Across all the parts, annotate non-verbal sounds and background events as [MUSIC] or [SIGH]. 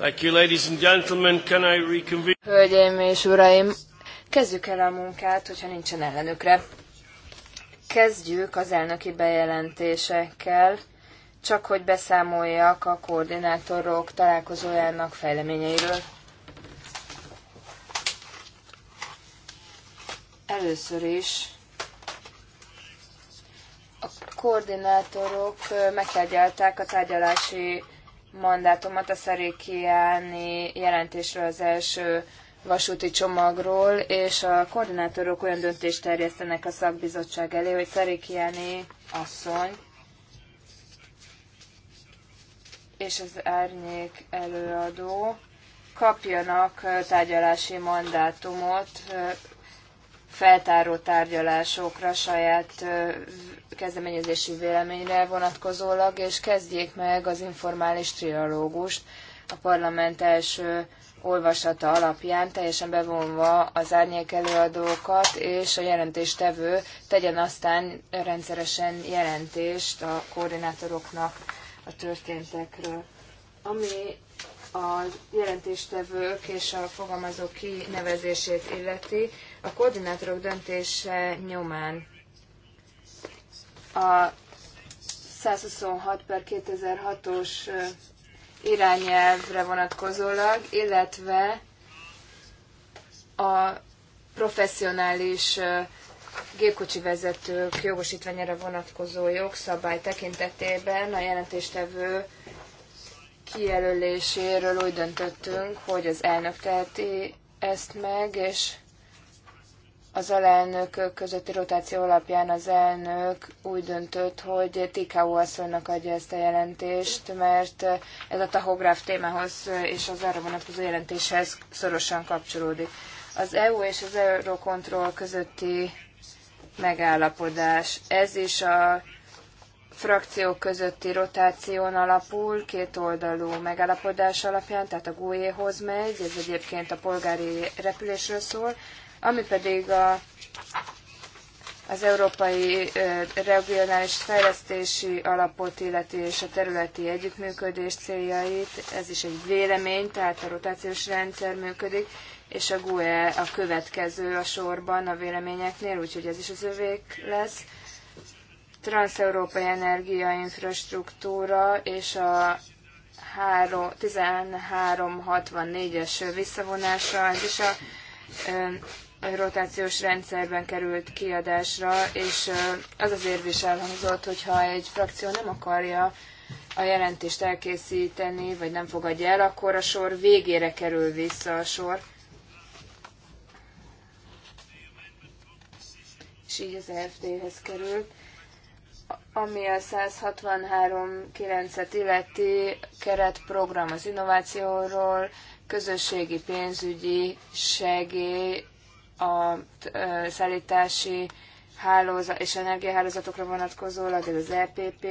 Thank you, ladies and gentlemen. Can I reconvene? Hölgyeim és uraim, kezdjük el a munkát, hogyha nincsen ellenükre. Kezdjük az elnöki bejelentésekkel, csak hogy beszámoljak a koordinátorok találkozójának fejleményeiről. Először is a koordinátorok megtárgyalták a tárgyalási mandátumot a Szerékiáni jelentésről az első vasúti csomagról, és a koordinátorok olyan döntést terjesztenek a szakbizottság elé, hogy szerékiáni asszony és az árnyék előadó kapjanak tárgyalási mandátumot feltáró tárgyalásokra, saját kezdeményezésű véleményre vonatkozólag, és kezdjék meg az informális trialógust a parlament első olvasata alapján, teljesen bevonva az árnyék előadókat, és a jelentéstevő tegyen aztán rendszeresen jelentést a koordinátoroknak a történtekről. Ami a jelentéstevők és a fogalmazók kinevezését illeti, a koordinátorok döntése nyomán a 126 per 2006-os irányelvre vonatkozólag, illetve a professzionális gépkocsi vezetők jogosítványára vonatkozó jogszabály tekintetében a jelentéstevő kijelöléséről úgy döntöttünk, hogy az elnök teheti ezt meg, és az alelnökök közötti rotáció alapján az elnök úgy döntött, hogy Tikau asszonynak adja ezt a jelentést, mert ez a tahográf témához és az arra vonatkozó jelentéshez szorosan kapcsolódik. Az EU és az Eurocontrol közötti megállapodás. Ez is a frakciók közötti rotáción alapul, kétoldalú megállapodás alapján, tehát a GUE-hoz megy, ez egyébként a polgári repülésről szól, ami pedig a, az Európai Regionális Fejlesztési Alapot illeti és a területi együttműködés céljait, ez is egy vélemény, tehát a rotációs rendszer működik, és a GUE a következő a sorban a véleményeknél, úgyhogy ez is az övék lesz transeurópai energiainfrastruktúra és a 1364-es visszavonása, ez is a rotációs rendszerben került kiadásra, és az az érv is elhangzott, hogyha egy frakció nem akarja a jelentést elkészíteni, vagy nem fogadja el, akkor a sor végére kerül vissza a sor. És így az FD-hez került. Ami a 163.9-et illeti keretprogram az innovációról, közösségi pénzügyi segély a szállítási hálózat és energiahálózatokra vonatkozólag, ez az EPP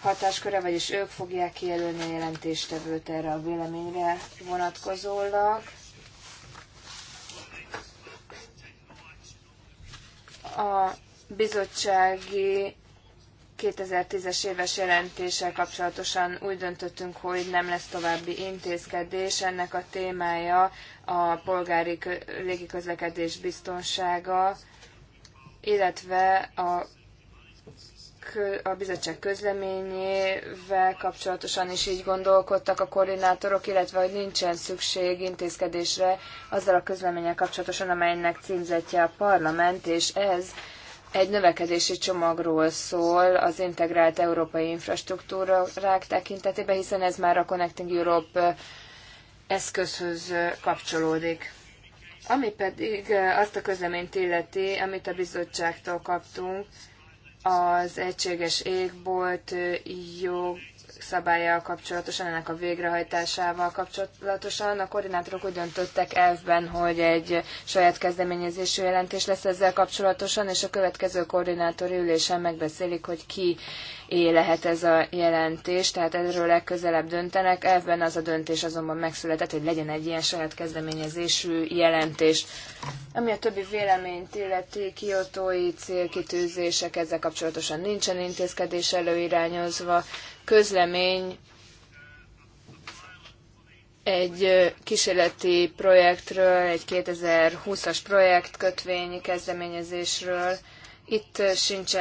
hatásköre, vagyis ők fogják kijelölni a jelentéstevőt erre a véleményre vonatkozólag. A bizottsági 2010-es éves jelentéssel kapcsolatosan úgy döntöttünk, hogy nem lesz további intézkedés. Ennek a témája a polgári légiközlekedés biztonsága, illetve a, a bizottság közleményével kapcsolatosan is így gondolkodtak a koordinátorok, illetve hogy nincsen szükség intézkedésre azzal a közleménnyel kapcsolatosan, amelynek címzetje a parlament, és ez egy növekedési csomagról szól az integrált európai infrastruktúrák tekintetében, hiszen ez már a Connecting Europe eszközhöz kapcsolódik. Ami pedig azt a közleményt illeti, amit a bizottságtól kaptunk, az egységes égbolt jog, szabályjal kapcsolatosan, ennek a végrehajtásával kapcsolatosan. A koordinátorok úgy döntöttek elvben, hogy egy saját kezdeményezésű jelentés lesz ezzel kapcsolatosan, és a következő koordinátori ülésen megbeszélik, hogy ki é lehet ez a jelentés, tehát erről legközelebb döntenek. Elvben az a döntés azonban megszületett, hogy legyen egy ilyen saját kezdeményezésű jelentés. Ami a többi véleményt illeti, kiotói célkitűzések ezzel kapcsolatosan nincsen intézkedés előirányozva, közlemény egy kísérleti projektről, egy 2020-as projekt kötvényi kezdeményezésről. Itt sincs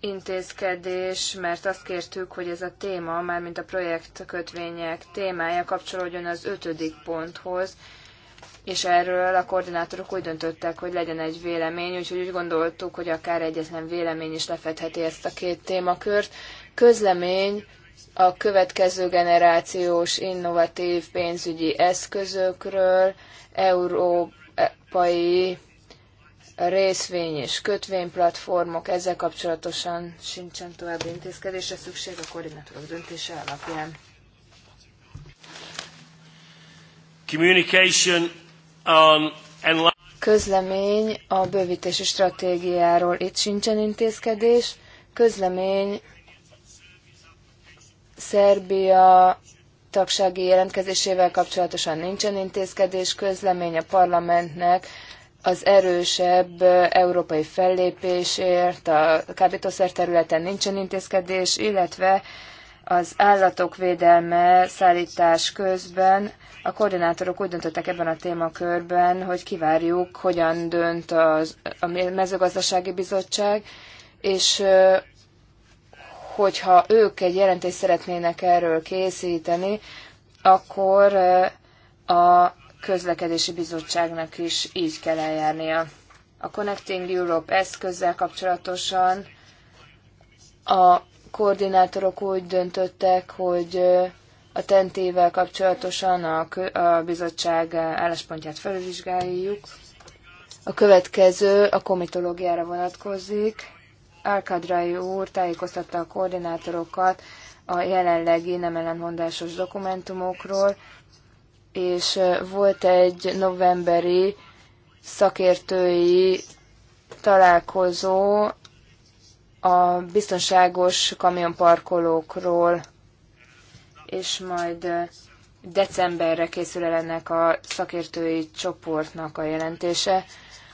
intézkedés, mert azt kértük, hogy ez a téma, mármint a projekt kötvények témája kapcsolódjon az ötödik ponthoz, és erről a koordinátorok úgy döntöttek, hogy legyen egy vélemény, úgyhogy úgy gondoltuk, hogy akár egyetlen vélemény is lefedheti ezt a két témakört. Közlemény a következő generációs innovatív pénzügyi eszközökről, európai részvény és kötvényplatformok, ezzel kapcsolatosan sincsen további intézkedésre szükség a koordinátorok döntése alapján. Communication on Közlemény a bővítési stratégiáról itt sincsen intézkedés. Közlemény Szerbia tagsági jelentkezésével kapcsolatosan nincsen intézkedés, közlemény a parlamentnek az erősebb európai fellépésért, a kábítószer területen nincsen intézkedés, illetve az állatok védelme szállítás közben a koordinátorok úgy döntöttek ebben a témakörben, hogy kivárjuk, hogyan dönt az, a mezőgazdasági bizottság, és hogyha ők egy jelentést szeretnének erről készíteni, akkor a közlekedési bizottságnak is így kell eljárnia. A Connecting Europe eszközzel kapcsolatosan a koordinátorok úgy döntöttek, hogy a tentével kapcsolatosan a, a bizottság álláspontját felvizsgáljuk. A következő a komitológiára vonatkozik. Alkadrai úr tájékoztatta a koordinátorokat a jelenlegi nem ellenmondásos dokumentumokról, és volt egy novemberi szakértői találkozó a biztonságos kamionparkolókról, és majd decemberre készül el ennek a szakértői csoportnak a jelentése.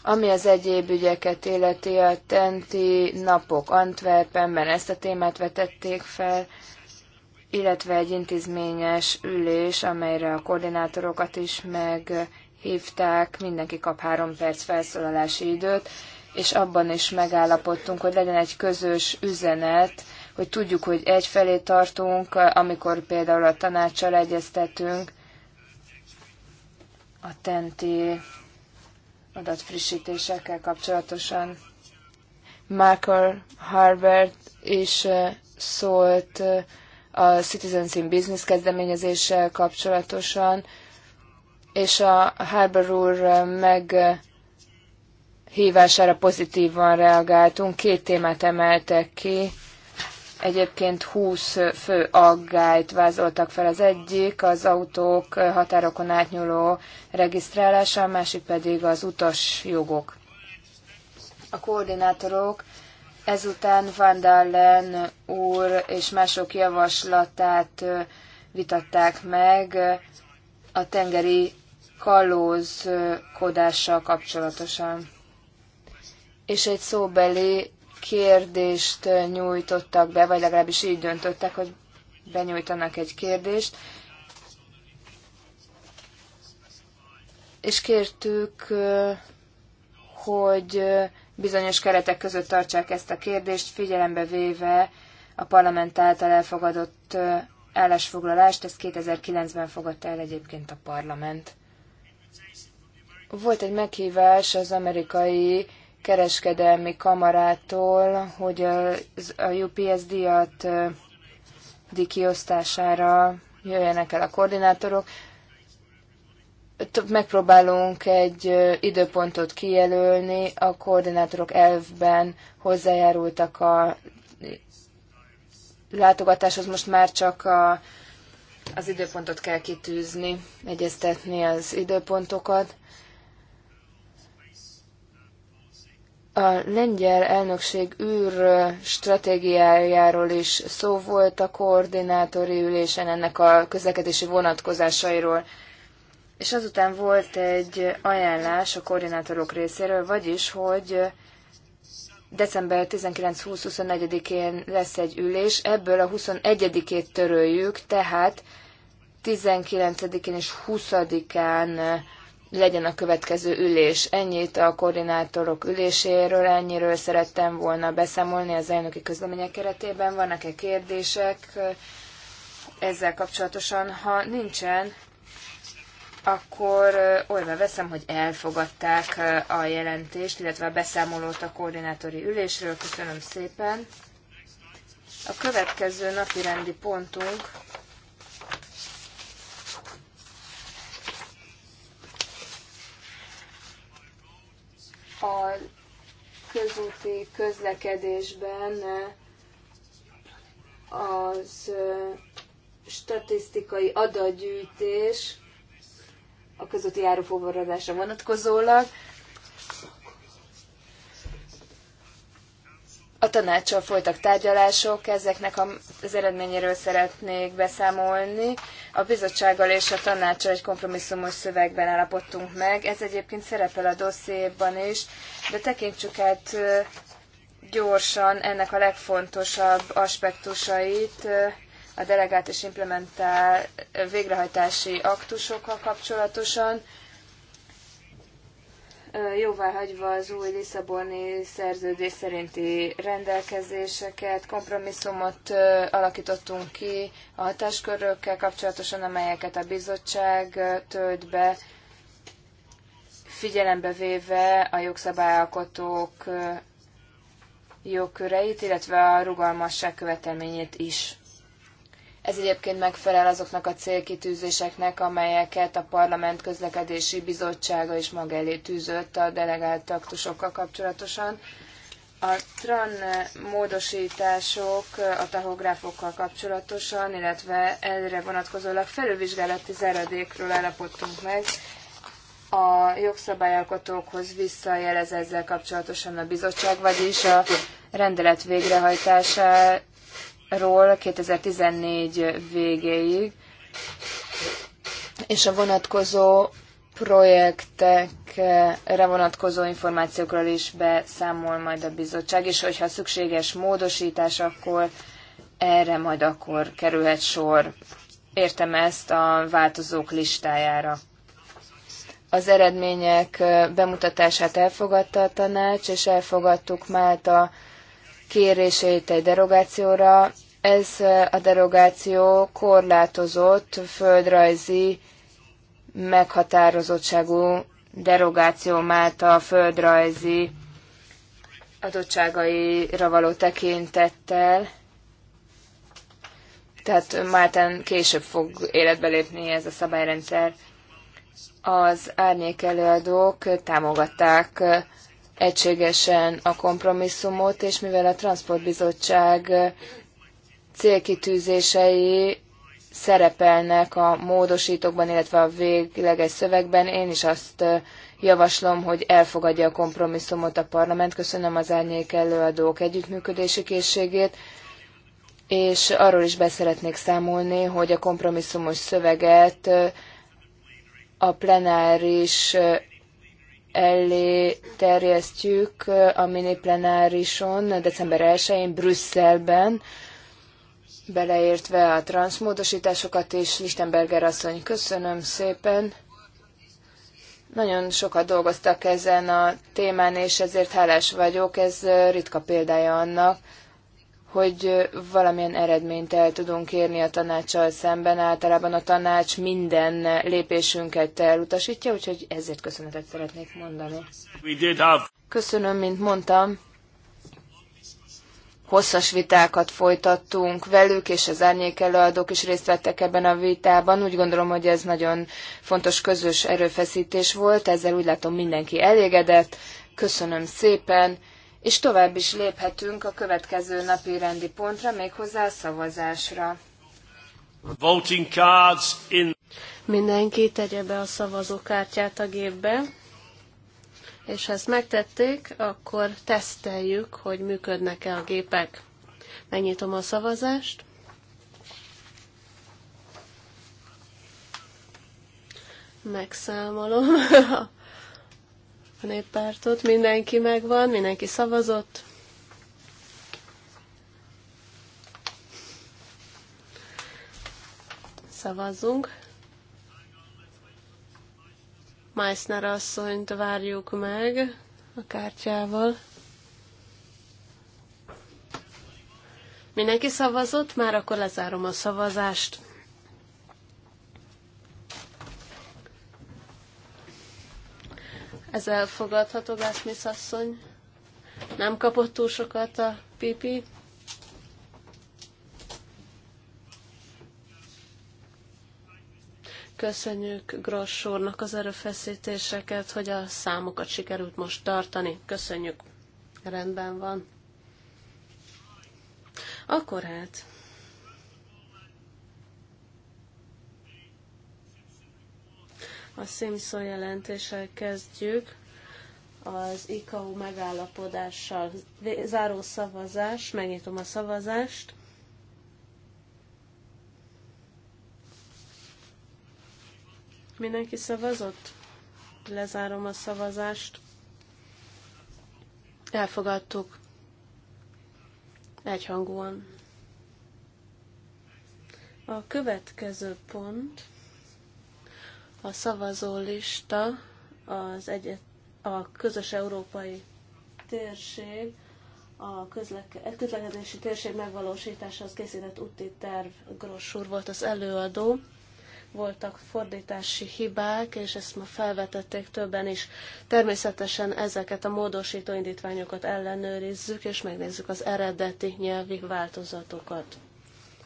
Ami az egyéb ügyeket illeti, a tenti napok Antwerpenben ezt a témát vetették fel, illetve egy intézményes ülés, amelyre a koordinátorokat is meghívták, mindenki kap három perc felszólalási időt, és abban is megállapodtunk, hogy legyen egy közös üzenet, hogy tudjuk, hogy egyfelé tartunk, amikor például a tanácssal egyeztetünk a tenti adatfrissítésekkel kapcsolatosan. Michael Harvard is szólt a Citizens in Business kezdeményezéssel kapcsolatosan, és a Harbour úr hívására pozitívan reagáltunk. Két témát emeltek ki Egyébként 20 fő aggályt vázoltak fel. Az egyik az autók határokon átnyúló regisztrálása, a másik pedig az utas jogok. A koordinátorok ezután Van Dallen úr és mások javaslatát vitatták meg a tengeri kalózkodással kapcsolatosan. És egy szóbeli kérdést nyújtottak be, vagy legalábbis így döntöttek, hogy benyújtanak egy kérdést. És kértük, hogy bizonyos keretek között tartsák ezt a kérdést, figyelembe véve a parlament által elfogadott állásfoglalást, ezt 2009-ben fogadta el egyébként a parlament. Volt egy meghívás az amerikai kereskedelmi kamarától, hogy a UPS-díjat dikiosztására jöjjenek el a koordinátorok. Megpróbálunk egy időpontot kijelölni, a koordinátorok elvben hozzájárultak a látogatáshoz, most már csak a, az időpontot kell kitűzni, egyeztetni az időpontokat. A lengyel elnökség űr stratégiájáról is szó volt a koordinátori ülésen ennek a közlekedési vonatkozásairól. És azután volt egy ajánlás a koordinátorok részéről, vagyis, hogy december 19-20-24-én lesz egy ülés, ebből a 21-ét töröljük, tehát 19-én és 20-án legyen a következő ülés. Ennyit a koordinátorok üléséről, ennyiről szerettem volna beszámolni az elnöki közlemények keretében. Vannak-e kérdések ezzel kapcsolatosan? Ha nincsen, akkor olyan veszem, hogy elfogadták a jelentést, illetve a beszámolót a koordinátori ülésről. Köszönöm szépen. A következő napi rendi pontunk a közúti közlekedésben eh, az eh, statisztikai adatgyűjtés a közúti járófogadásra vonatkozólag A tanácssal folytak tárgyalások, ezeknek az eredményéről szeretnék beszámolni a bizottsággal és a tanácsal egy kompromisszumos szövegben állapodtunk meg. Ez egyébként szerepel a dossziéban is, de tekintsük át gyorsan ennek a legfontosabb aspektusait a delegált és implementál végrehajtási aktusokkal kapcsolatosan jóváhagyva az új Lisszaboni szerződés szerinti rendelkezéseket, kompromisszumot alakítottunk ki a hatáskörökkel kapcsolatosan, amelyeket a bizottság tölt be, figyelembe véve a jogszabályalkotók jogköreit, illetve a rugalmasság követelményét is. Ez egyébként megfelel azoknak a célkitűzéseknek, amelyeket a Parlament Közlekedési Bizottsága is maga elé tűzött a delegált aktusokkal kapcsolatosan. A TRAN módosítások a tahográfokkal kapcsolatosan, illetve erre vonatkozólag felülvizsgálati záradékról állapodtunk meg. A jogszabályalkotókhoz visszajelez ezzel kapcsolatosan a bizottság, vagyis a rendelet végrehajtása ról 2014 végéig, és a vonatkozó projektekre vonatkozó információkról is beszámol majd a bizottság, és hogyha szükséges módosítás, akkor erre majd akkor kerülhet sor. Értem ezt a változók listájára. Az eredmények bemutatását elfogadta a tanács, és elfogadtuk Málta kérését egy derogációra. Ez a derogáció korlátozott földrajzi meghatározottságú derogáció a földrajzi adottságaira való tekintettel. Tehát Máltán később fog életbe lépni ez a szabályrendszer. Az árnyék előadók támogatták egységesen a kompromisszumot, és mivel a Transportbizottság célkitűzései szerepelnek a módosítókban, illetve a végleges szövegben, én is azt javaslom, hogy elfogadja a kompromisszumot a parlament. Köszönöm az árnyék előadók együttműködési készségét, és arról is beszeretnék számolni, hogy a kompromisszumos szöveget a plenáris elé terjesztjük a mini plenárison december 1-én Brüsszelben, beleértve a transzmódosításokat is. Lichtenberger asszony, köszönöm szépen. Nagyon sokat dolgoztak ezen a témán, és ezért hálás vagyok. Ez ritka példája annak, hogy valamilyen eredményt el tudunk érni a tanácssal szemben. Általában a tanács minden lépésünket elutasítja, úgyhogy ezért köszönetet szeretnék mondani. Köszönöm, mint mondtam. Hosszas vitákat folytattunk velük, és az árnyék előadók is részt vettek ebben a vitában. Úgy gondolom, hogy ez nagyon fontos közös erőfeszítés volt, ezzel úgy látom mindenki elégedett. Köszönöm szépen! és tovább is léphetünk a következő napi rendi pontra, méghozzá a szavazásra. Voting cards in. Mindenki tegye be a szavazókártyát a gépbe, és ha ezt megtették, akkor teszteljük, hogy működnek-e a gépek. Megnyitom a szavazást. Megszámolom [LAUGHS] néppártot. Mindenki megvan, mindenki szavazott. Szavazzunk. Meissner asszonyt várjuk meg a kártyával. Mindenki szavazott? Már akkor lezárom a szavazást. Ez elfogadható, Bászmész asszony. Nem kapott túl sokat a pipi. Köszönjük Gross úrnak az erőfeszítéseket, hogy a számokat sikerült most tartani. Köszönjük. Rendben van. Akkor hát. A Simpson jelentéssel kezdjük az ICAO megállapodással. Záró szavazás, megnyitom a szavazást. Mindenki szavazott? Lezárom a szavazást. Elfogadtuk. Egyhangúan. A következő pont a szavazólista az egyet, a közös európai térség, a közleke, közlekedési térség megvalósításához készített úti terv grossúr volt az előadó. Voltak fordítási hibák, és ezt ma felvetették többen is. Természetesen ezeket a módosító indítványokat ellenőrizzük, és megnézzük az eredeti nyelvi változatokat.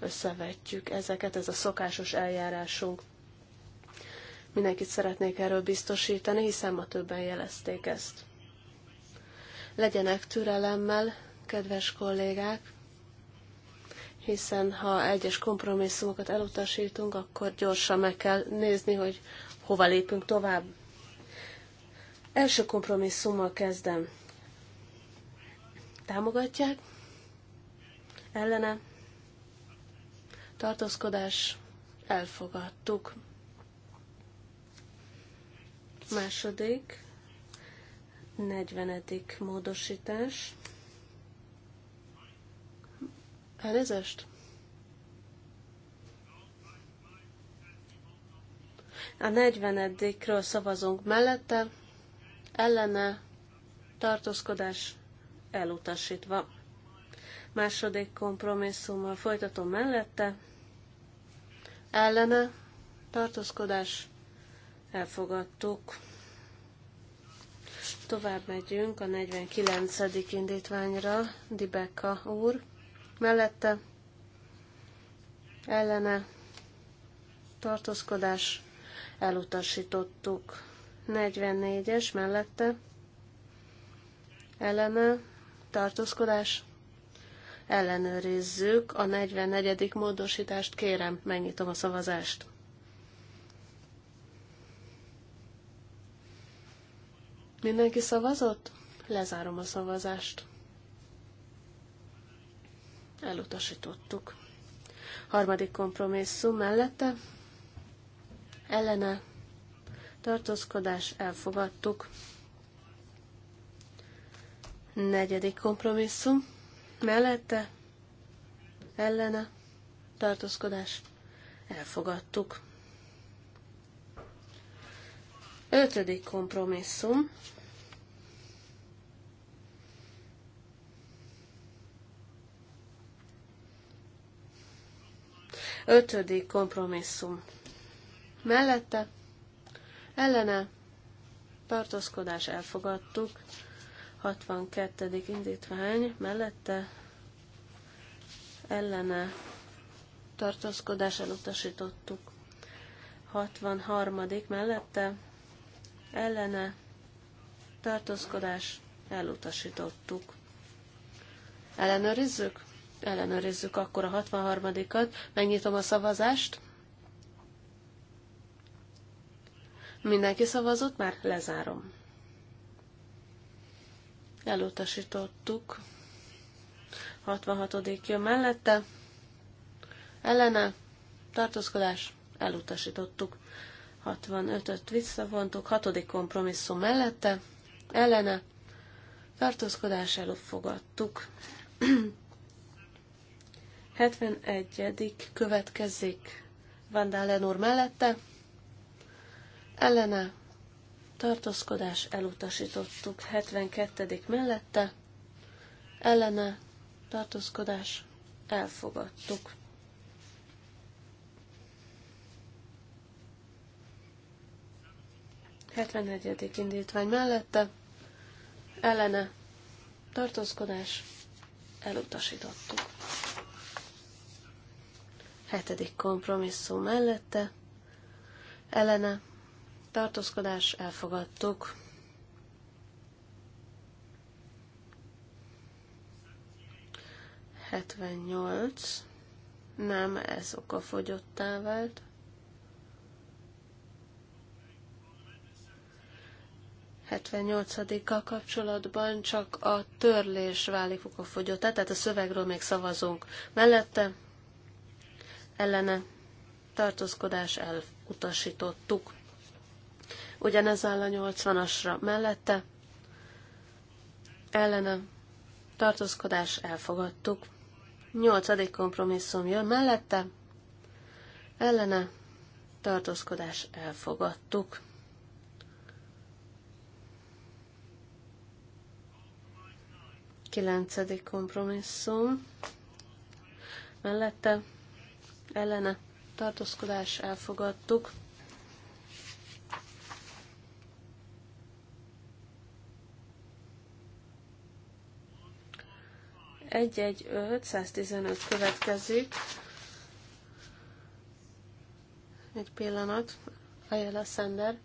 Összevetjük ezeket, ez a szokásos eljárásunk. Mindenkit szeretnék erről biztosítani, hiszen ma többen jelezték ezt. Legyenek türelemmel, kedves kollégák, hiszen ha egyes kompromisszumokat elutasítunk, akkor gyorsan meg kell nézni, hogy hova lépünk tovább. Első kompromisszummal kezdem. Támogatják? Ellene? Tartózkodás? Elfogadtuk. Második, negyvenedik módosítás. Elnézést? A 40-ről szavazunk mellette, ellene, tartózkodás elutasítva. Második kompromisszummal folytatom mellette, ellene, tartózkodás elfogadtuk. Tovább megyünk a 49. indítványra, Dibeka úr. Mellette ellene tartózkodás elutasítottuk. 44-es mellette ellene tartózkodás ellenőrizzük. A 44. módosítást kérem, megnyitom a szavazást. Mindenki szavazott? Lezárom a szavazást. Elutasítottuk. Harmadik kompromisszum mellette. Ellene. Tartózkodás elfogadtuk. Negyedik kompromisszum mellette. Ellene. Tartózkodás elfogadtuk. Ötödik kompromisszum. Ötödik kompromisszum. Mellette, ellene, tartózkodás elfogadtuk. 62. indítvány, mellette, ellene, tartózkodás elutasítottuk. 63. mellette, ellene tartózkodás elutasítottuk. Ellenőrizzük? Ellenőrizzük akkor a 63-at. Megnyitom a szavazást. Mindenki szavazott, már lezárom. Elutasítottuk. 66. jön mellette. Ellene. Tartózkodás. Elutasítottuk. 65-öt visszavontuk, hatodik kompromisszum mellette, ellene, tartózkodás fogadtuk. 71. [CLEARS THROAT] következik Vandalen Lenor mellette, ellene, tartózkodás elutasítottuk. 72. mellette, ellene, tartózkodás elfogadtuk. 71. indítvány mellette, ellene, tartózkodás, elutasítottuk. 7. kompromisszum mellette, ellene, tartózkodás, elfogadtuk. 78. Nem, ez okafogyottá vált. 78-kal kapcsolatban csak a törlés válik fogyott. tehát a szövegről még szavazunk. Mellette ellene tartózkodás elutasítottuk. Ugyanez áll a 80-asra mellette, ellene tartózkodás elfogadtuk. 8. kompromisszum jön mellette, ellene tartózkodás elfogadtuk. Kilencedik kompromisszum. Mellette ellene tartózkodás elfogadtuk. Egy-egy 115 következik. Egy pillanat. a Szender.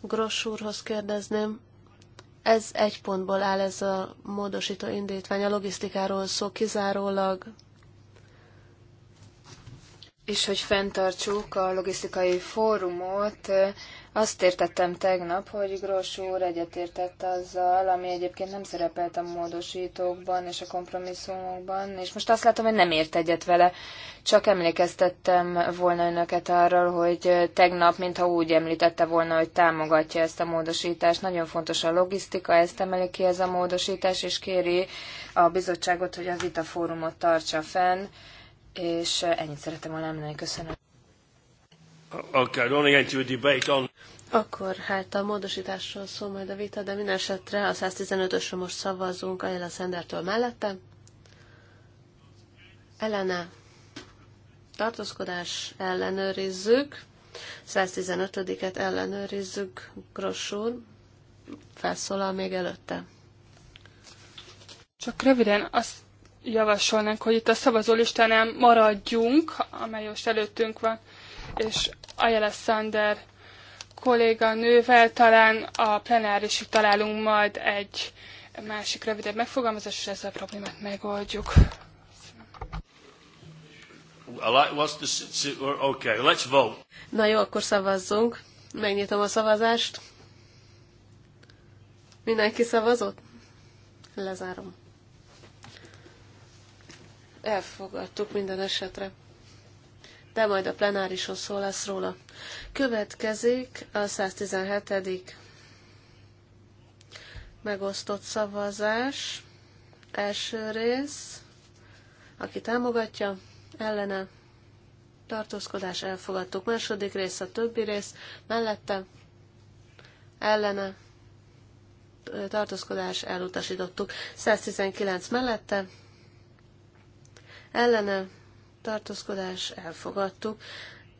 Gross úrhoz kérdezném, ez egy pontból áll ez a módosító indítvány, a logisztikáról szó kizárólag. És hogy fenntartsuk a logisztikai fórumot, azt értettem tegnap, hogy Gross úr egyetértett azzal, ami egyébként nem szerepelt a módosítókban és a kompromisszumokban, és most azt látom, hogy nem ért egyet vele. Csak emlékeztettem volna önöket arról, hogy tegnap, mintha úgy említette volna, hogy támogatja ezt a módosítást. Nagyon fontos a logisztika, ezt emeli ki ez a módosítás, és kéri a bizottságot, hogy a vitafórumot tartsa fenn, és ennyit szeretem volna említeni. Köszönöm. Akkor hát a módosításról szól majd a vita, de minden esetre a 115-ösről most szavazunk Ayala Szendertől mellette. Ellene tartózkodás ellenőrizzük. 115-et ellenőrizzük, Grossúr felszólal még előtte. Csak röviden azt javasolnánk, hogy itt a szavazólistánál maradjunk, amely most előttünk van, és Ajala kolléga nővel talán a plenárisig találunk majd egy másik rövidebb megfogalmazás, és ezzel a problémát megoldjuk. Okay, let's vote. Na jó, akkor szavazzunk. Megnyitom a szavazást. Mindenki szavazott? Lezárom. Elfogadtuk minden esetre de majd a plenárison szó lesz róla. Következik a 117. megosztott szavazás. Első rész, aki támogatja, ellene, tartózkodás, elfogadtuk. Második rész, a többi rész, mellette, ellene, tartózkodás, elutasítottuk. 119 mellette, ellene, tartózkodás, elfogadtuk.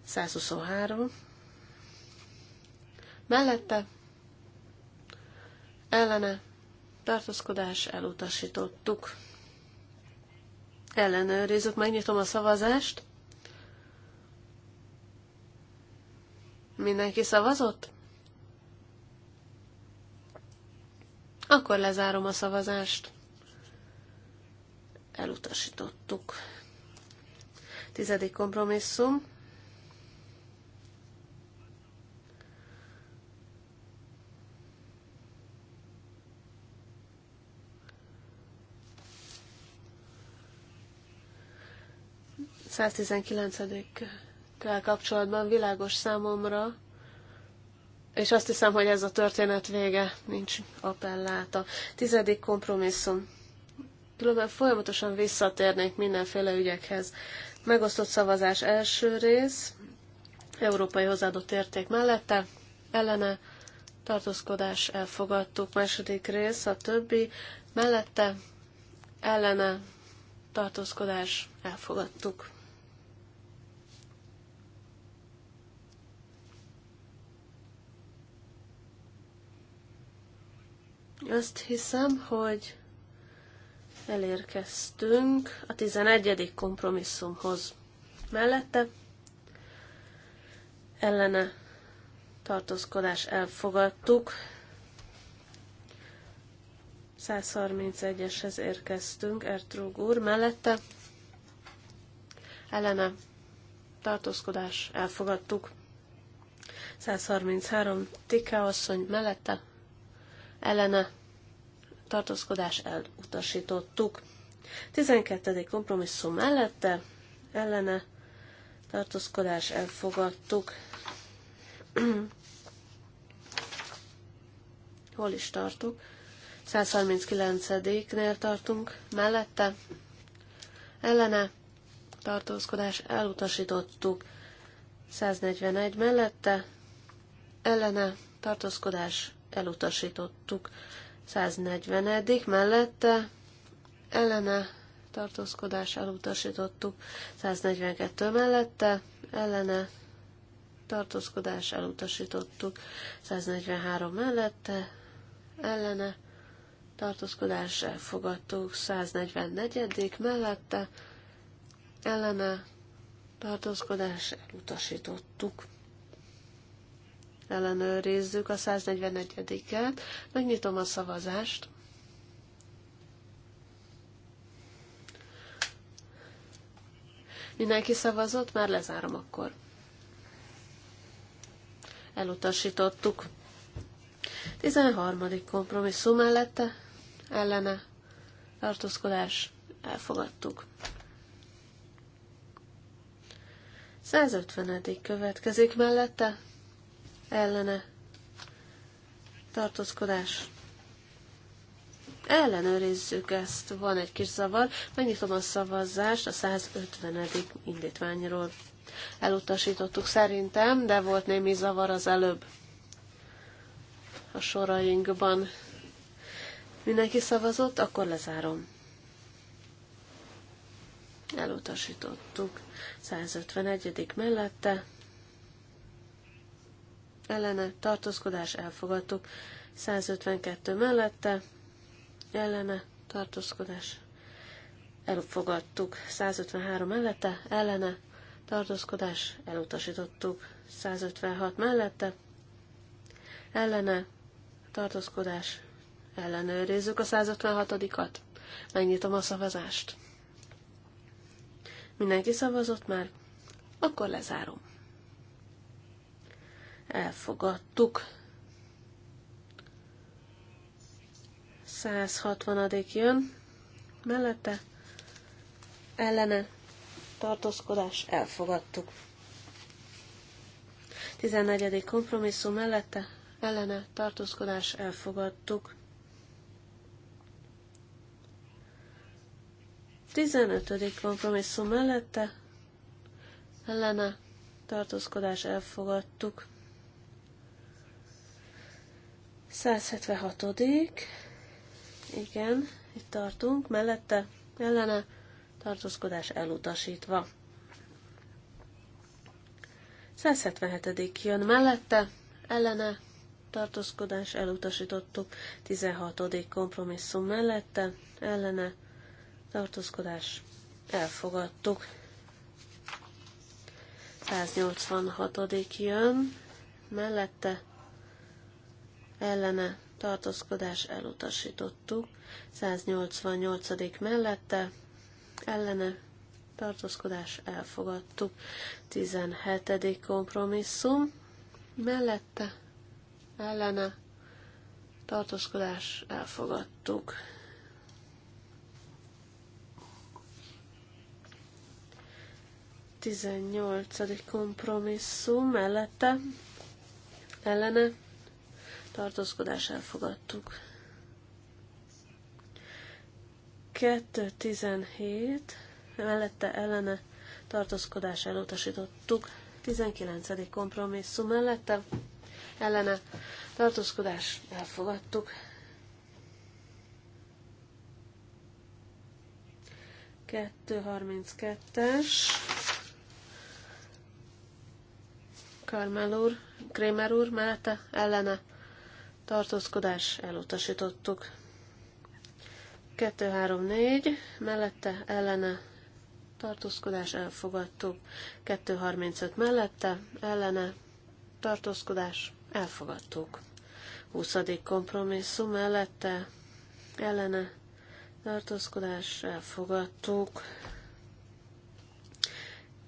123 mellette, ellene, tartózkodás, elutasítottuk. Ellenőrizzük, megnyitom a szavazást. Mindenki szavazott? Akkor lezárom a szavazást. Elutasítottuk. Tizedik kompromisszum. kell kapcsolatban világos számomra, és azt hiszem, hogy ez a történet vége, nincs appelláta. Tizedik kompromisszum különben folyamatosan visszatérnék mindenféle ügyekhez. Megosztott szavazás első rész, európai hozzáadott érték mellette, ellene, tartózkodás elfogadtuk, második rész, a többi, mellette, ellene, tartózkodás elfogadtuk. Azt hiszem, hogy elérkeztünk a 11. kompromisszumhoz. Mellette ellene tartózkodás elfogadtuk. 131-eshez érkeztünk, Ertrúg úr mellette. Ellene tartózkodás elfogadtuk. 133 Tika asszony mellette. Ellene tartózkodás elutasítottuk. 12. kompromisszum mellette, ellene tartózkodás elfogadtuk. [CLEARS THROAT] Hol is tartunk? 139-nél tartunk, mellette, ellene tartózkodás elutasítottuk. 141 mellette, ellene tartózkodás elutasítottuk. 140 mellette ellene tartózkodás elutasítottuk, 142 mellette ellene tartózkodás elutasítottuk, 143 mellette ellene tartózkodás elfogadtuk, 144 mellette ellene tartózkodás elutasítottuk ellenőrizzük a 141-et. Megnyitom a szavazást. Mindenki szavazott, már lezárom akkor. Elutasítottuk. 13. kompromisszum mellette, ellene, tartózkodás, elfogadtuk. 150. következik mellette, ellene tartózkodás. Ellenőrizzük ezt, van egy kis zavar. Megnyitom a szavazást a 150. indítványról. Elutasítottuk szerintem, de volt némi zavar az előbb a sorainkban. Mindenki szavazott, akkor lezárom. Elutasítottuk. 151. mellette ellene tartózkodás elfogadtuk. 152 mellette ellene tartózkodás elfogadtuk. 153 mellette ellene tartózkodás elutasítottuk. 156 mellette ellene tartózkodás ellenőrizzük a 156-at. Megnyitom a szavazást. Mindenki szavazott már? Akkor lezárom elfogadtuk. 160. jön, mellette ellene tartózkodás elfogadtuk. 14. kompromisszum mellette ellene tartózkodás elfogadtuk. 15. kompromisszum mellette ellene tartózkodás elfogadtuk. 176 igen, itt tartunk, mellette ellene tartózkodás elutasítva. 177. jön mellette, ellene tartózkodás elutasítottuk, 16. kompromisszum mellette, ellene tartózkodás elfogadtuk. 186. jön mellette, ellene tartózkodás elutasítottuk, 188. mellette ellene tartózkodás elfogadtuk, 17. kompromisszum mellette ellene tartózkodás elfogadtuk. Tizennyolcadik kompromisszum mellette ellene tartózkodás elfogadtuk. 217 mellette ellene tartózkodás elutasítottuk. 19. kompromisszum mellette ellene tartózkodás elfogadtuk. 232-es Karmel úr, Krémer úr mellette ellene tartózkodás, elutasítottuk. 234 mellette ellene tartózkodás, elfogadtuk. 235 mellette ellene tartózkodás, elfogadtuk. 20. kompromisszum mellette ellene tartózkodás, elfogadtuk.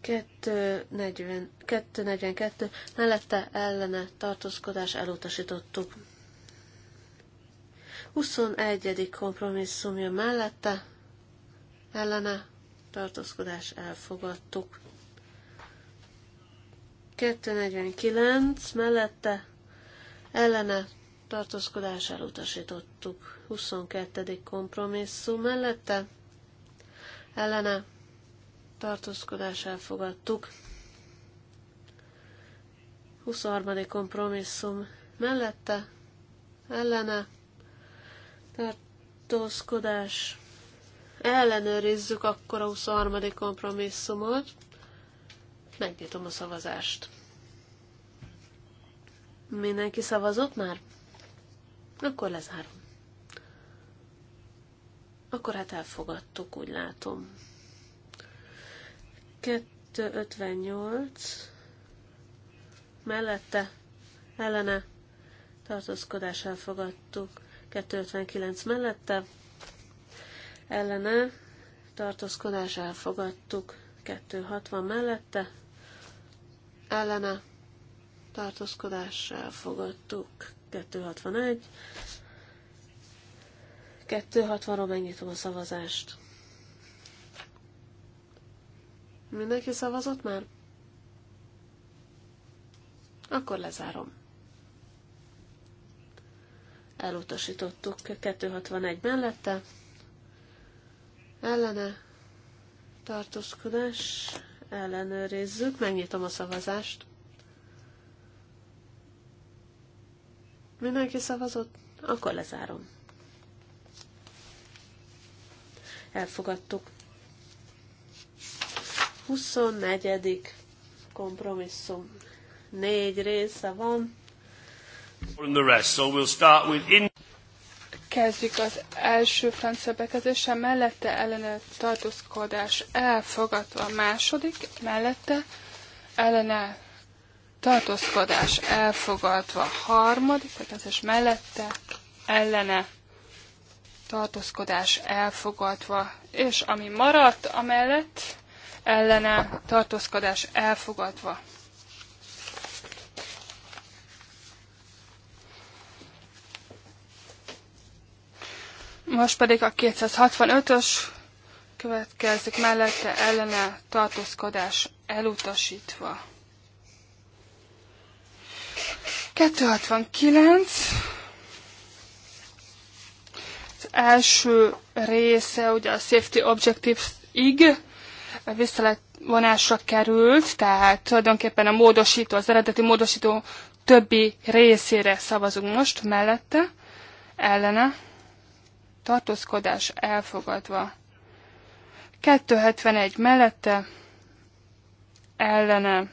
242 mellette ellene tartózkodás elutasítottuk. 21. kompromisszumja mellette ellene tartózkodás elfogadtuk. 249 mellette ellene tartózkodás elutasítottuk. 22. kompromisszum mellette ellene tartózkodás elfogadtuk. 23. kompromisszum mellette ellene tartózkodás. Ellenőrizzük akkor a 23. kompromisszumot. Megnyitom a szavazást. Mindenki szavazott már? Akkor lezárom. Akkor hát elfogadtuk, úgy látom. 258 mellette ellene tartózkodás elfogadtuk. 259 mellette, ellene, tartózkodás elfogadtuk, 260 mellette, ellene, tartózkodás elfogadtuk, 261, 260-ról megnyitom a szavazást. Mindenki szavazott már? Akkor lezárom elutasítottuk 261 mellette, ellene tartózkodás, ellenőrizzük, megnyitom a szavazást. Mindenki szavazott? Akkor lezárom. Elfogadtuk. 24. kompromisszum. Négy része van. Kezdjük az első francia bekezdése, mellette ellene tartózkodás elfogadva a második, mellette ellene tartózkodás elfogadva a harmadik bekezdés, mellette ellene tartózkodás elfogadva, és ami maradt amellett, ellene tartózkodás elfogadva. Most pedig a 265-ös következik mellette ellene tartózkodás elutasítva. 269. Az első része ugye a Safety Objectives-ig visszavonásra került, tehát tulajdonképpen a módosító, az eredeti módosító többi részére szavazunk most, mellette, ellene, tartózkodás elfogadva. 271 mellette ellene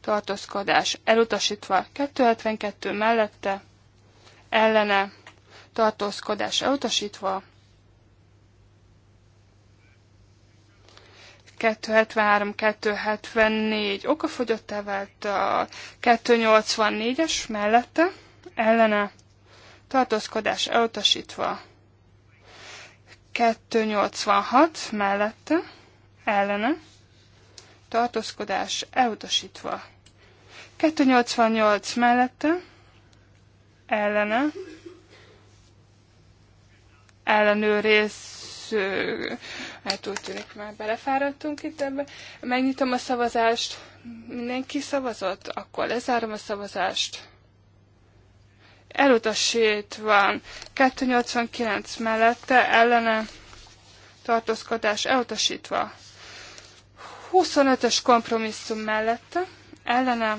tartózkodás elutasítva. 272 mellette ellene tartózkodás elutasítva. 273-274 okafogyott vált a 284-es mellette, ellene tartózkodás elutasítva 286 mellette, ellene, tartózkodás elutasítva. 288 mellette, ellene, rész. hát úgy tűnik már belefáradtunk itt ebbe. Megnyitom a szavazást, mindenki szavazott, akkor lezárom a szavazást elutasítva 289 mellette ellene tartózkodás elutasítva 25-ös kompromisszum mellette ellene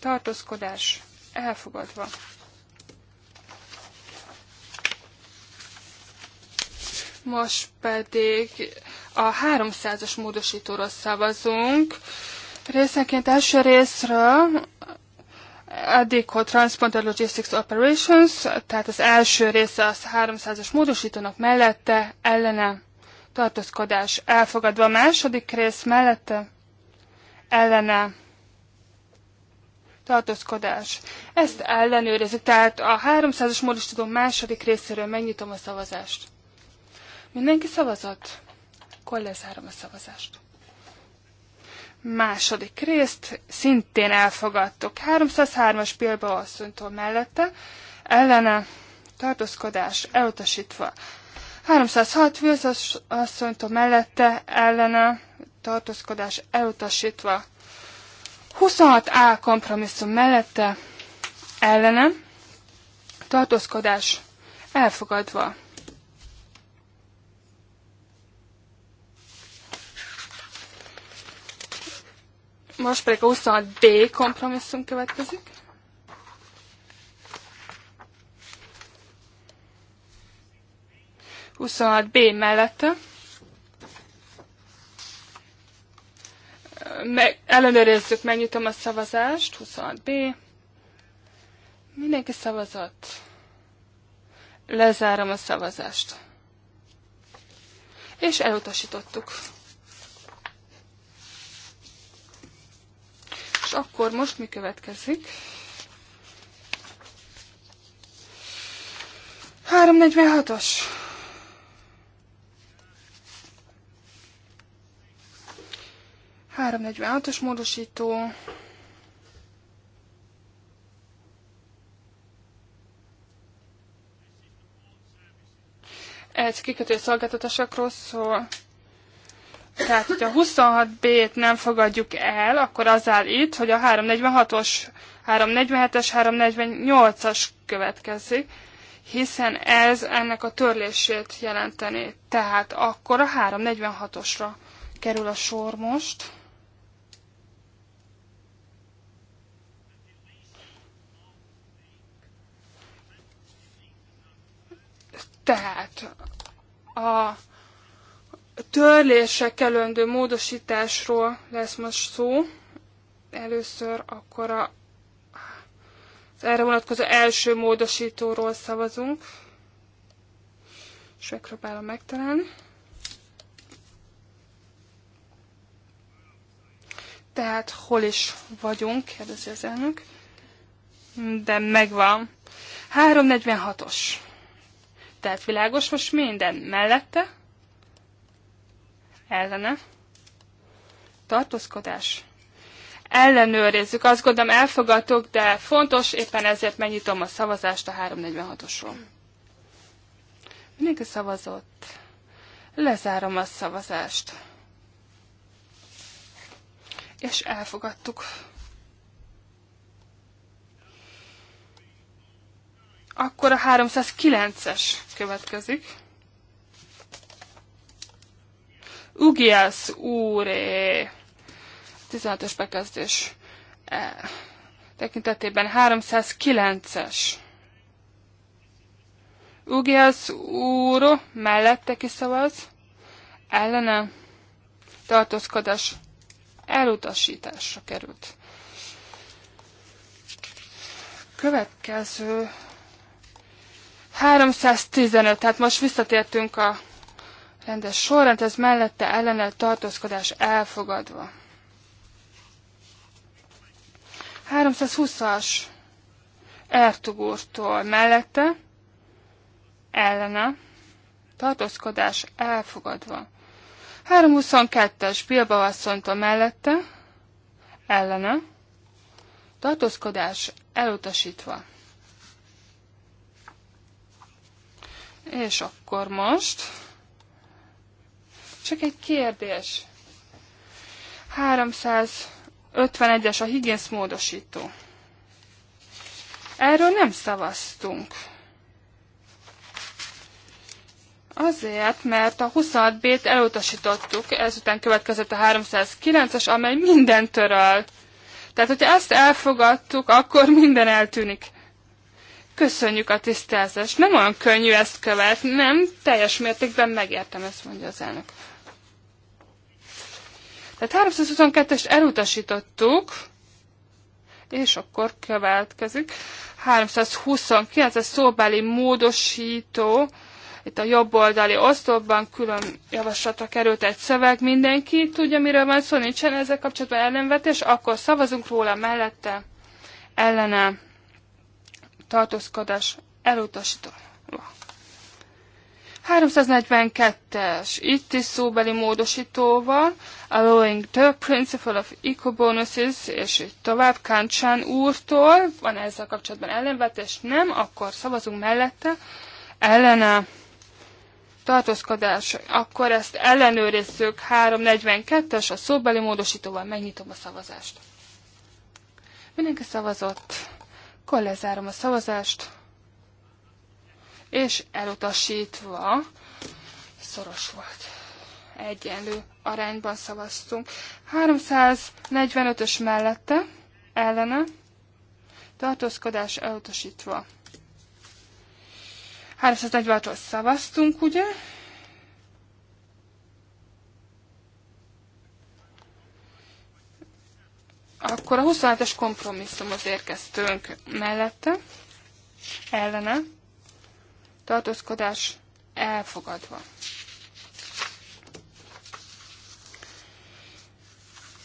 tartózkodás elfogadva. Most pedig a 300-as módosítóról szavazunk. Részenként első részről Addico Transport and Logistics Operations, tehát az első része az 300-as módosítónak mellette, ellene tartózkodás elfogadva. A második rész mellette, ellene tartózkodás. Ezt ellenőrizzük, tehát a 300-as módosítón második részéről megnyitom a szavazást. Mindenki szavazott? Akkor lezárom a szavazást. Második részt szintén elfogadtuk. 303-as Bilba asszonytól mellette, ellene tartózkodás elutasítva. 306 Vilzas asszonytól mellette, ellene tartózkodás elutasítva. 26A kompromisszum mellette, ellene tartózkodás elfogadva. Most pedig a 26 B kompromisszum következik. Huszonhat B mellette. Meg, ellenőrizzük, megnyitom a szavazást. 26 B. Mindenki szavazott. Lezárom a szavazást. És elutasítottuk. akkor most mi következik? 346-os. Három os módosító. Egy kikötő szolgáltatásokról szól. Tehát, hogyha 26B-t nem fogadjuk el, akkor az áll itt, hogy a 346-os, 347-es, 348-as következik, hiszen ez ennek a törlését jelenteni. Tehát akkor a 346-osra kerül a sor most. Tehát a törlések kellendő módosításról lesz most szó. Először akkor a, az erre vonatkozó első módosítóról szavazunk. És megpróbálom megtalálni. Tehát hol is vagyunk, kérdezi az elnök. De megvan. 346-os. Tehát világos most minden mellette ellene, tartózkodás. Ellenőrizzük, azt gondolom elfogadtuk, de fontos, éppen ezért megnyitom a szavazást a 346-osról. Mindenki szavazott. Lezárom a szavazást. És elfogadtuk. Akkor a 309-es következik. Ugiász úré! 16-os bekezdés e, tekintetében 309-es. Ugiász úr mellette kiszavaz, ellene tartózkodás elutasításra került. Következő 315, tehát most visszatértünk a rendes sorrend, ez mellette ellenel tartózkodás elfogadva. 320-as Ertugurtól mellette ellene tartózkodás elfogadva. 322-es Bilba mellette ellene tartózkodás elutasítva. És akkor most csak egy kérdés. 351-es a higgins módosító. Erről nem szavaztunk. Azért, mert a 26B-t elutasítottuk, ezután következett a 309-es, amely mindent töröl. Tehát, hogyha ezt elfogadtuk, akkor minden eltűnik. Köszönjük a tisztázást. Nem olyan könnyű ezt követni, nem? Teljes mértékben megértem, ezt mondja az elnök. Tehát 322-est elutasítottuk, és akkor következik 329 es szóbeli módosító, itt a jobb oldali osztóban külön javaslatra került egy szöveg, mindenki tudja, miről van szó, nincsen ezzel kapcsolatban ellenvetés, akkor szavazunk róla mellette ellene tartózkodás elutasítva. 342-es, itt is szóbeli módosítóval, allowing the principle of Eco Bonuses" és így tovább Kancsán úrtól, van ezzel kapcsolatban ellenvetés, nem, akkor szavazunk mellette, ellene tartózkodás, akkor ezt ellenőrizzük, 342-es, a szóbeli módosítóval megnyitom a szavazást. Mindenki szavazott, akkor lezárom a szavazást és elutasítva szoros volt. Egyenlő arányban szavaztunk. 345-ös mellette, ellene, tartózkodás elutasítva. 346-ról szavaztunk, ugye? Akkor a 27-es kompromisszumhoz érkeztünk mellette, ellene, tartózkodás elfogadva.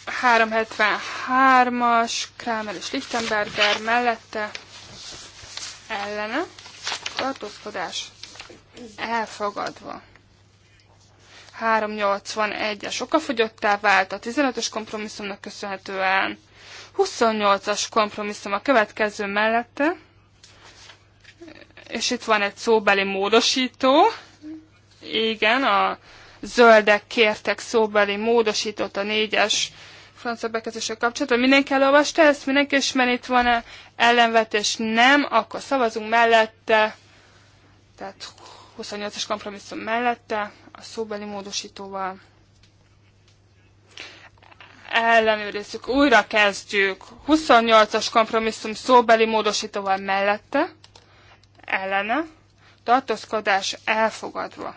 A 373-as, Kramer és Lichtenberger mellette ellene tartózkodás elfogadva. 381-es okafogyottá vált a 15-ös kompromisszumnak köszönhetően. 28-as kompromisszum a következő mellette és itt van egy szóbeli módosító. Igen, a zöldek kértek szóbeli módosítót a négyes francia bekezdéssel kapcsolatban. Mindenki elolvasta ezt? Mindenki ismeri, itt van-e ellenvetés? Nem, akkor szavazunk mellette. Tehát 28-as kompromisszum mellette, a szóbeli módosítóval. Ellenőrizzük, újra kezdjük. 28-as kompromisszum szóbeli módosítóval mellette ellene, tartózkodás elfogadva.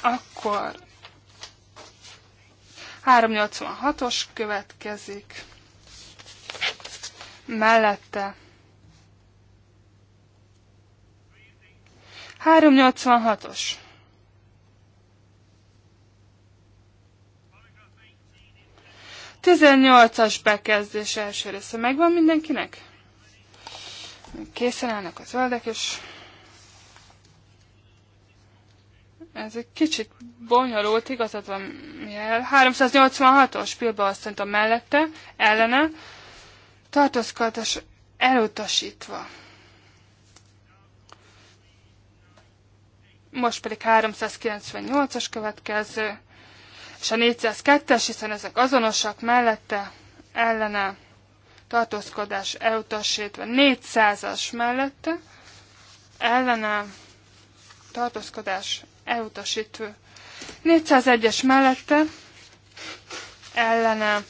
Akkor 386-os következik, mellette 386-os. Tizennyolcas bekezdés első része megvan mindenkinek? Készen állnak az zöldek, és ez egy kicsit bonyolult, igazad van, Miel. 386-os azt a mellette, ellene, tartózkodás elutasítva. most pedig 398-as következő, és a 402-es, hiszen ezek azonosak mellette, ellene tartózkodás elutasítva 400-as mellette, ellene tartózkodás elutasítva 401-es mellette, ellene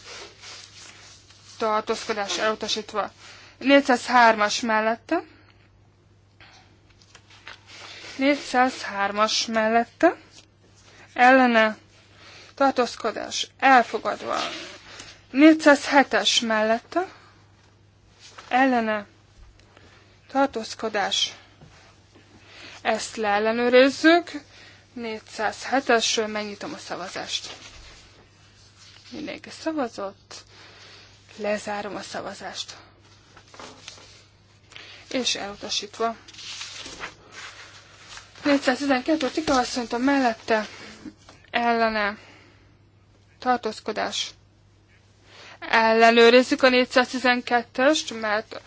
tartózkodás elutasítva 403-as mellette, 403-as mellette ellene tartózkodás elfogadva. 407-es mellette ellene tartózkodás. Ezt leellenőrizzük. 407-esről megnyitom a szavazást. Mindenki szavazott. Lezárom a szavazást. És elutasítva. 412 tika asszonyt a mellette ellene tartózkodás. Ellenőrizzük a 412-est, mert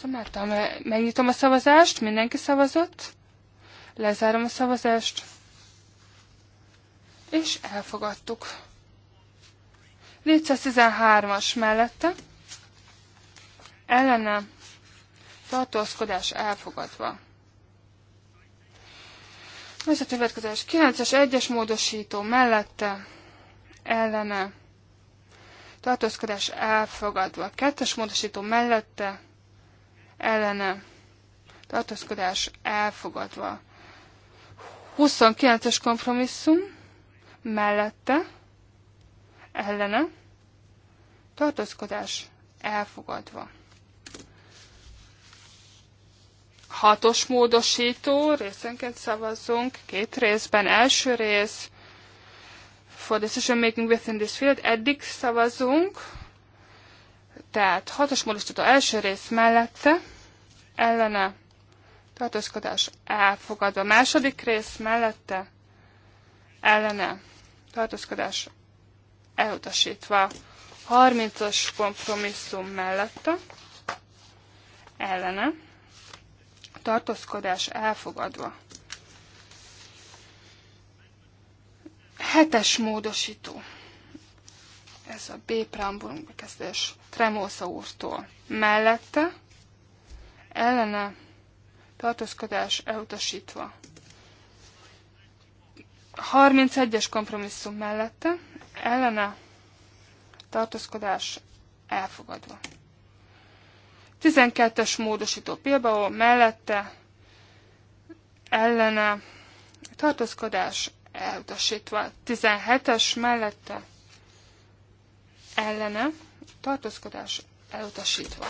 Szamáltam, megnyitom a szavazást, mindenki szavazott, lezárom a szavazást, és elfogadtuk. 413-as mellette, ellenem tartózkodás elfogadva. Ez a következés 9-es egyes módosító mellette ellene tartózkodás elfogadva. 2-es módosító mellette ellene tartózkodás elfogadva. 29-es kompromisszum mellette ellene tartózkodás elfogadva. Hatos módosító, részenként szavazzunk, két részben. Első rész, for decision making within this field, eddig szavazunk, tehát hatos módosító első rész mellette, ellene, tartózkodás elfogadva. Második rész mellette, ellene, tartózkodás elutasítva. 30-as kompromisszum mellette, ellene, tartózkodás elfogadva. Hetes módosító. Ez a B preambulum bekezdés Tremosa úrtól. Mellette ellene tartózkodás elutasítva. 31-es kompromisszum mellette ellene tartózkodás elfogadva. 12-es módosító például mellette ellene tartózkodás elutasítva. 17-es mellette ellene tartózkodás elutasítva.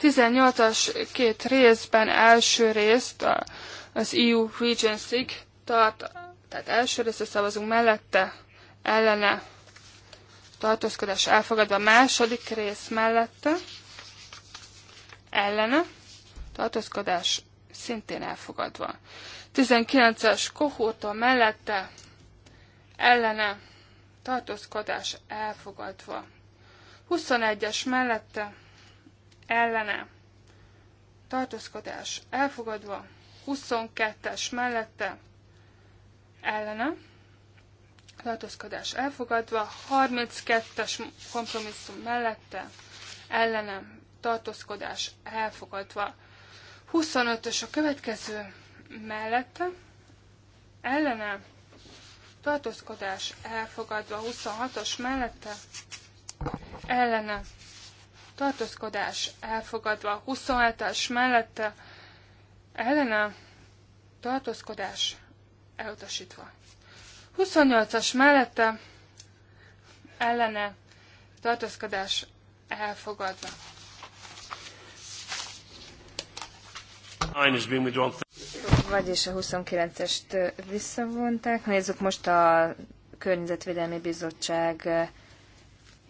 18-as két részben első részt a, az EU Regency tart, tehát első részre szavazunk mellette, ellene tartózkodás elfogadva, második rész mellette, ellene, tartózkodás szintén elfogadva. 19-es kohóta mellette, ellene, tartózkodás elfogadva. 21-es mellette, ellene, tartózkodás elfogadva. 22-es mellette, ellene, tartózkodás elfogadva, 32-es kompromisszum mellette, ellenem tartózkodás elfogadva. 25-ös a következő mellette, ellene tartózkodás elfogadva, 26-os mellette, ellene tartózkodás elfogadva, 27-es mellette, ellene tartózkodás elutasítva. 28-as mellette, ellene tartózkodás elfogadva. Vagyis a 29-est visszavonták. Nézzük most a Környezetvédelmi Bizottság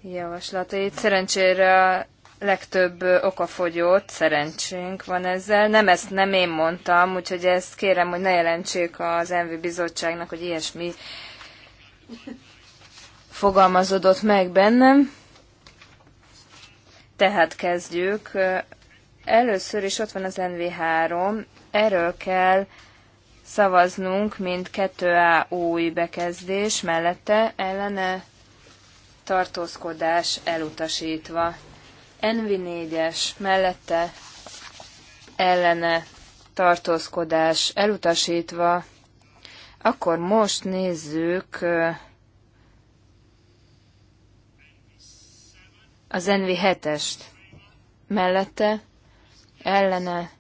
javaslatait. Szerencsére a legtöbb okafogyót, szerencsénk van ezzel. Nem ezt nem én mondtam, úgyhogy ezt kérem, hogy ne jelentsék az Envi Bizottságnak, hogy ilyesmi fogalmazódott meg bennem. Tehát kezdjük Először is ott van az NV3, erről kell szavaznunk, mint 2A új bekezdés mellette ellene tartózkodás elutasítva. NV4-es mellette ellene tartózkodás elutasítva, akkor most nézzük az NV7-est mellette ellene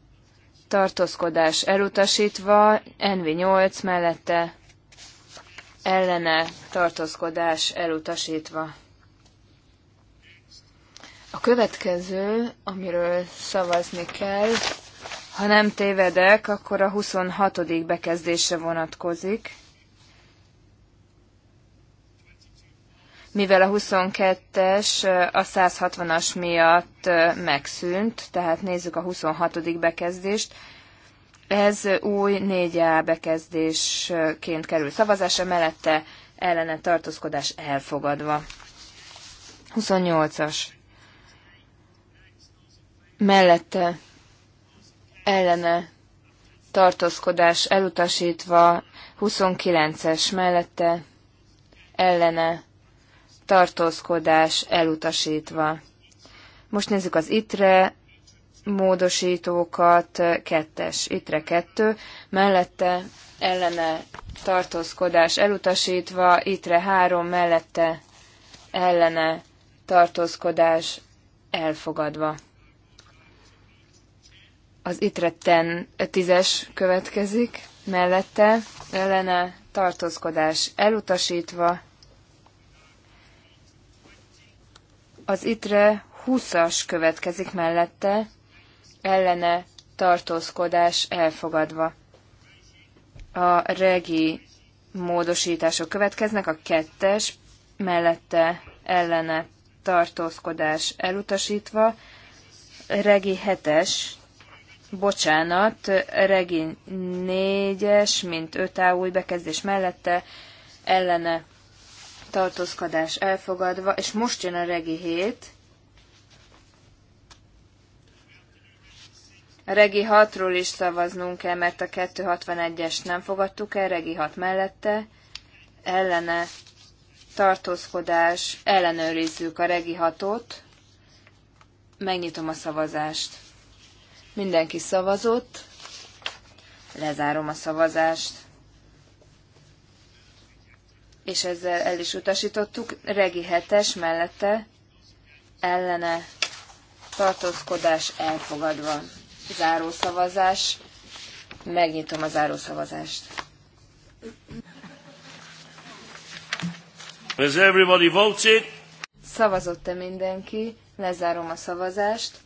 tartózkodás elutasítva, NV8 mellette ellene tartózkodás elutasítva. A következő, amiről szavazni kell, ha nem tévedek, akkor a 26. bekezdésre vonatkozik. mivel a 22-es a 160-as miatt megszűnt, tehát nézzük a 26. bekezdést. Ez új 4A bekezdésként kerül szavazásra, mellette ellene tartózkodás elfogadva. 28-as. Mellette ellene tartózkodás elutasítva, 29-es mellette ellene tartózkodás elutasítva. Most nézzük az itre módosítókat, kettes, itre kettő, mellette ellene tartózkodás elutasítva, itre három, mellette ellene tartózkodás elfogadva. Az itre ten, tízes következik, mellette ellene tartózkodás elutasítva, Az itre 20-as következik mellette, ellene tartózkodás elfogadva. A regi módosítások következnek, a kettes mellette ellene tartózkodás elutasítva, regi hetes, bocsánat, regi négyes, mint öt új bekezdés mellette ellene tartózkodás elfogadva, és most jön a regi hét. A regi 6-ról is szavaznunk kell, mert a 261-est nem fogadtuk el, regi 6 mellette, ellene tartózkodás, ellenőrizzük a regi 6-ot, megnyitom a szavazást. Mindenki szavazott, lezárom a szavazást és ezzel el is utasítottuk. Regi hetes mellette ellene tartózkodás elfogadva. Zárószavazás. Megnyitom a zárószavazást. Has everybody voted? Szavazott-e mindenki? Lezárom a szavazást.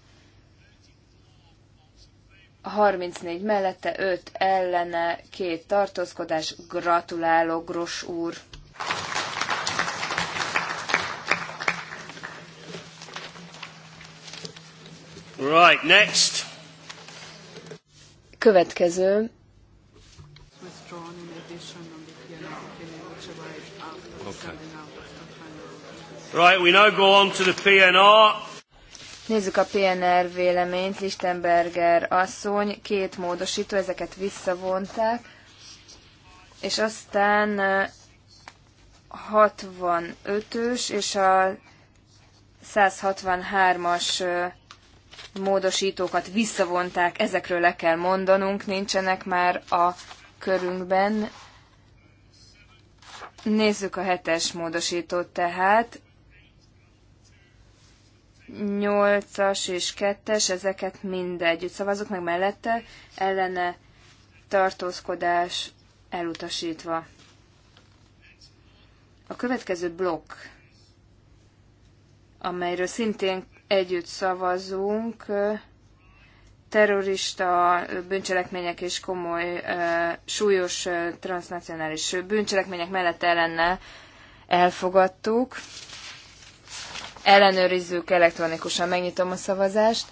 34 mellette, 5 ellene, 2 tartózkodás. Gratulálok, Gros úr! Right, next. Következő. Okay. Right, we now go on to the PNR. Nézzük a PNR véleményt, Lichtenberger asszony, két módosító, ezeket visszavonták, és aztán 65-ös és a 163-as módosítókat visszavonták, ezekről le kell mondanunk, nincsenek már a körünkben. Nézzük a hetes módosítót tehát. 8-as és 2-es, ezeket együtt szavazok meg mellette, ellene tartózkodás elutasítva. A következő blokk, amelyről szintén együtt szavazunk terrorista bűncselekmények és komoly, súlyos transnacionális bűncselekmények mellett ellenne elfogadtuk. Ellenőrizzük elektronikusan, megnyitom a szavazást.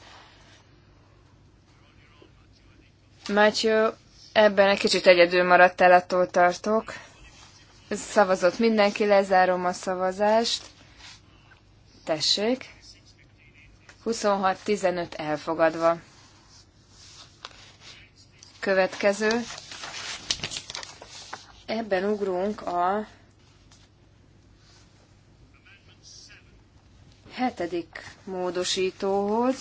Mátyó, ebben egy kicsit egyedül maradt el, attól tartok. Szavazott mindenki, lezárom a szavazást. Tessék. 26-15 elfogadva. Következő. Ebben ugrunk a hetedik módosítóhoz,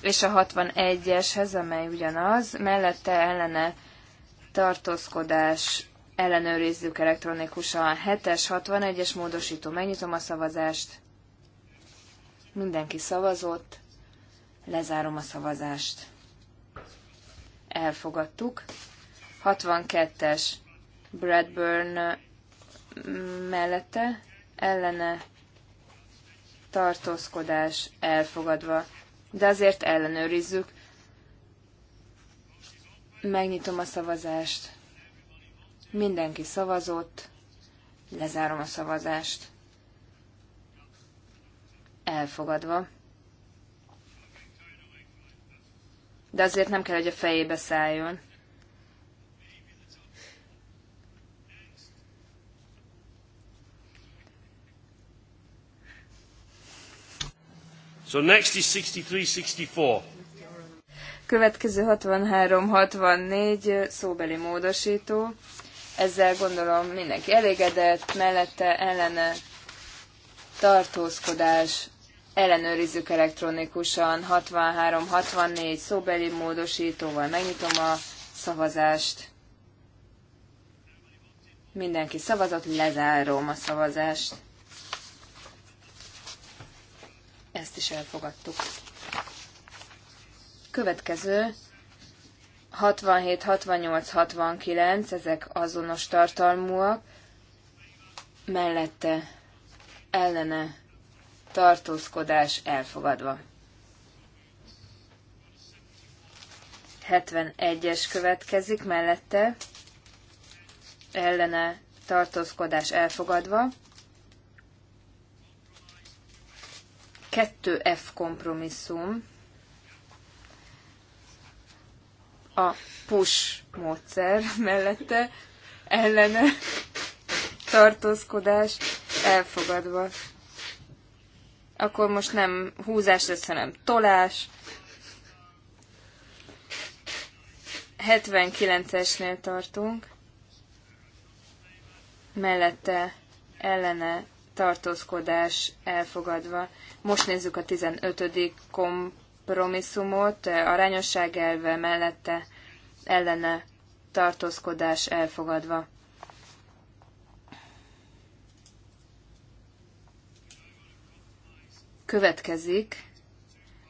és a 61-eshez, amely ugyanaz, mellette ellene tartózkodás ellenőrizzük elektronikusan. 7-es, 61-es módosító. Megnyitom a szavazást. Mindenki szavazott. Lezárom a szavazást. Elfogadtuk. 62-es Bradburn mm, mellette ellene tartózkodás elfogadva. De azért ellenőrizzük. Megnyitom a szavazást. Mindenki szavazott. Lezárom a szavazást elfogadva. De azért nem kell, hogy a fejébe szálljon. So next is 63-64. Következő 63-64 szóbeli módosító. Ezzel gondolom mindenki elégedett, mellette ellene tartózkodás, ellenőrizzük elektronikusan, 63-64 szóbeli módosítóval megnyitom a szavazást. Mindenki szavazott, lezárom a szavazást. Ezt is elfogadtuk. Következő 67, 68, 69, ezek azonos tartalmúak. Mellette ellene tartózkodás elfogadva. 71-es következik mellette, ellene tartózkodás elfogadva. 2F kompromisszum, a push módszer mellette ellene tartózkodás elfogadva. Akkor most nem húzás lesz, hanem tolás. 79-esnél tartunk. Mellette ellene tartózkodás elfogadva. Most nézzük a 15. kompromisszumot, arányosság elve mellette ellene tartózkodás elfogadva. Következik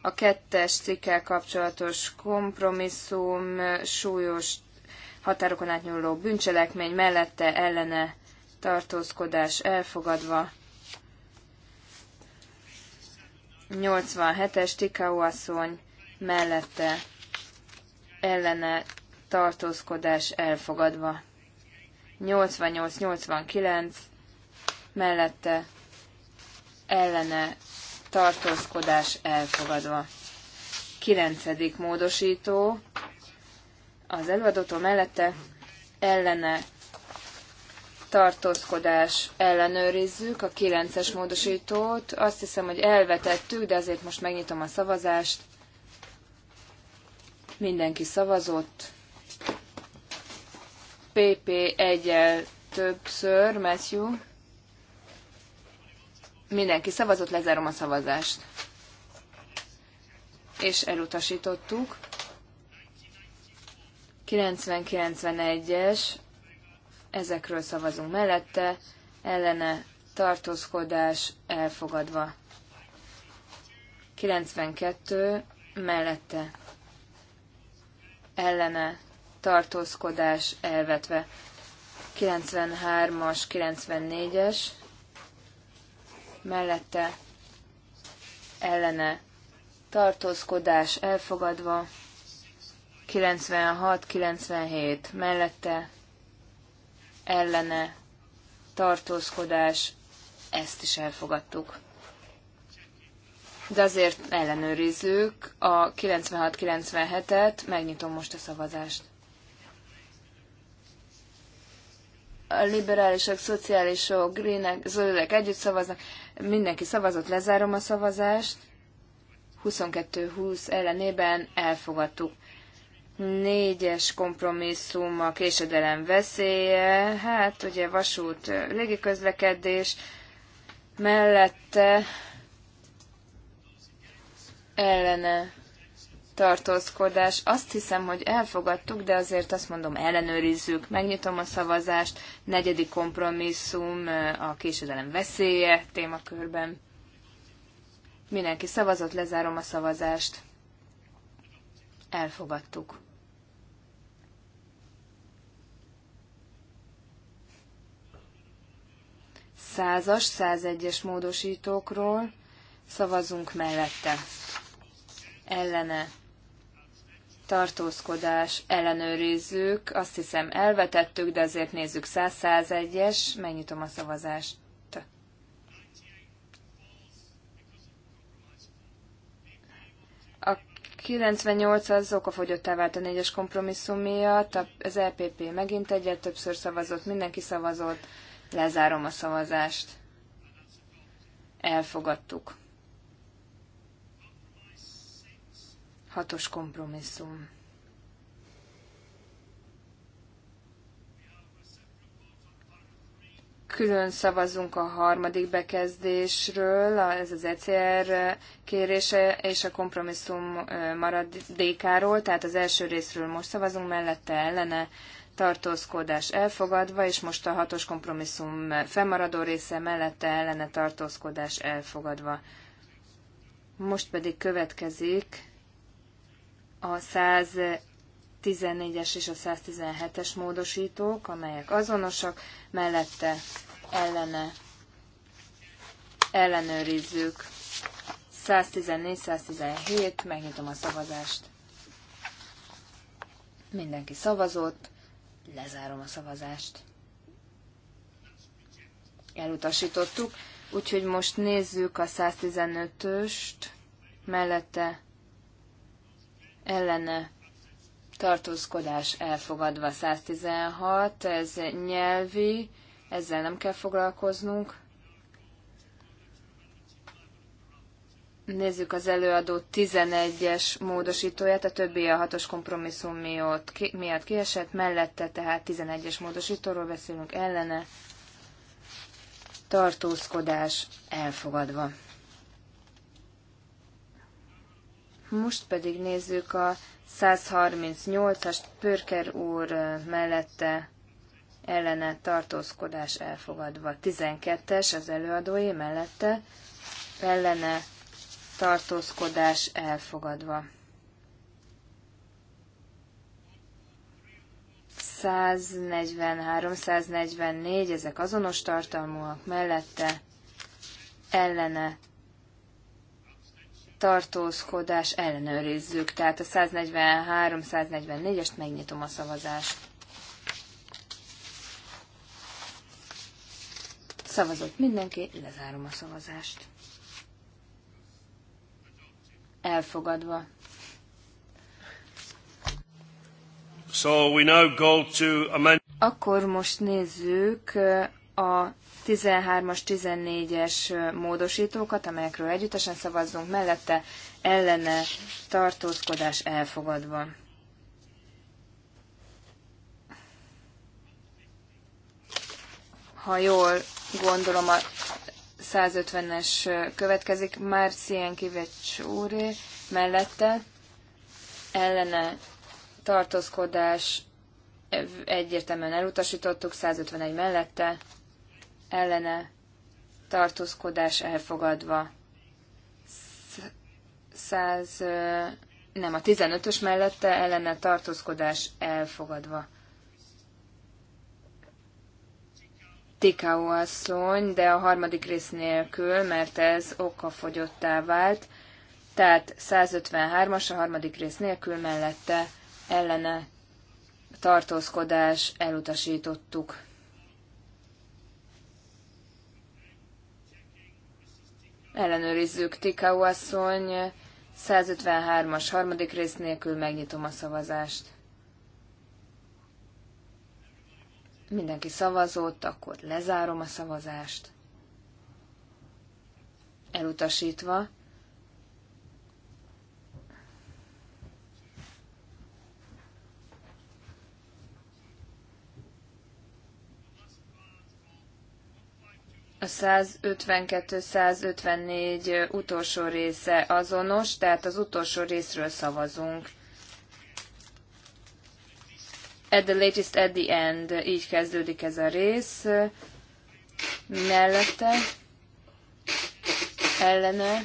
a kettes cikkel kapcsolatos kompromisszum, súlyos határokon átnyúló bűncselekmény mellette ellene tartózkodás elfogadva. 87-es Tikau asszony mellette ellene tartózkodás elfogadva. 88-89 mellette ellene tartózkodás elfogadva. 9. módosító az előadótól mellette ellene tartózkodás ellenőrizzük a 9-es módosítót. Azt hiszem, hogy elvetettük, de azért most megnyitom a szavazást. Mindenki szavazott. PP 1-el többször, Matthew. Mindenki szavazott, lezárom a szavazást. És elutasítottuk. 90-91-es, ezekről szavazunk mellette, ellene tartózkodás elfogadva. 92 mellette ellene tartózkodás elvetve. 93-as, 94-es mellette ellene tartózkodás elfogadva, 96-97 mellette ellene tartózkodás, ezt is elfogadtuk. De azért ellenőrizzük a 96-97-et, megnyitom most a szavazást. A liberálisok, szociálisok, greenek, zöldek együtt szavaznak. Mindenki szavazott, lezárom a szavazást. 22-20 ellenében elfogadtuk. Négyes kompromisszum a késedelem veszélye, hát ugye vasút, közlekedés mellette ellene tartózkodás. Azt hiszem, hogy elfogadtuk, de azért azt mondom, ellenőrizzük, megnyitom a szavazást, negyedik kompromisszum, a késedelem veszélye témakörben. Mindenki szavazott, lezárom a szavazást. Elfogadtuk. Százas, százegyes módosítókról szavazunk mellette. Ellene tartózkodás ellenőrizzük, azt hiszem elvetettük, de azért nézzük 101-es, megnyitom a szavazást. A 98 az okafogyottá vált a 4-es kompromisszum miatt, az EPP megint egyet többször szavazott, mindenki szavazott, lezárom a szavazást. Elfogadtuk. Hatos kompromisszum. Külön szavazunk a harmadik bekezdésről, ez az ECR kérése és a kompromisszum maradékáról, tehát az első részről most szavazunk, mellette ellene tartózkodás elfogadva, és most a hatos kompromisszum fennmaradó része mellette ellene tartózkodás elfogadva. Most pedig következik a 114-es és a 117-es módosítók, amelyek azonosak, mellette ellene ellenőrizzük. 114-117, megnyitom a szavazást. Mindenki szavazott, lezárom a szavazást. Elutasítottuk, úgyhogy most nézzük a 115-öst, mellette ellene tartózkodás elfogadva 116, ez nyelvi, ezzel nem kell foglalkoznunk. Nézzük az előadó 11-es módosítóját, a többi a 6-os kompromisszum miatt, ki, miatt kiesett, mellette tehát 11-es módosítóról beszélünk ellene, tartózkodás elfogadva. Most pedig nézzük a 138-as Pörker úr mellette ellene tartózkodás elfogadva. 12-es az előadói mellette ellene tartózkodás elfogadva. 143, 144, ezek azonos tartalmúak mellette ellene tartózkodás ellenőrizzük. Tehát a 143-144-est megnyitom a szavazást. Szavazott mindenki, lezárom a szavazást. Elfogadva. So we now go to amend- Akkor most nézzük a 13-as, 14-es módosítókat, amelyekről együttesen szavazzunk, mellette ellene tartózkodás elfogadva. Ha jól gondolom, a 150-es következik, már Kivets úré mellette ellene tartózkodás egyértelműen elutasítottuk, 151 mellette ellene tartózkodás elfogadva. Száz, nem, a 15-ös mellette ellene tartózkodás elfogadva. Tikau asszony, de a harmadik rész nélkül, mert ez okafogyottá vált. Tehát 153-as a harmadik rész nélkül mellette ellene tartózkodás elutasítottuk. Ellenőrizzük Tikau asszony 153-as harmadik rész nélkül megnyitom a szavazást. Mindenki szavazott, akkor lezárom a szavazást. Elutasítva a 152-154 utolsó része azonos, tehát az utolsó részről szavazunk. At the latest, at the end, így kezdődik ez a rész. Mellette, ellene,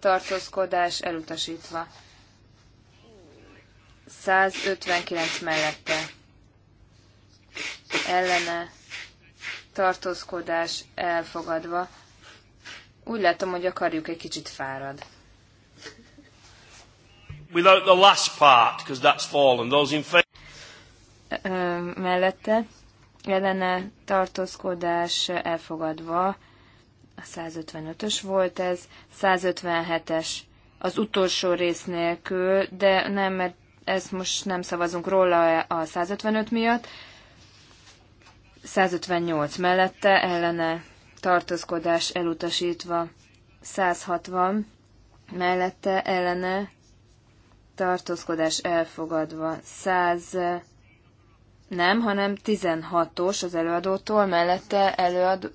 tartózkodás elutasítva. 159 mellette, ellene, tartózkodás elfogadva. Úgy látom, hogy akarjuk egy kicsit fárad. Without the last part, because that's fallen. Those in favor. Mellette ellene tartózkodás elfogadva. A 155-ös volt ez, 157-es az utolsó rész nélkül, de nem, mert ezt most nem szavazunk róla a 155 miatt. 158 mellette ellene tartózkodás elutasítva. 160 mellette ellene tartózkodás elfogadva. 100 nem, hanem 16-os az előadótól, mellette előad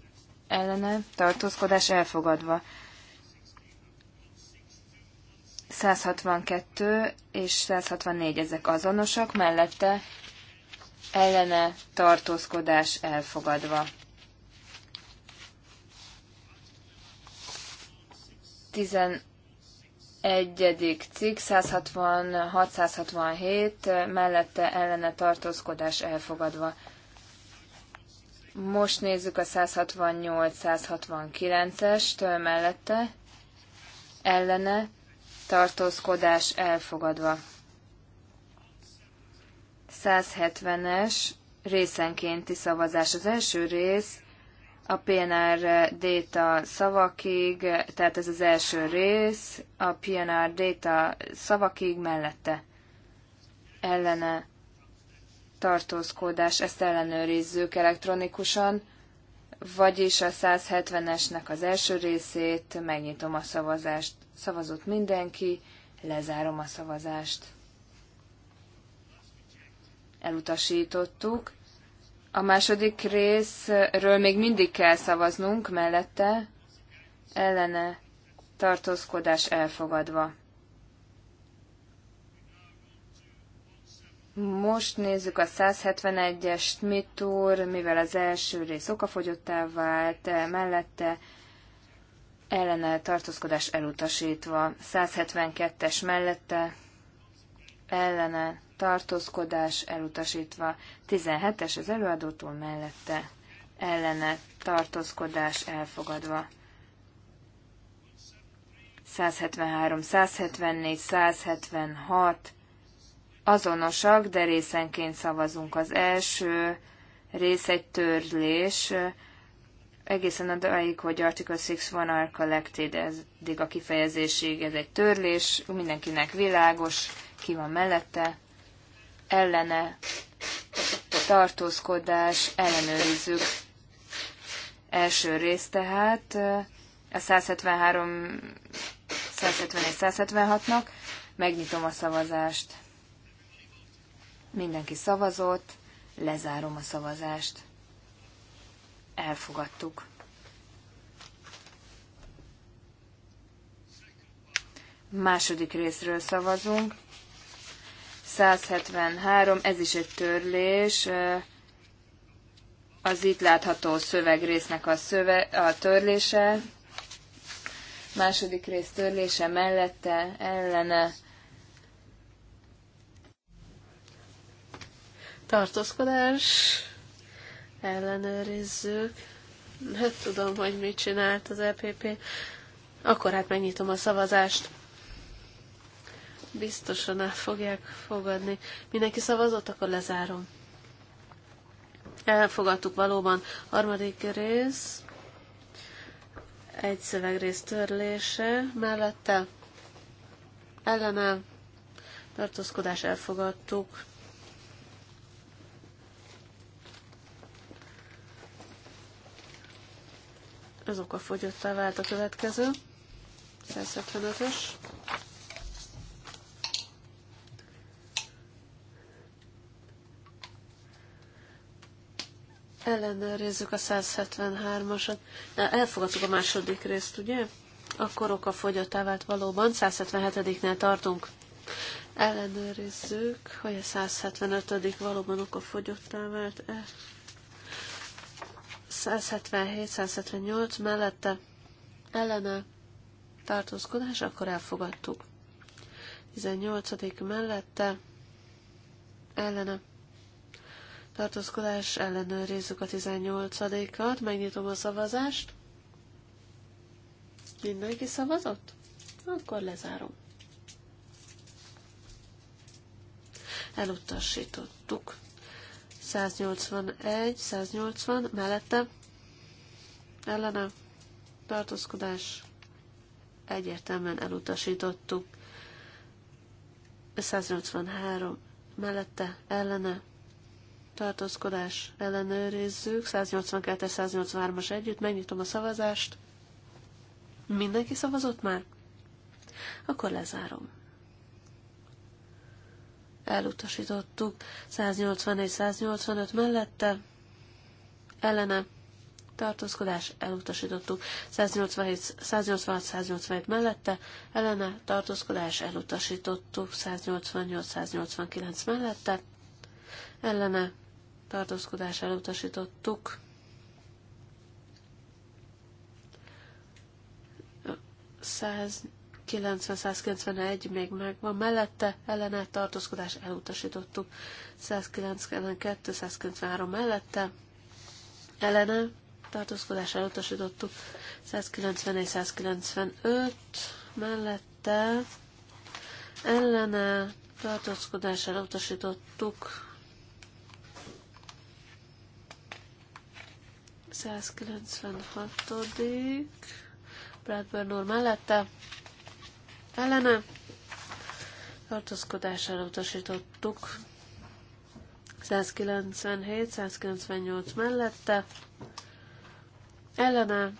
ellene tartózkodás elfogadva. 162 és 164 ezek azonosak, mellette ellene tartózkodás elfogadva. 11. cikk 166-167 mellette ellene tartózkodás elfogadva. Most nézzük a 168-169-est mellette ellene tartózkodás elfogadva. 170-es részenkénti szavazás. Az első rész a PNR data szavakig, tehát ez az első rész, a PNR data szavakig mellette ellene tartózkodás, ezt ellenőrizzük elektronikusan, vagyis a 170-esnek az első részét, megnyitom a szavazást. Szavazott mindenki, lezárom a szavazást elutasítottuk. A második részről még mindig kell szavaznunk mellette, ellene tartózkodás elfogadva. Most nézzük a 171-es mit mivel az első rész okafogyottá vált, mellette ellene tartózkodás elutasítva, 172-es mellette ellene tartózkodás elutasítva. 17-es az előadótól mellette ellene tartózkodás elfogadva. 173, 174, 176 azonosak, de részenként szavazunk. Az első rész egy törlés, egészen odáig, hogy Article 6 are collected, ez eddig a kifejezésig, ez egy törlés, mindenkinek világos, ki van mellette, ellene tartózkodás ellenőrizzük. Első rész tehát a 173, 171, 176-nak. Megnyitom a szavazást. Mindenki szavazott, lezárom a szavazást. Elfogadtuk. Második részről szavazunk. 173, ez is egy törlés, az itt látható szövegrésznek a, szöve, a törlése, második rész törlése mellette, ellene. Tartózkodás, ellenőrizzük. Nem tudom, hogy mit csinált az EPP. Akkor hát megnyitom a szavazást biztosan el fogják fogadni. Mindenki szavazott, akkor lezárom. Elfogadtuk valóban. Harmadik rész, egy szövegrész törlése, mellette ellene tartózkodás elfogadtuk. Azok a fogyottá vált a következő. 175-ös. Ellenőrizzük a 173-asat. Elfogadtuk a második részt, ugye? Akkor a fogyottá vált valóban. 177-nél tartunk. Ellenőrizzük, hogy a 175 valóban oka fogyottá vált. 177-178 mellette ellene tartózkodás, akkor elfogadtuk. 18. mellette ellene tartózkodás, ellenőrizzük a 18-at, megnyitom a szavazást. Mindenki szavazott? Akkor lezárom. Elutasítottuk. 181, 180, mellette, ellene, tartózkodás, egyértelműen elutasítottuk. 183, mellette, ellene, tartózkodás ellenőrizzük, 182-183-as együtt, megnyitom a szavazást. Mindenki szavazott már? Akkor lezárom. Elutasítottuk 181-185 mellette, ellene tartózkodás, elutasítottuk 186-187 mellette, ellene tartózkodás, elutasítottuk 188-189 mellette, ellene tartózkodás elutasítottuk. Száz 90-191 még megvan, mellette ellene tartózkodás elutasítottuk. 192-193 mellette ellene tartózkodás elutasítottuk. 194-195 mellette ellene tartózkodás elutasítottuk. 196. Bradburn úr mellette. Ellene. Tartózkodására utasítottuk. 197, 198 mellette. Ellene.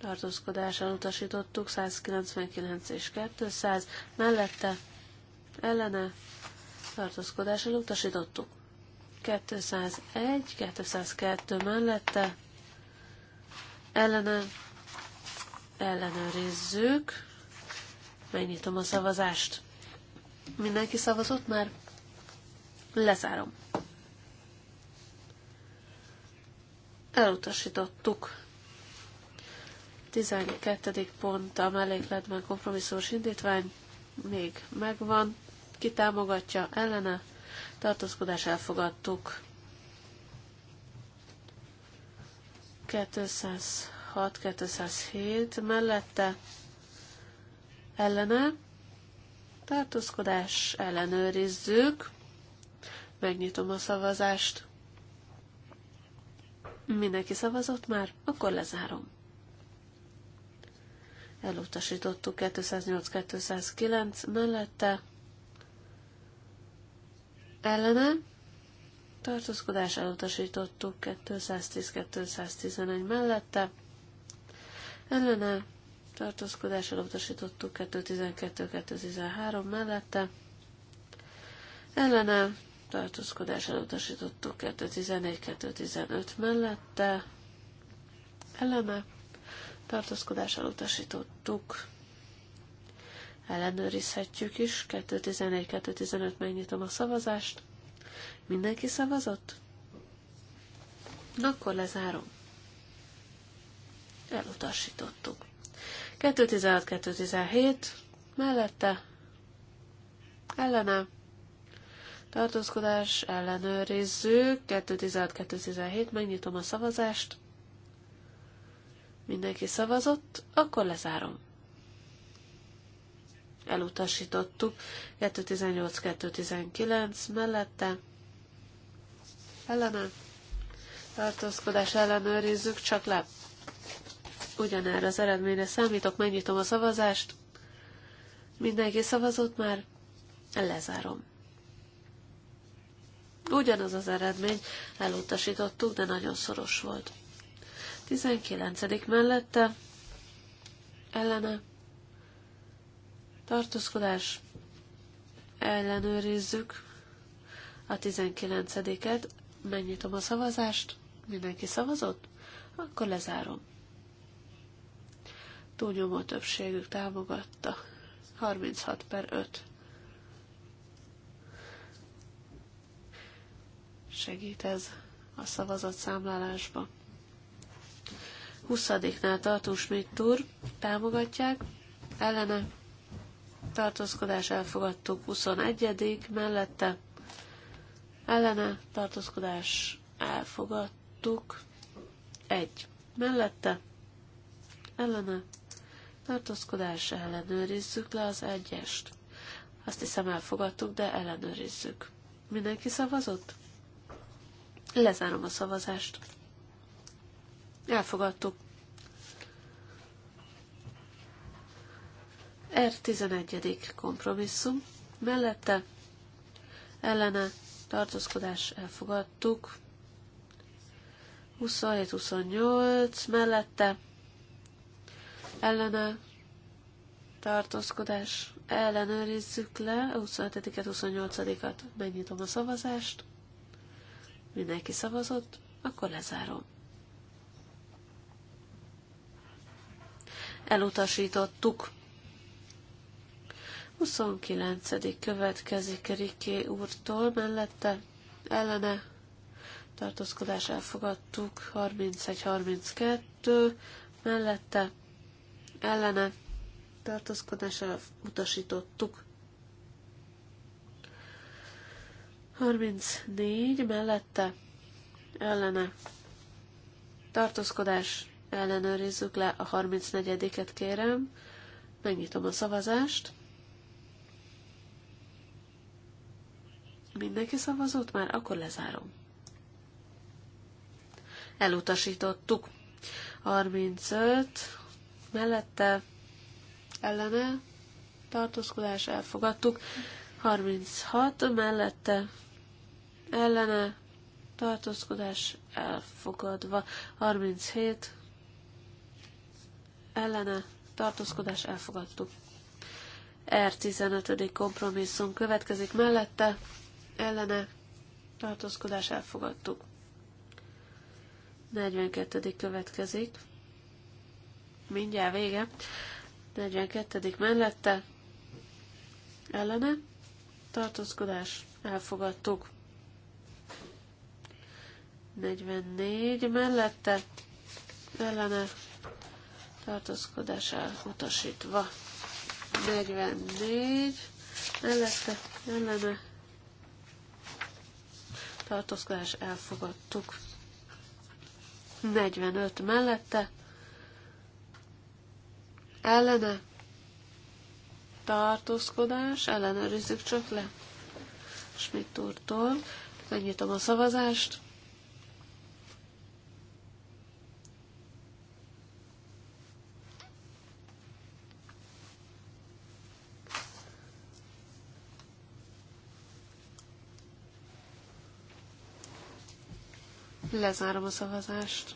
Tartózkodással utasítottuk 199 és 200, mellette ellene tartózkodással utasítottuk. 201, 202 mellette ellene ellenőrizzük. Megnyitom a szavazást. Mindenki szavazott már? Lezárom. Elutasítottuk. 12. pont a mellékletben kompromisszós indítvány még megvan. Ki támogatja ellene? Tartózkodás elfogadtuk. 206-207 mellette ellene tartózkodás ellenőrizzük. Megnyitom a szavazást. Mindenki szavazott már? Akkor lezárom. Elutasítottuk 208-209 mellette. Ellene tartózkodás elutasítottuk 210-211 mellette, ellene tartózkodás elutasítottuk 212-213 mellette, ellene tartózkodás elutasítottuk 214-215 mellette, ellene tartózkodás elutasítottuk ellenőrizhetjük is. 2.11-2.15 megnyitom a szavazást. Mindenki szavazott? Na, akkor lezárom. Elutasítottuk. 2016 2017 mellette ellene tartózkodás ellenőrizzük. 2016 2017 megnyitom a szavazást. Mindenki szavazott, akkor lezárom elutasítottuk. 2018-2019 mellette ellene tartózkodás ellenőrizzük csak le. Ugyanerre az eredményre számítok, megnyitom a szavazást. Mindenki szavazott már, lezárom. Ugyanaz az eredmény, elutasítottuk, de nagyon szoros volt. 19. mellette ellene tartózkodás ellenőrizzük a 19-et, megnyitom a szavazást. Mindenki szavazott? Akkor lezárom. Túlnyomó többségük támogatta. 36 per 5. Segít ez a szavazat számlálásba. 20-nál tartunk Schmidt úr, támogatják, ellene tartózkodás elfogadtuk 21 mellette, ellene tartózkodás elfogadtuk, egy mellette, ellene tartózkodás ellenőrizzük le az egyest. Azt hiszem elfogadtuk, de ellenőrizzük. Mindenki szavazott? Lezárom a szavazást. Elfogadtuk. R11. kompromisszum. Mellette ellene tartózkodás elfogadtuk. 27-28 mellette ellene tartózkodás ellenőrizzük le, 27-et, 28-at megnyitom a szavazást, mindenki szavazott, akkor lezárom. Elutasítottuk 29. következik Riké úrtól, mellette ellene tartózkodás elfogadtuk, 31-32, mellette ellene tartózkodás utasítottuk. 34, mellette ellene tartózkodás ellenőrizzük le a 34-et kérem. Megnyitom a szavazást. Mindenki szavazott már? Akkor lezárom. Elutasítottuk. 35 mellette ellene tartózkodás elfogadtuk. 36 mellette ellene tartózkodás elfogadva. 37 ellene tartózkodás elfogadtuk. R15. kompromisszum következik mellette, ellene tartózkodás elfogadtuk. 42. következik. Mindjárt vége. 42. mellette ellene tartózkodás elfogadtuk. 44 mellette ellene tartózkodás elutasítva. 44 mellette ellene tartózkodás elfogadtuk. 45 mellette, ellene, tartózkodás, ellenőrizzük csak le Smit úrtól. Megnyitom a szavazást. Lezárom a szavazást.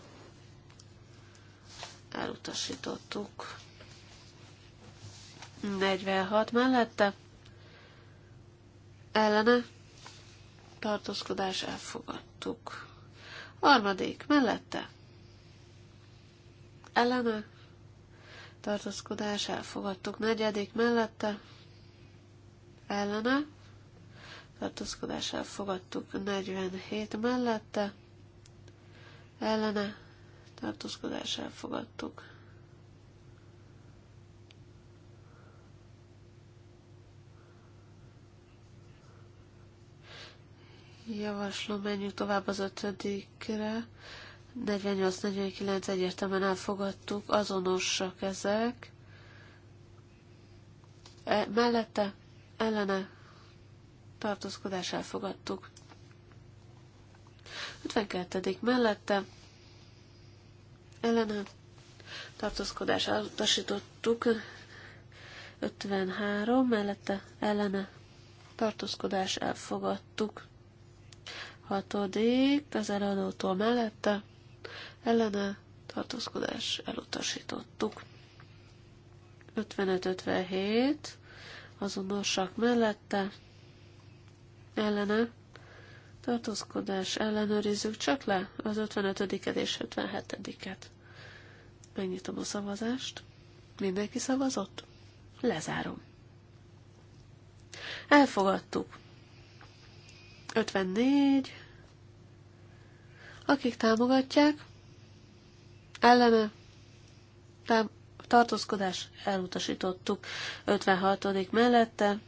Elutasítottuk. 46 mellette. Ellene. Tartózkodás elfogadtuk. Harmadik mellette. Ellene. Tartózkodás elfogadtuk. Negyedik mellette. Ellene tartózkodás elfogadtuk 47 mellette, ellene tartózkodás elfogadtuk. Javaslom, menjünk tovább az ötödikre. 48-49 egyértelműen elfogadtuk, azonosak ezek. E, mellette, ellene tartózkodás elfogadtuk. 52. mellette ellene tartózkodás elutasítottuk. 53 mellette ellene tartózkodás elfogadtuk. 6. az eladótól mellette ellene tartózkodás elutasítottuk. 55-57 azonosak mellette ellene tartózkodás ellenőrizzük csak le az 55 és 57-et. Megnyitom a szavazást. Mindenki szavazott? Lezárom. Elfogadtuk. 54. Akik támogatják, ellene tám- tartózkodás elutasítottuk. 56. mellette,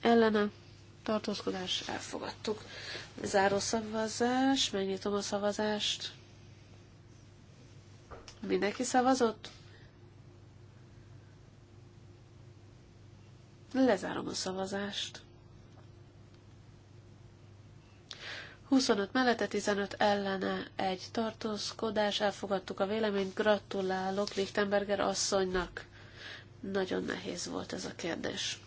ellene tartózkodás, elfogadtuk. Záró szavazás, megnyitom a szavazást. Mindenki szavazott? Lezárom a szavazást. 25 mellette, 15 ellene, egy tartózkodás, elfogadtuk a véleményt, gratulálok Lichtenberger asszonynak. Nagyon nehéz volt ez a kérdés.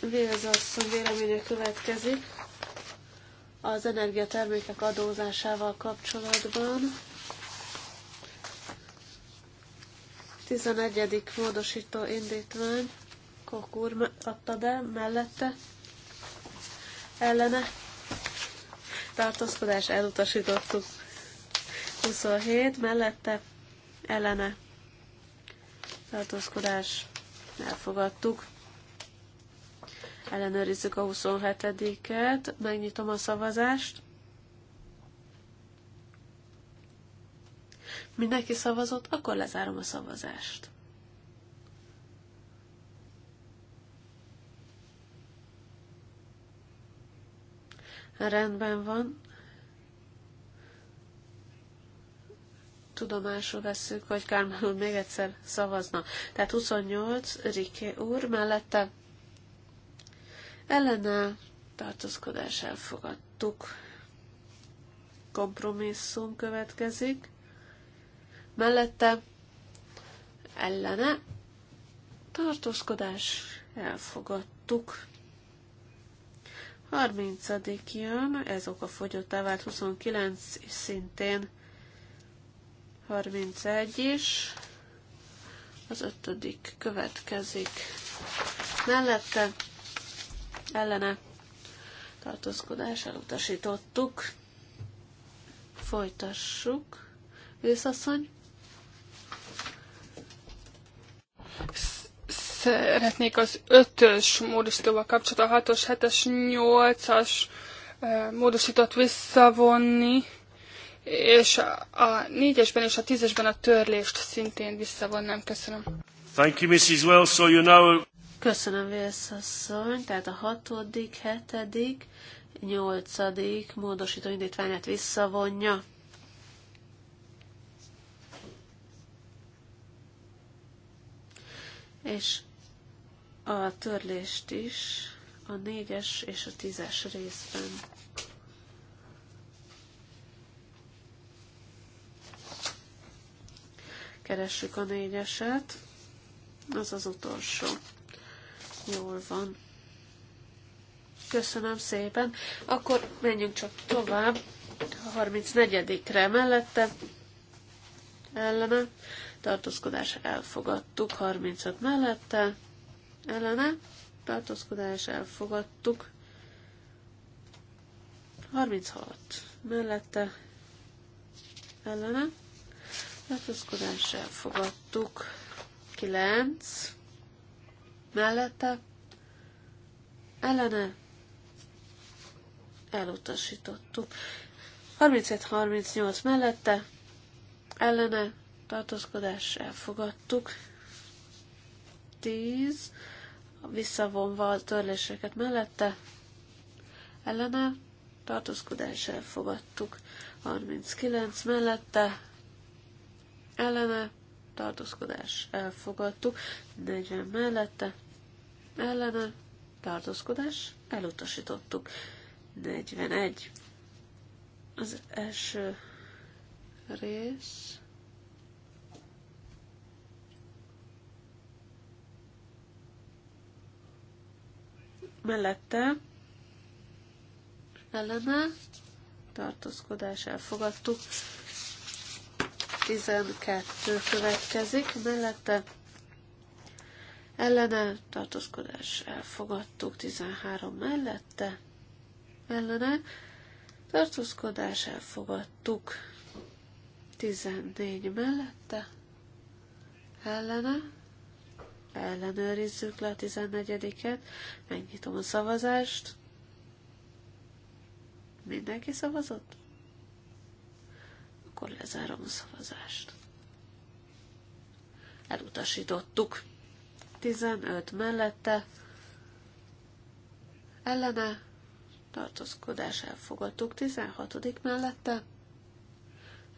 Vélez véleménye következik az energiatermékek adózásával kapcsolatban. 11. módosító indítvány, Kokur adta be, mellette, ellene, tartózkodás elutasítottuk. 27, mellette, ellene, tartózkodás elfogadtuk. Ellenőrizzük a 27-et, megnyitom a szavazást. Mindenki szavazott, akkor lezárom a szavazást. Rendben van. Tudomásul veszük, hogy Kármán még egyszer szavazna. Tehát 28, Riké úr mellette Elena tartózkodás elfogadtuk. Kompromisszum következik. Mellette ellene tartózkodás elfogadtuk. 30. jön, ez oka fogyottá vált, 29 szintén, 31 is, az ötödik következik. Mellette ellene tartózkodás elutasítottuk. Folytassuk. Őszasszony. Szeretnék az ötös módosítóval kapcsolatban a hatos, hetes, nyolcas eh, módosított visszavonni, és a négyesben és a tízesben a törlést szintén visszavonnám. Köszönöm. Thank you, Mrs. Wells. So you know... Köszönöm, Vélszasszony. Tehát a hatodik, hetedik, nyolcadik módosító indítványát visszavonja. És a törlést is a négyes és a tízes részben. Keressük a négyeset, az az utolsó. Jól van. Köszönöm szépen. Akkor menjünk csak tovább. A 34-re mellette ellene. Tartózkodás elfogadtuk. 35 mellette ellene. Tartózkodás elfogadtuk. 36 mellette ellene. Tartózkodás elfogadtuk. 9 mellette, ellene elutasítottuk. 37-38 mellette, ellene tartózkodás elfogadtuk. 10 visszavonva a törléseket mellette, ellene tartózkodás elfogadtuk. 39 mellette, ellene tartózkodás elfogadtuk, 40 mellette ellene tartózkodás elutasítottuk, 41 az első rész. Mellette ellene tartózkodás elfogadtuk. 12 következik, mellette ellene tartózkodás elfogadtuk, 13 mellette ellene tartózkodás elfogadtuk, 14 mellette ellene ellenőrizzük le a 14-et, megnyitom a szavazást, mindenki szavazott? akkor lezárom a szavazást. Elutasítottuk. 15 mellette ellene tartózkodás elfogadtuk. 16. mellette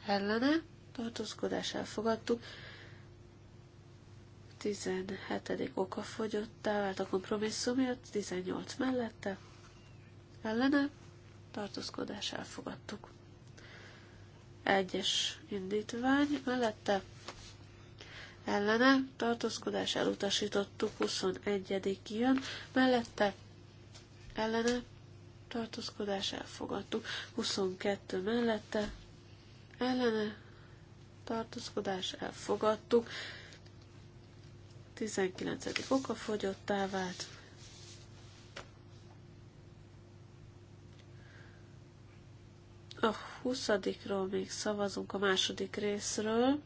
ellene tartózkodás elfogadtuk. 17. okafogyottá vált a miatt. 18 mellette ellene tartózkodás elfogadtuk egyes indítvány mellette ellene tartózkodás elutasítottuk 21. jön, mellette ellene tartózkodás elfogadtuk 22 mellette ellene tartózkodás elfogadtuk 19. oka fogyottá vált A huszadikról még szavazunk a második részről.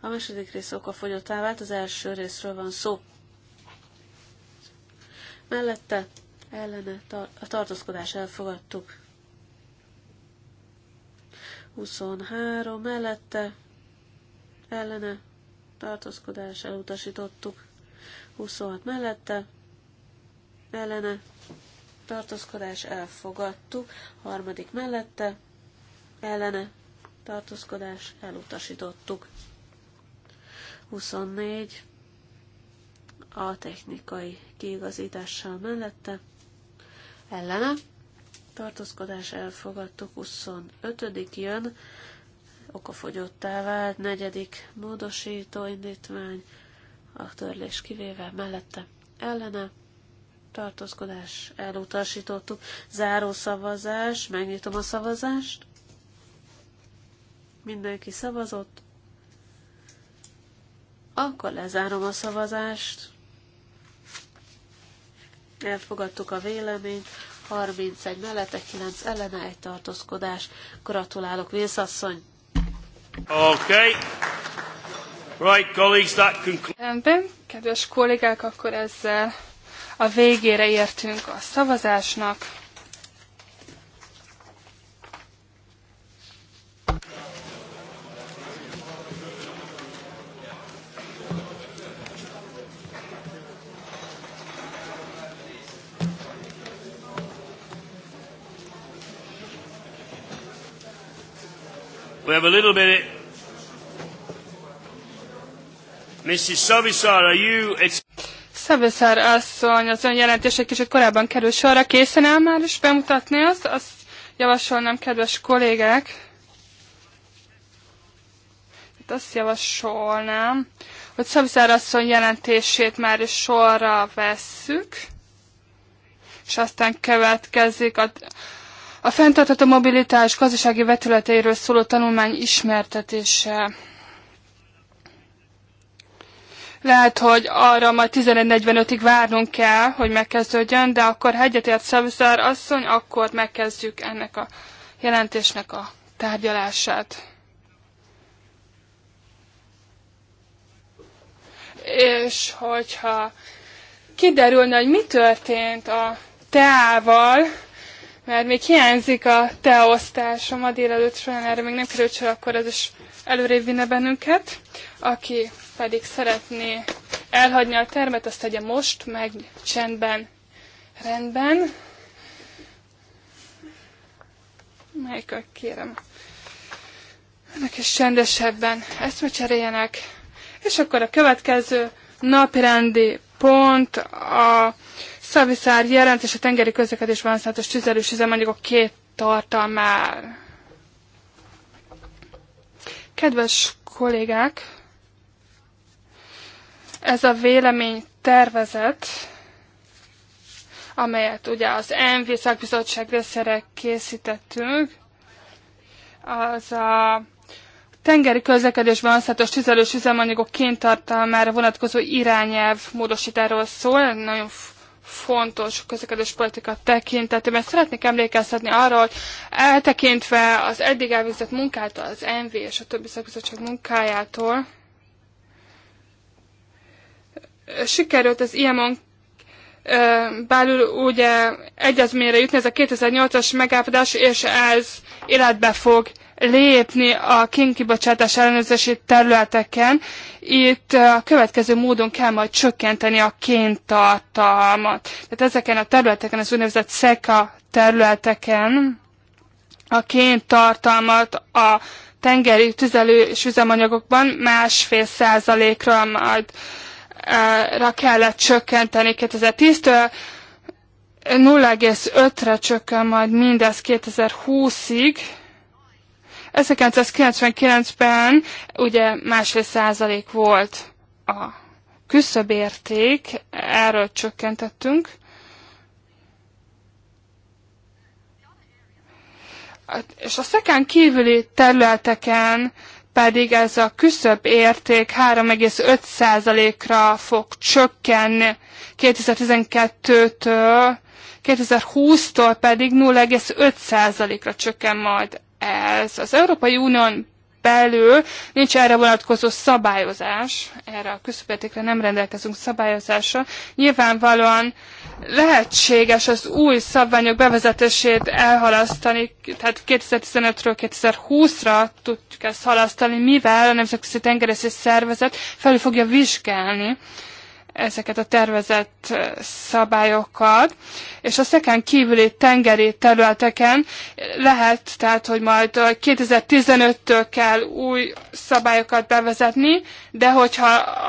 A második rész okafogyottá vált, az első részről van szó. Mellette ellene tar a tartózkodás elfogadtuk. 23 mellette ellene tartózkodás elutasítottuk. 26 mellette ellene tartózkodás elfogadtuk, harmadik mellette ellene tartózkodás elutasítottuk. 24 a technikai kiigazítással mellette ellene tartózkodás elfogadtuk, 25. jön, okafogyottá vált, negyedik módosító indítvány, a törlés kivéve mellette ellene tartózkodás elutasítottuk. Záró szavazás, megnyitom a szavazást. Mindenki szavazott. Akkor lezárom a szavazást. Elfogadtuk a véleményt. 31 mellette, 9 ellene, egy tartózkodás. Gratulálok, Vészasszony! Okay. Right, colleagues, that concludes. Rendben, kedves kollégák, akkor ezzel a végére értünk a szavazásnak. We have a little bit. Mrs. Savisaar, are you? It's Szabeszár asszony, az ön jelentés egy kicsit korábban kerül sorra. Készen áll már is bemutatni azt? Azt javasolnám, kedves kollégák. Itt hát azt javasolnám, hogy Szabeszár asszony jelentését már is sorra vesszük, és aztán következik a, a fenntartható mobilitás gazdasági vetületeiről szóló tanulmány ismertetése. Lehet, hogy arra majd 11.45-ig várnunk kell, hogy megkezdődjön, de akkor hegyetért Szavizár asszony, akkor megkezdjük ennek a jelentésnek a tárgyalását. És hogyha kiderülne, hogy mi történt a teával, mert még hiányzik a teosztás a délelőtt során, erre még nem került sor, akkor ez is előrébb vinne bennünket. Aki pedig szeretné elhagyni a termet, azt tegye most, meg csendben, rendben. a kérem, Ennek is csendesebben eszmecseréljenek. És akkor a következő napirendi pont a Szaviszár jelentés a tengeri közlekedésben használatos tüzelős üzemanyagok két tartalmár. Kedves kollégák, ez a vélemény tervezet, amelyet ugye az MV szakbizottság részére készítettünk, az a tengeri közlekedésben használatos tüzelős üzemanyagok kéntartalmára vonatkozó irányelv módosítáról szól, nagyon fontos közlekedés politika tekintetében. Szeretnék emlékeztetni arra, hogy eltekintve az eddig elvégzett munkától, az NV és a többi szakbizottság munkájától, sikerült az IMON belül ugye egyezményre jutni, ez a 2008-as megállapodás, és ez életbe fog lépni a kénkibocsátás ellenőrzési területeken. Itt a következő módon kell majd csökkenteni a kéntartalmat. Tehát ezeken a területeken, az úgynevezett SECA területeken a kéntartalmat a tengeri tüzelő és üzemanyagokban másfél százalékra majd ra kellett csökkenteni 2010-től, 0,5-re csökken majd mindez 2020-ig. 1999-ben ugye másfél százalék volt a küszöbérték, erről csökkentettünk. És a szekán kívüli területeken pedig ez a küszöbb érték 3,5%-ra fog csökkenni 2012-től, 2020-tól pedig 0,5%-ra csökken majd ez. Az Európai Unión belül nincs erre vonatkozó szabályozás, erre a küszöbértékre nem rendelkezünk szabályozásra. Nyilvánvalóan lehetséges az új szabványok bevezetését elhalasztani, tehát 2015-ről 2020-ra tudjuk ezt halasztani, mivel a Nemzetközi Tengerészeti Szervezet felül fogja vizsgálni ezeket a tervezett szabályokat, és a szeken kívüli tengeri területeken lehet, tehát, hogy majd 2015-től kell új szabályokat bevezetni, de hogyha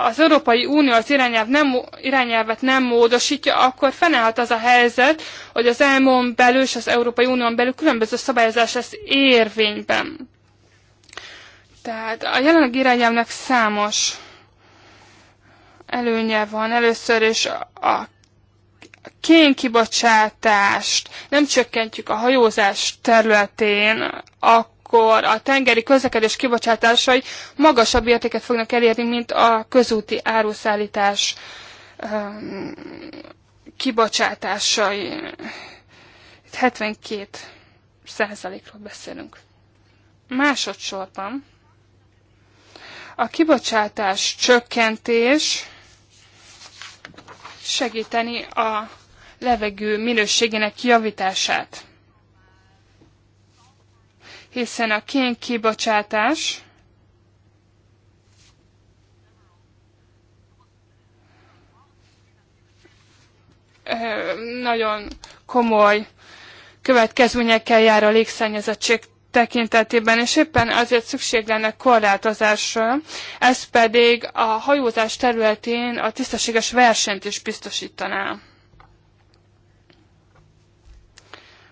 az Európai Unió az irányelv nem, irányelvet nem módosítja, akkor fennállhat az a helyzet, hogy az elmon belül és az Európai Unión belül különböző szabályozás lesz érvényben. Tehát a jelenleg irányelvnek számos előnye van. Először is a kénkibocsátást nem csökkentjük a hajózás területén, akkor a tengeri közlekedés kibocsátásai magasabb értéket fognak elérni, mint a közúti áruszállítás um, kibocsátásai. Itt 72 százalékról beszélünk. Másodszorban a kibocsátás csökkentés segíteni a levegő minőségének javítását. Hiszen a kén kibocsátás nagyon komoly következményekkel jár a légszennyezettség tekintetében, és éppen azért szükség lenne korlátozásra, ez pedig a hajózás területén a tisztességes versenyt is biztosítaná.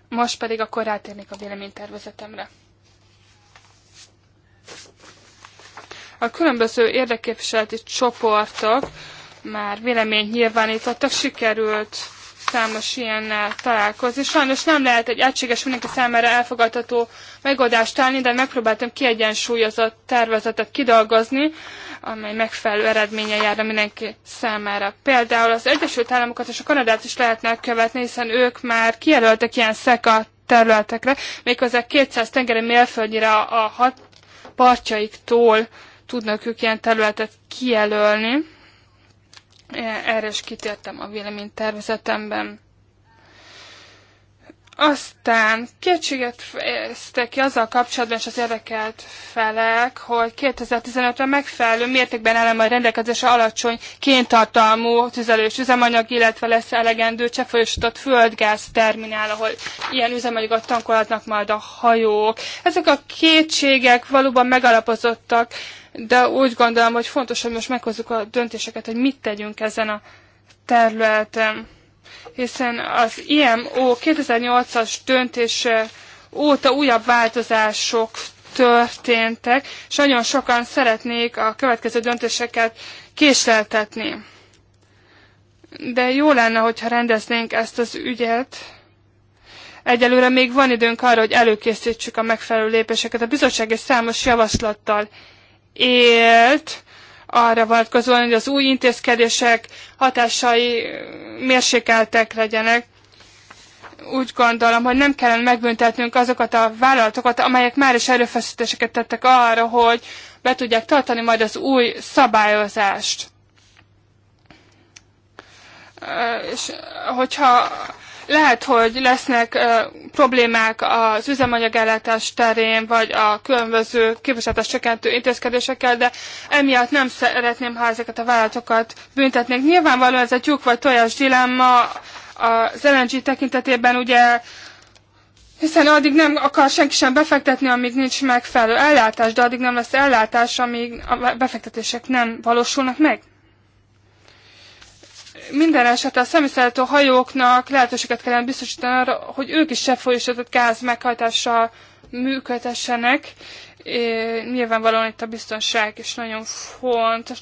Most pedig akkor rátérnék a véleménytervezetemre. A különböző érdekképviseleti csoportok már véleményt nyilvánítottak, sikerült számos ilyennel találkozni. Sajnos nem lehet egy egységes, mindenki számára elfogadható megoldást találni, de megpróbáltam kiegyensúlyozott tervezetet kidolgozni, amely megfelelő eredménye járna mindenki számára. Például az Egyesült Államokat és a Kanadát is lehetne követni, hiszen ők már kijelöltek ilyen szeka területekre, méghozzá 200 tengeri mérföldnyire a hat partjaiktól tudnak ők ilyen területet kijelölni erre is kitértem a véleménytervezetemben. Aztán kétséget fejezte ki azzal kapcsolatban és az érdekelt felek, hogy 2015-re megfelelő mértékben áll majd rendelkezésre alacsony kéntartalmú tüzelős üzemanyag, illetve lesz elegendő cseppfolyósított földgáz terminál, ahol ilyen üzemanyagot tankolhatnak majd a hajók. Ezek a kétségek valóban megalapozottak, de úgy gondolom, hogy fontos, hogy most meghozzuk a döntéseket, hogy mit tegyünk ezen a területen hiszen az IMO 2008-as döntése óta újabb változások történtek, és nagyon sokan szeretnék a következő döntéseket késleltetni. De jó lenne, hogyha rendeznénk ezt az ügyet. Egyelőre még van időnk arra, hogy előkészítsük a megfelelő lépéseket. A bizottság egy számos javaslattal élt, arra vonatkozóan, hogy az új intézkedések hatásai mérsékeltek legyenek. Úgy gondolom, hogy nem kellene megbüntetnünk azokat a vállalatokat, amelyek már is erőfeszítéseket tettek arra, hogy be tudják tartani majd az új szabályozást. És hogyha lehet, hogy lesznek problémák az üzemanyagellátás terén, vagy a különböző képviseltes csökkentő intézkedésekkel, de emiatt nem szeretném, ha ezeket a vállalatokat büntetnék. Nyilvánvalóan ez a tyúk vagy tojás dilemma az LNG tekintetében ugye hiszen addig nem akar senki sem befektetni, amíg nincs megfelelő ellátás, de addig nem lesz ellátás, amíg a befektetések nem valósulnak meg minden esetre a személyszállító hajóknak lehetőséget kellene biztosítani arra, hogy ők is se folyosított gáz meghajtással működhessenek. Nyilvánvalóan itt a biztonság is nagyon fontos.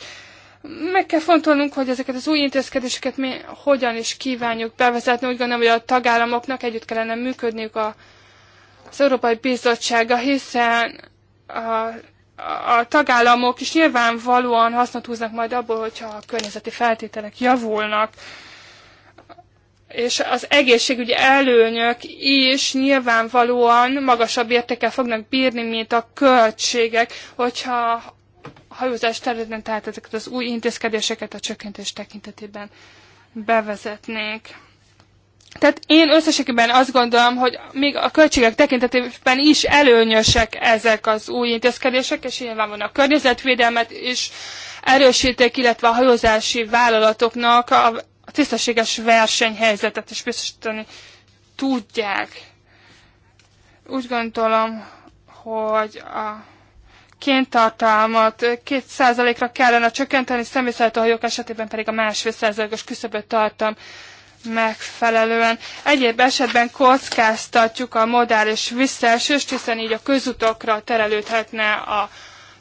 Meg kell fontolnunk, hogy ezeket az új intézkedéseket mi hogyan is kívánjuk bevezetni. Úgy gondolom, hogy a tagállamoknak együtt kellene működniük a, az Európai Bizottsága, hiszen a a tagállamok is nyilvánvalóan hasznot húznak majd abból, hogyha a környezeti feltételek javulnak, és az egészségügyi előnyök is nyilvánvalóan magasabb értékkel fognak bírni, mint a költségek, hogyha a hajózás területén, tehát ezeket az új intézkedéseket a csökkentés tekintetében bevezetnék. Tehát én összességében azt gondolom, hogy még a költségek tekintetében is előnyösek ezek az új intézkedések, és nyilván van a környezetvédelmet is erősítik, illetve a hajózási vállalatoknak a tisztességes versenyhelyzetet is biztosítani tudják. Úgy gondolom, hogy a kéntartalmat 2%-ra kellene csökkenteni, személyszállító hajók esetében pedig a másfél százalékos küszöböt tartom megfelelően. Egyéb esetben kockáztatjuk a modális visszaesést, hiszen így a közutokra terelődhetne a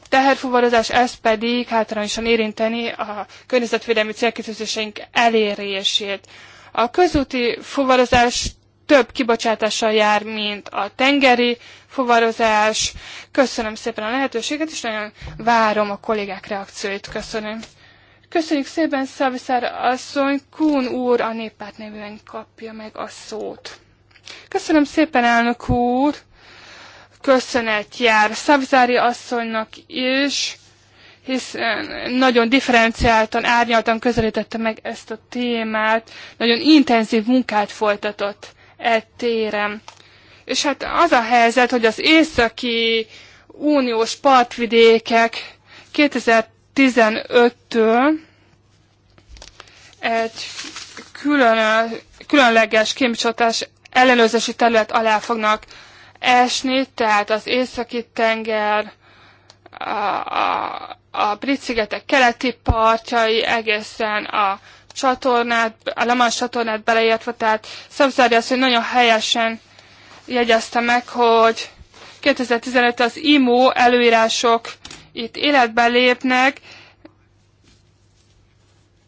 teherfuvarozás, ez pedig hátrányosan érinteni a környezetvédelmi célkitűzéseink elérését. A közúti fuvarozás több kibocsátással jár, mint a tengeri fuvarozás. Köszönöm szépen a lehetőséget, és nagyon várom a kollégák reakcióit. Köszönöm. Köszönjük szépen, Szabiszár asszony, Kún úr a néppárt nevűen kapja meg a szót. Köszönöm szépen, elnök úr! Köszönet jár Szavzári asszonynak is, hiszen nagyon differenciáltan, árnyaltan közelítette meg ezt a témát, nagyon intenzív munkát folytatott e téren. És hát az a helyzet, hogy az északi uniós partvidékek 2000 15-től egy külön, különleges kémcsatás ellenőrzési terület alá fognak esni, tehát az északi tenger, a, a, a Brit-szigetek keleti partjai egészen a csatornát, a Lamans csatornát beleértve, tehát Szabszári azt, hogy nagyon helyesen jegyezte meg, hogy 2015 az IMO előírások itt életbe lépnek,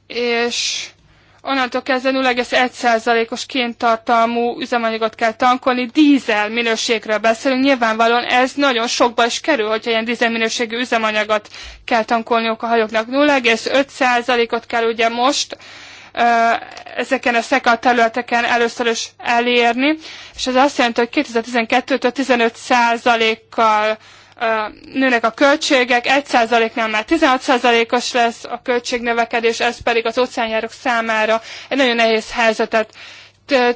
és onnantól kezdve 0,1%-os kéntartalmú üzemanyagot kell tankolni, dízel minőségről beszélünk, nyilvánvalóan ez nagyon sokba is kerül, hogyha ilyen dízel minőségű üzemanyagot kell tankolniuk a hajóknak. 0,5%-ot kell ugye most ezeken a szekal területeken először is elérni, és ez azt jelenti, hogy 2012-től 15 kal nőnek a költségek, 1%-nál már 16%-os lesz a költségnövekedés, ez pedig az óceánjárok számára egy nagyon nehéz helyzetet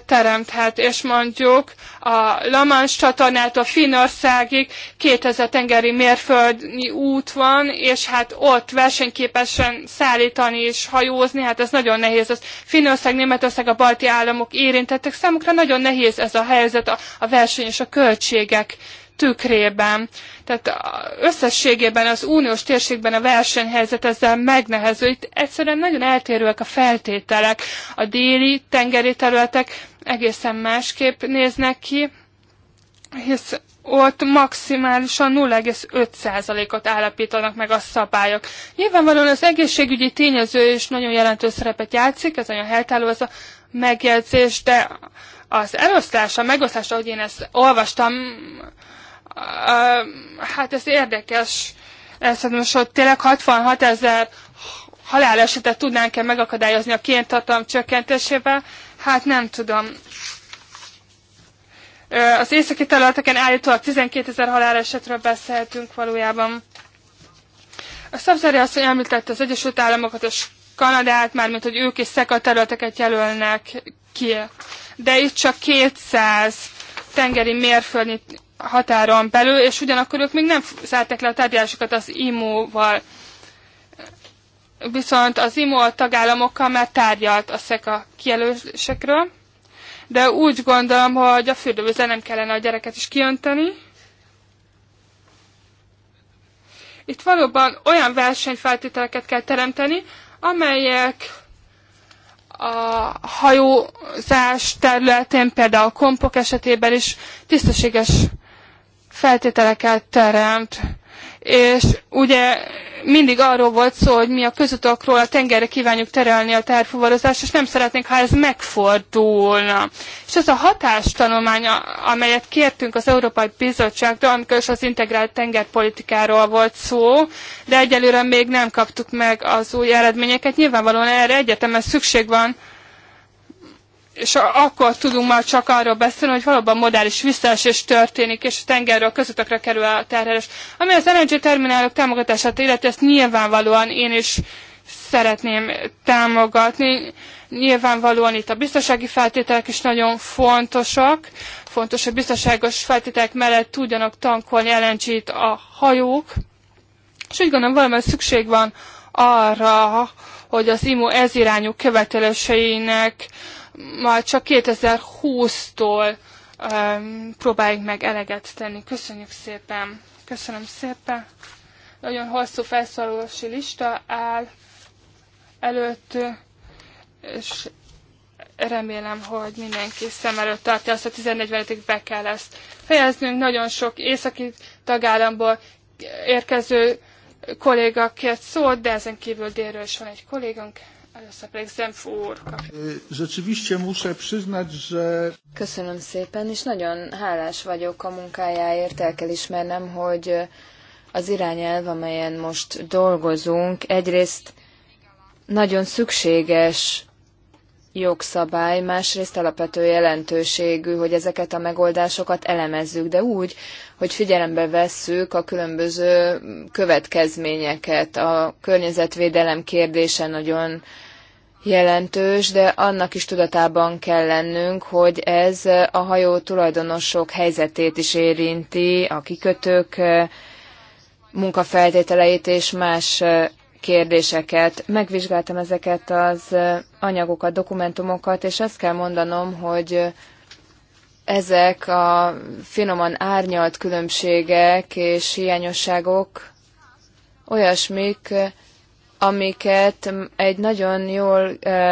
teremthet, és mondjuk a Lamans csatornától Finnországig 2000 tengeri mérföldnyi út van, és hát ott versenyképesen szállítani és hajózni, hát ez nagyon nehéz. Az Finnország, Németország, a balti államok érintettek, számukra nagyon nehéz ez a helyzet, a, a verseny és a költségek tükrében. Tehát összességében az uniós térségben a versenyhelyzet ezzel megnehező. Itt egyszerűen nagyon eltérőek a feltételek. A déli tengeri területek egészen másképp néznek ki, hisz ott maximálisan 0,5%-ot állapítanak meg a szabályok. Nyilvánvalóan az egészségügyi tényező is nagyon jelentős szerepet játszik, ez nagyon helytálló ez a megjegyzés, de az eloszlás, a megosztás ahogy én ezt olvastam, hát ez érdekes, ez hát most ott tényleg 66 ezer halálesetet tudnánk-e megakadályozni a kéntartalom csökkentésével? Hát nem tudom. Az északi területeken állítólag 12 ezer halálesetről beszélhetünk valójában. A Szabzári hogy említette az Egyesült Államokat és Kanadát, mármint hogy ők is szeka területeket jelölnek ki. De itt csak 200 tengeri mérföldnyi határon belül, és ugyanakkor ők még nem szállták le a tárgyalásokat az IMO-val. Viszont az IMO a tagállamokkal már tárgyalt a SZEKA kijelölésekről, de úgy gondolom, hogy a fürdővízzel nem kellene a gyereket is kiönteni. Itt valóban olyan versenyfeltételeket kell teremteni, amelyek a hajózás területén, például a kompok esetében is tisztességes feltételeket teremt, és ugye mindig arról volt szó, hogy mi a közutakról a tengerre kívánjuk terelni a terfuvarozást, és nem szeretnénk, ha ez megfordulna. És ez a hatástanulmány, amelyet kértünk az Európai Bizottságtól, amikor is az integrált tengerpolitikáról volt szó, de egyelőre még nem kaptuk meg az új eredményeket. Nyilvánvalóan erre egyetemes szükség van, és akkor tudunk már csak arról beszélni, hogy valóban modális visszaesés történik, és a tengerről közöttökre kerül a terhelés. Ami az LNG terminálok támogatását illeti, ezt nyilvánvalóan én is szeretném támogatni. Nyilvánvalóan itt a biztonsági feltételek is nagyon fontosak. Fontos, hogy biztonságos feltételek mellett tudjanak tankolni lng a hajók. És úgy gondolom, valamilyen szükség van arra, hogy az IMO ez irányú követeléseinek majd csak 2020-tól um, próbáljuk meg eleget tenni. Köszönjük szépen! Köszönöm szépen! Nagyon hosszú felszólalási lista áll előtt, és remélem, hogy mindenki szem előtt tartja azt, hogy 14 be kell ezt fejeznünk. Nagyon sok északi tagállamból érkező kolléga kért szót, de ezen kívül délről is van egy kollégunk. Rzeczywiście muszę przyznać, że... Köszönöm szépen, és nagyon hálás vagyok a munkájáért. El kell ismernem, hogy az irányelv, amelyen most dolgozunk, egyrészt nagyon szükséges jogszabály, másrészt alapvető jelentőségű, hogy ezeket a megoldásokat elemezzük, de úgy, hogy figyelembe vesszük a különböző következményeket. A környezetvédelem kérdése nagyon jelentős, de annak is tudatában kell lennünk, hogy ez a hajó tulajdonosok helyzetét is érinti, a kikötők eh, munkafeltételeit és más eh, kérdéseket. Megvizsgáltam ezeket az eh, anyagokat, dokumentumokat, és azt kell mondanom, hogy ezek a finoman árnyalt különbségek és hiányosságok olyasmik, amiket egy nagyon jól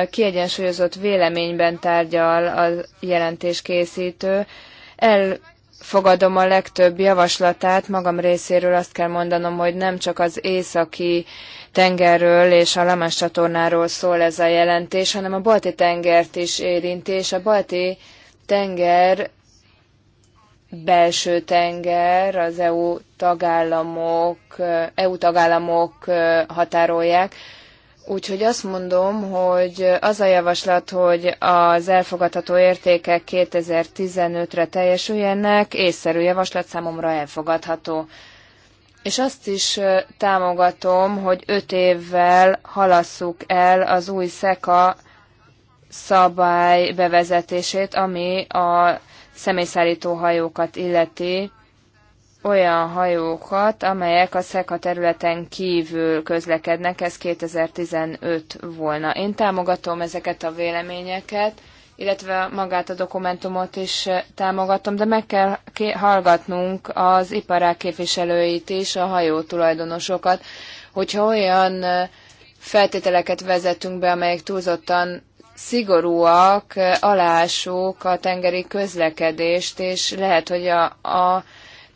kiegyensúlyozott véleményben tárgyal a jelentéskészítő. Elfogadom a legtöbb javaslatát, magam részéről azt kell mondanom, hogy nem csak az északi tengerről és a Lamás csatornáról szól ez a jelentés, hanem a balti tengert is érinti, és a balti tenger belső tenger, az EU tagállamok, EU tagállamok határolják. Úgyhogy azt mondom, hogy az a javaslat, hogy az elfogadható értékek 2015-re teljesüljenek, észszerű javaslat számomra elfogadható. És azt is támogatom, hogy öt évvel halasszuk el az új SZEKA szabály bevezetését, ami a személyszállító hajókat illeti, olyan hajókat, amelyek a SZEKA területen kívül közlekednek, ez 2015 volna. Én támogatom ezeket a véleményeket, illetve magát a dokumentumot is támogatom, de meg kell hallgatnunk az iparák képviselőit is, a hajó tulajdonosokat, hogyha olyan feltételeket vezetünk be, amelyek túlzottan szigorúak, alásuk a tengeri közlekedést, és lehet, hogy a, a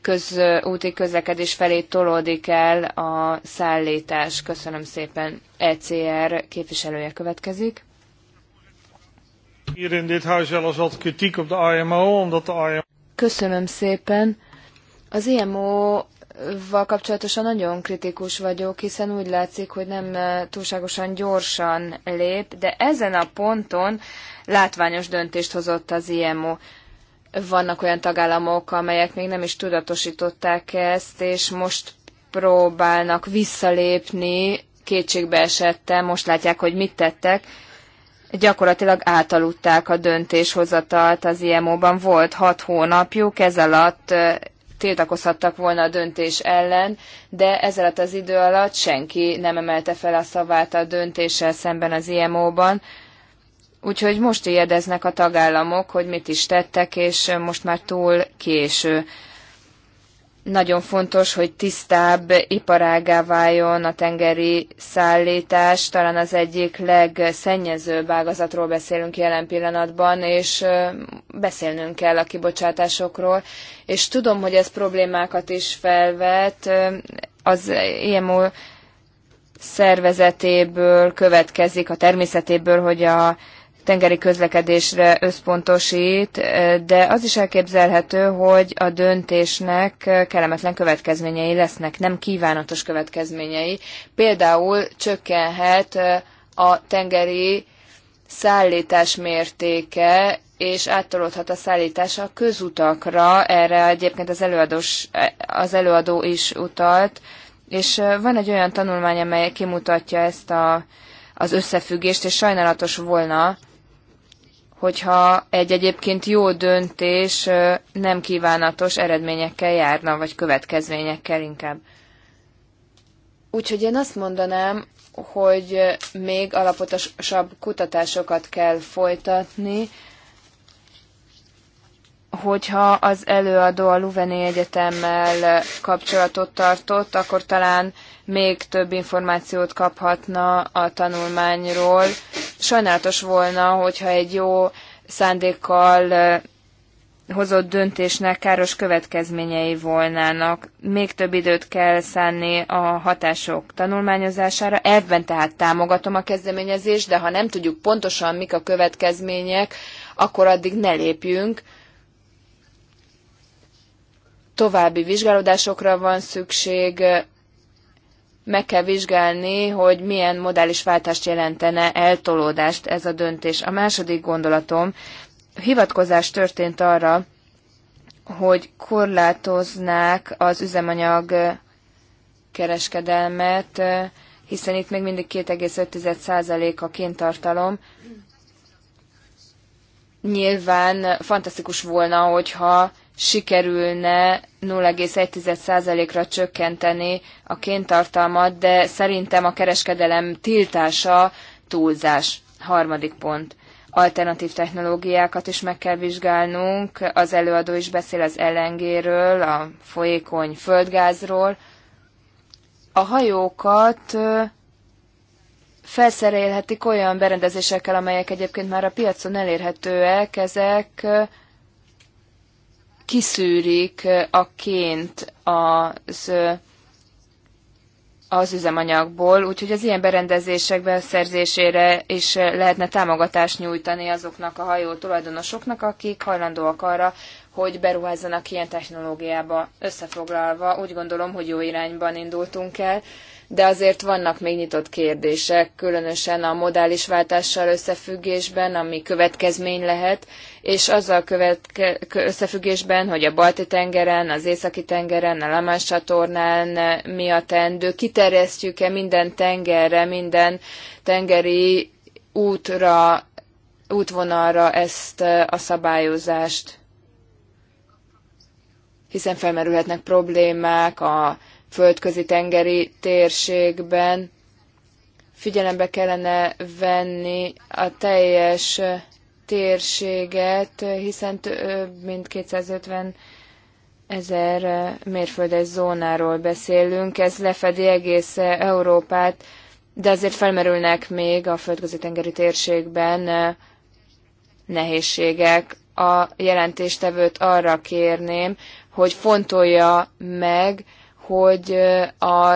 közúti közlekedés felé tolódik el a szállítás. Köszönöm szépen. ECR képviselője következik. Köszönöm szépen. Az IMO val kapcsolatosan nagyon kritikus vagyok, hiszen úgy látszik, hogy nem eh, túlságosan gyorsan lép, de ezen a ponton látványos döntést hozott az IMO. Vannak olyan tagállamok, amelyek még nem is tudatosították ezt, és most próbálnak visszalépni, kétségbe esettem, most látják, hogy mit tettek, gyakorlatilag átaludták a döntéshozatalt az IMO-ban. Volt hat hónapjuk, ez alatt eh, tiltakozhattak volna a döntés ellen, de ezzel az idő alatt senki nem emelte fel a szavát a döntéssel szemben az IMO-ban. Úgyhogy most ijedeznek a tagállamok, hogy mit is tettek, és most már túl késő. Nagyon fontos, hogy tisztább iparágá váljon a tengeri szállítás, talán az egyik legszennyezőbb ágazatról beszélünk jelen pillanatban, és beszélnünk kell a kibocsátásokról, és tudom, hogy ez problémákat is felvet, az IMO szervezetéből következik, a természetéből, hogy a tengeri közlekedésre összpontosít, de az is elképzelhető, hogy a döntésnek kellemetlen következményei lesznek, nem kívánatos következményei. Például csökkenhet a tengeri szállítás mértéke, és áttolódhat a szállítás a közutakra, erre egyébként az, előadós, az előadó is utalt, és van egy olyan tanulmány, amely kimutatja ezt a, az összefüggést, és sajnálatos volna, hogyha egy egyébként jó döntés nem kívánatos eredményekkel járna, vagy következményekkel inkább. Úgyhogy én azt mondanám, hogy még alapotosabb kutatásokat kell folytatni, hogyha az előadó a Luveni Egyetemmel kapcsolatot tartott, akkor talán még több információt kaphatna a tanulmányról, Sajnálatos volna, hogyha egy jó szándékkal hozott döntésnek káros következményei volnának. Még több időt kell szánni a hatások tanulmányozására. Ebben tehát támogatom a kezdeményezést, de ha nem tudjuk pontosan, mik a következmények, akkor addig ne lépjünk. További vizsgálódásokra van szükség, meg kell vizsgálni, hogy milyen modális váltást jelentene eltolódást ez a döntés. A második gondolatom, hivatkozás történt arra, hogy korlátoznák az üzemanyag kereskedelmet, hiszen itt még mindig 2,5% a kéntartalom. Nyilván fantasztikus volna, hogyha sikerülne 0,1%-ra csökkenteni a kéntartalmat, de szerintem a kereskedelem tiltása túlzás. Harmadik pont. Alternatív technológiákat is meg kell vizsgálnunk. Az előadó is beszél az ellengéről, a folyékony földgázról. A hajókat felszerelhetik olyan berendezésekkel, amelyek egyébként már a piacon elérhetőek, ezek kiszűrik a ként az az üzemanyagból, úgyhogy az ilyen berendezések beszerzésére is lehetne támogatást nyújtani azoknak a hajó tulajdonosoknak, akik hajlandóak arra, hogy beruházzanak ilyen technológiába. Összefoglalva úgy gondolom, hogy jó irányban indultunk el, de azért vannak még nyitott kérdések, különösen a modális váltással összefüggésben, ami következmény lehet, és azzal követke- összefüggésben, hogy a Balti-tengeren, az Északi-tengeren, a Lamás csatornán eh, mi a tendő? kiterjesztjük-e minden tengerre, minden tengeri útra, útvonalra ezt eh, a szabályozást, hiszen felmerülhetnek problémák a földközi tengeri térségben figyelembe kellene venni a teljes térséget, hiszen több mint 250 ezer mérföldes zónáról beszélünk, ez lefedi egész Európát, de azért felmerülnek még a földközi tengeri térségben nehézségek. A jelentéstevőt arra kérném, hogy fontolja meg, hogy a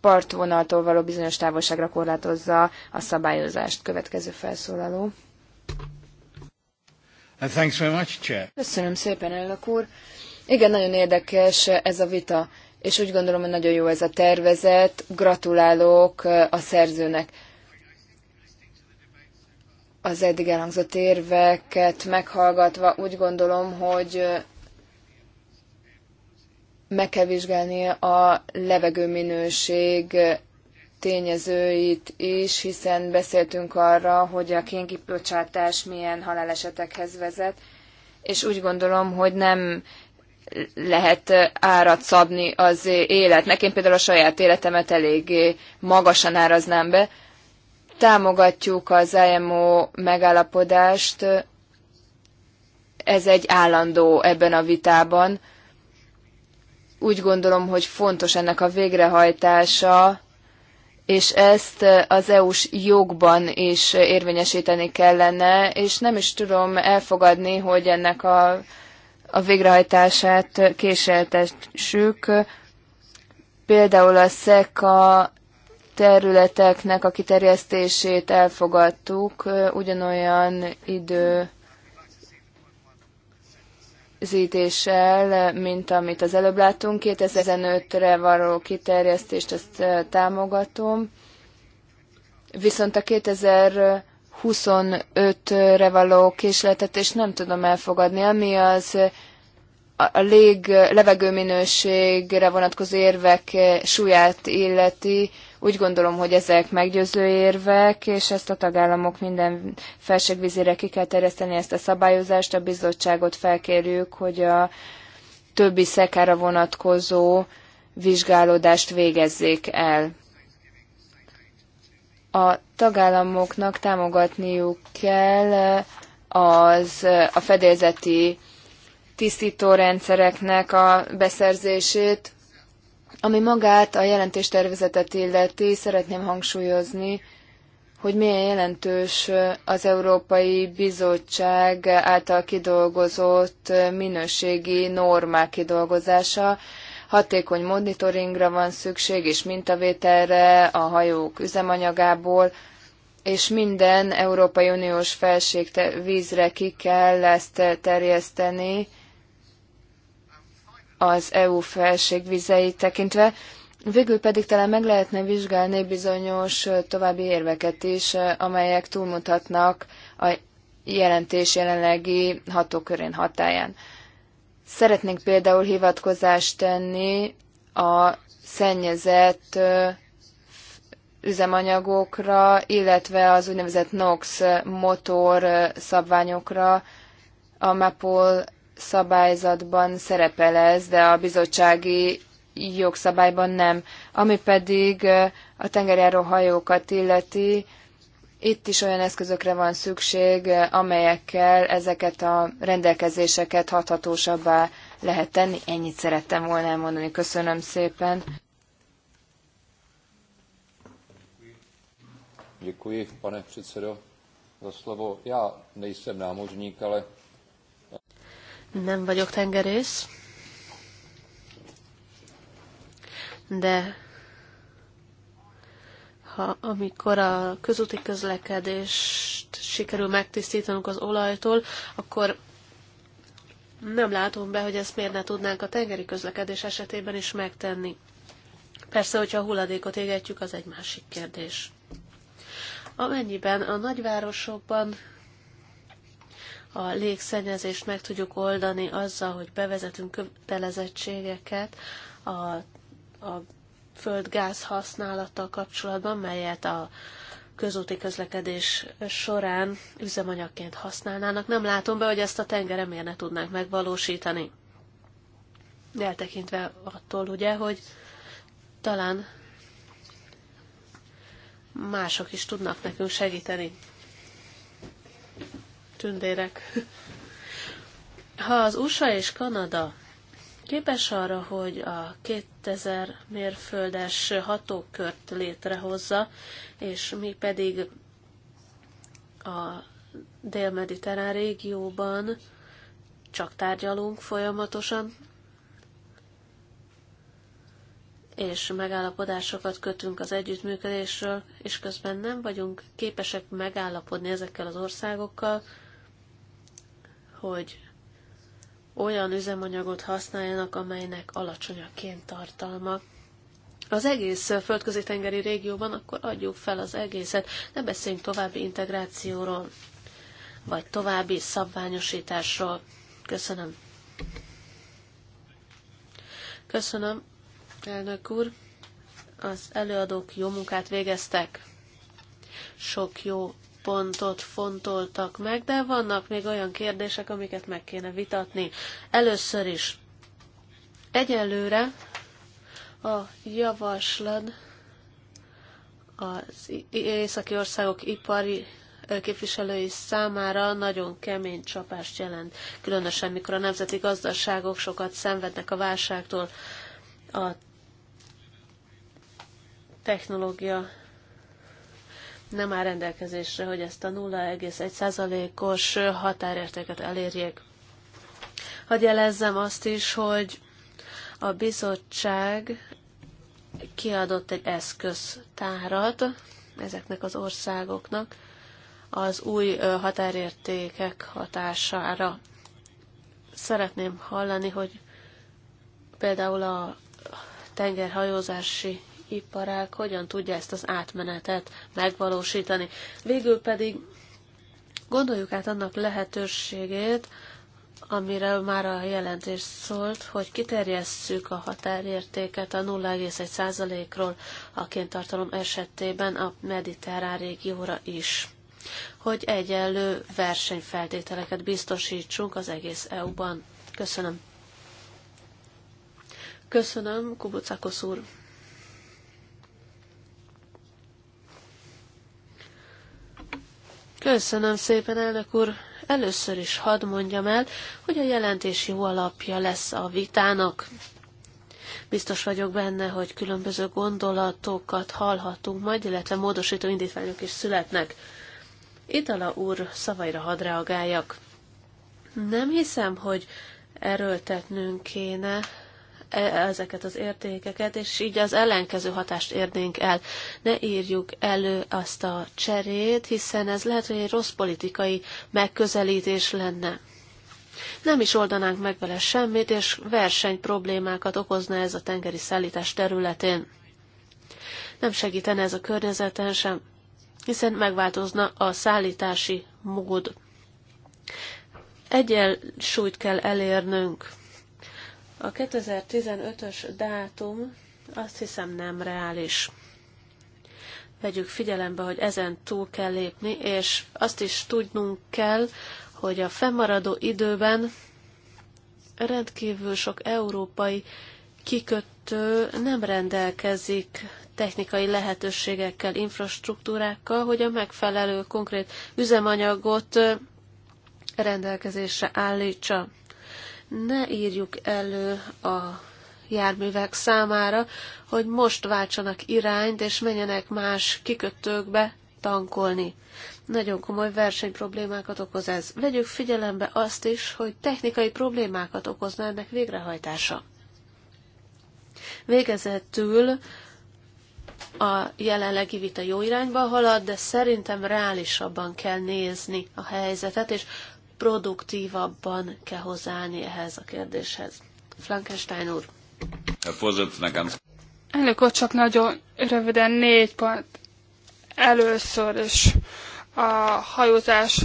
partvonaltól való bizonyos távolságra korlátozza a szabályozást. Következő felszólaló. Uh, thanks very much, Chair. Köszönöm szépen, elnök úr. Igen, nagyon érdekes ez a vita, és úgy gondolom, hogy nagyon jó ez a tervezet. Gratulálok a szerzőnek. Az eddig elhangzott érveket meghallgatva úgy gondolom, hogy meg kell vizsgálni a levegőminőség tényezőit is, hiszen beszéltünk arra, hogy a kénkipocsátás milyen halálesetekhez vezet, és úgy gondolom, hogy nem lehet árat szabni az életnek. Én például a saját életemet eléggé magasan áraznám be. Támogatjuk az IMO megállapodást, ez egy állandó ebben a vitában, úgy gondolom, hogy fontos ennek a végrehajtása, és ezt az EU-s jogban is érvényesíteni kellene, és nem is tudom elfogadni, hogy ennek a, a végrehajtását késeltessük. Például a SZEKA területeknek a kiterjesztését elfogadtuk ugyanolyan idő időzítéssel, mint amit az előbb láttunk. 2015-re való kiterjesztést ezt támogatom. Viszont a 2025 re való és nem tudom elfogadni, ami az a lég, levegőminőségre vonatkozó érvek súlyát illeti, úgy gondolom, hogy ezek meggyőző érvek, és ezt a tagállamok minden felségvizére ki kell terjeszteni ezt a szabályozást. A bizottságot felkérjük, hogy a többi szekára vonatkozó vizsgálódást végezzék el. A tagállamoknak támogatniuk kell az, a fedélzeti tisztítórendszereknek a beszerzését, ami magát a jelentéstervezetet illeti, szeretném hangsúlyozni, hogy milyen jelentős az Európai Bizottság által kidolgozott minőségi normák kidolgozása. Hatékony monitoringra van szükség, és mintavételre a hajók üzemanyagából, és minden Európai Uniós felség vízre ki kell ezt terjeszteni, az EU felségvizeit tekintve. Végül pedig talán meg lehetne vizsgálni bizonyos további érveket is, amelyek túlmutatnak a jelentés jelenlegi hatókörén hatáján. Szeretnénk például hivatkozást tenni a szennyezett üzemanyagokra, illetve az úgynevezett NOx motor szabványokra, a MAPOL szabályzatban szerepel ez, de a bizottsági jogszabályban nem. Ami pedig a tengerjáró hajókat illeti, itt is olyan eszközökre van szükség, amelyekkel ezeket a rendelkezéseket hathatósabbá lehet tenni. Ennyit szerettem volna elmondani. Köszönöm szépen. Děkuji, pane předsedo, za slovo. Já nejsem námořník, ale nem vagyok tengerész, de ha amikor a közúti közlekedést sikerül megtisztítanunk az olajtól, akkor nem látom be, hogy ezt miért ne tudnánk a tengeri közlekedés esetében is megtenni. Persze, hogyha a hulladékot égetjük, az egy másik kérdés. Amennyiben a nagyvárosokban a légszennyezést meg tudjuk oldani azzal, hogy bevezetünk kötelezettségeket a, a földgáz használattal kapcsolatban, melyet a közúti közlekedés során üzemanyagként használnának. Nem látom be, hogy ezt a tengere miért ne tudnánk megvalósítani. Eltekintve attól ugye, hogy talán mások is tudnak nekünk segíteni tündérek. [LAUGHS] Ha az USA és Kanada képes arra, hogy a 2000 mérföldes hatókört létrehozza, és mi pedig a dél-mediterrán régióban csak tárgyalunk folyamatosan, és megállapodásokat kötünk az együttműködésről, és közben nem vagyunk képesek megállapodni ezekkel az országokkal, hogy olyan üzemanyagot használjanak, amelynek alacsony a tartalma. Az egész földközi-tengeri régióban akkor adjuk fel az egészet, ne beszéljünk további integrációról, vagy további szabványosításról. Köszönöm. Köszönöm, elnök úr. Az előadók jó munkát végeztek. Sok jó pontot fontoltak meg, de vannak még olyan kérdések, amiket meg kéne vitatni. Először is, egyelőre a javaslat az északi országok ipari képviselői számára nagyon kemény csapást jelent, különösen mikor a nemzeti gazdaságok sokat szenvednek a válságtól. A technológia nem áll rendelkezésre, hogy ezt a 0,1%-os határértéket elérjék. Hagy jelezzem azt is, hogy a bizottság kiadott egy eszköztárat ezeknek az országoknak az új határértékek hatására. Szeretném hallani, hogy például a tengerhajózási iparák hogyan tudja ezt az átmenetet megvalósítani. Végül pedig gondoljuk át annak lehetőségét, amire már a jelentés szólt, hogy kiterjesszük a határértéket a 0,1%-ról a kéntartalom esetében a mediterrán régióra is hogy egyenlő versenyfeltételeket biztosítsunk az egész EU-ban. Köszönöm. Köszönöm, Kubucakos úr. Köszönöm szépen, elnök úr. Először is hadd mondjam el, hogy a jelentés jó alapja lesz a vitának. Biztos vagyok benne, hogy különböző gondolatokat hallhatunk majd, illetve módosító indítványok is születnek. Itala úr szavaira hadd reagáljak. Nem hiszem, hogy erőltetnünk kéne E, ezeket az értékeket, és így az ellenkező hatást érnénk el. Ne írjuk elő azt a cserét, hiszen ez lehet, hogy egy rossz politikai megközelítés lenne. Nem is oldanánk meg vele semmit, és problémákat okozna ez a tengeri szállítás területén. Nem segítene ez a környezeten sem, hiszen megváltozna a szállítási mód. Egyensúlyt kell elérnünk a 2015-ös dátum azt hiszem nem reális. Vegyük figyelembe, hogy ezen túl kell lépni, és azt is tudnunk kell, hogy a fennmaradó időben rendkívül sok európai kikötő nem rendelkezik technikai lehetőségekkel, infrastruktúrákkal, hogy a megfelelő konkrét üzemanyagot rendelkezésre állítsa ne írjuk elő a járművek számára, hogy most váltsanak irányt és menjenek más kikötőkbe tankolni. Nagyon komoly versenyproblémákat okoz ez. Vegyük figyelembe azt is, hogy technikai problémákat okozna ennek végrehajtása. Végezetül a jelenlegi vita jó irányba halad, de szerintem reálisabban kell nézni a helyzetet, és produktívabban kell hozzáállni ehhez a kérdéshez. Frankenstein úr. Elnök úr, csak nagyon röviden négy pont. Először is a hajózás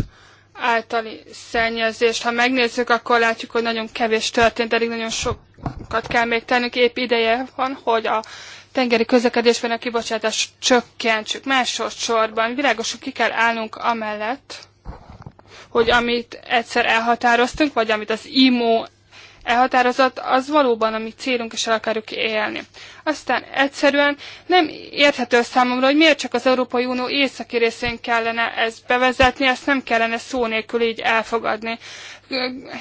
általi szennyezést. Ha megnézzük, akkor látjuk, hogy nagyon kevés történt, pedig nagyon sokat kell még tennünk. Épp ideje van, hogy a tengeri közlekedésben a kibocsátást csökkentsük. Másodszorban világosan ki kell állnunk amellett, hogy amit egyszer elhatároztunk, vagy amit az IMO elhatározott, az valóban a mi célunk, és el akarjuk élni. Aztán egyszerűen nem érthető számomra, hogy miért csak az Európai Unió északi részén kellene ezt bevezetni, ezt nem kellene szó nélkül így elfogadni.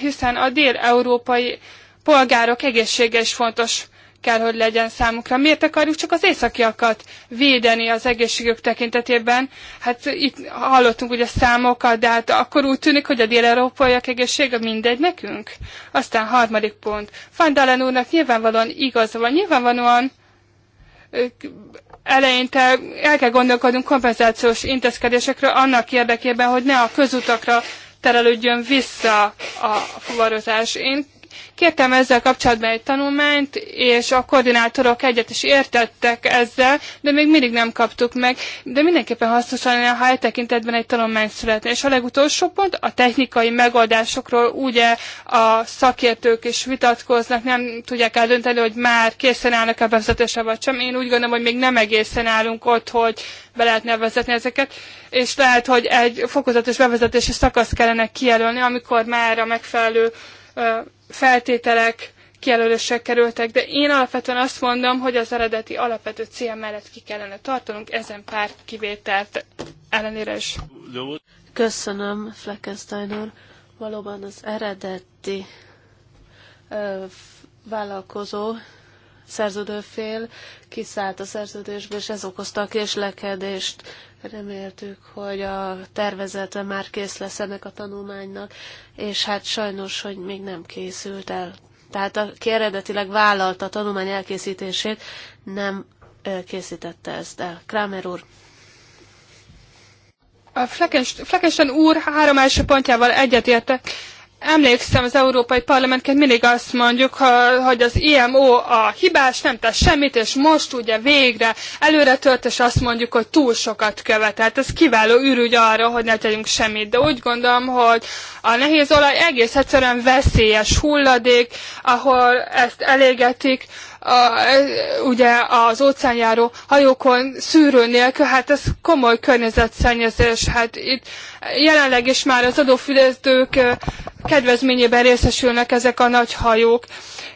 Hiszen a dél-európai polgárok egészsége is fontos kell, hogy legyen számukra. Miért akarjuk csak az északiakat védeni az egészségük tekintetében? Hát itt hallottunk ugye számokat, de hát akkor úgy tűnik, hogy a dél-európaiak egészsége mindegy nekünk. Aztán harmadik pont. Fandalen úrnak nyilvánvalóan igaza van, nyilvánvalóan eleinte el kell gondolkodnunk kompenzációs intézkedésekről annak érdekében, hogy ne a közutakra terelődjön vissza a fuvarozás. Én Kértem ezzel kapcsolatban egy tanulmányt, és a koordinátorok egyet is értettek ezzel, de még mindig nem kaptuk meg. De mindenképpen hasznos lenne, ha e tekintetben egy tanulmány születne. És a legutolsó pont, a technikai megoldásokról ugye a szakértők is vitatkoznak, nem tudják eldönteni, hogy már készen állnak a bevezetésre vagy sem. Én úgy gondolom, hogy még nem egészen állunk ott, hogy be lehetne vezetni ezeket, és lehet, hogy egy fokozatos bevezetési szakasz kellene kijelölni, amikor már a megfelelő feltételek kijelölésre kerültek, de én alapvetően azt mondom, hogy az eredeti alapvető cél mellett ki kellene tartanunk, ezen pár kivételt ellenére is. Köszönöm, Fleckenstein Valóban az eredeti ö, vállalkozó szerződőfél kiszállt a szerződésből, és ez okozta a késlekedést. Reméltük, hogy a tervezete már kész lesz ennek a tanulmánynak, és hát sajnos, hogy még nem készült el. Tehát aki eredetileg vállalta a tanulmány elkészítését, nem készítette ezt el. Kramer úr. A Flekesten úr három első pontjával egyetértek, Emlékszem, az Európai Parlamentként mindig azt mondjuk, hogy az IMO a hibás, nem tesz semmit, és most ugye végre előre tört, és azt mondjuk, hogy túl sokat követelt. Ez kiváló ürügy arra, hogy ne tegyünk semmit. De úgy gondolom, hogy a nehéz olaj egész egyszerűen veszélyes hulladék, ahol ezt elégetik, a, ugye az óceánjáró hajókon szűrő nélkül, hát ez komoly környezetszennyezés. Hát itt jelenleg is már az adófizetők eh, kedvezményében részesülnek ezek a nagy hajók.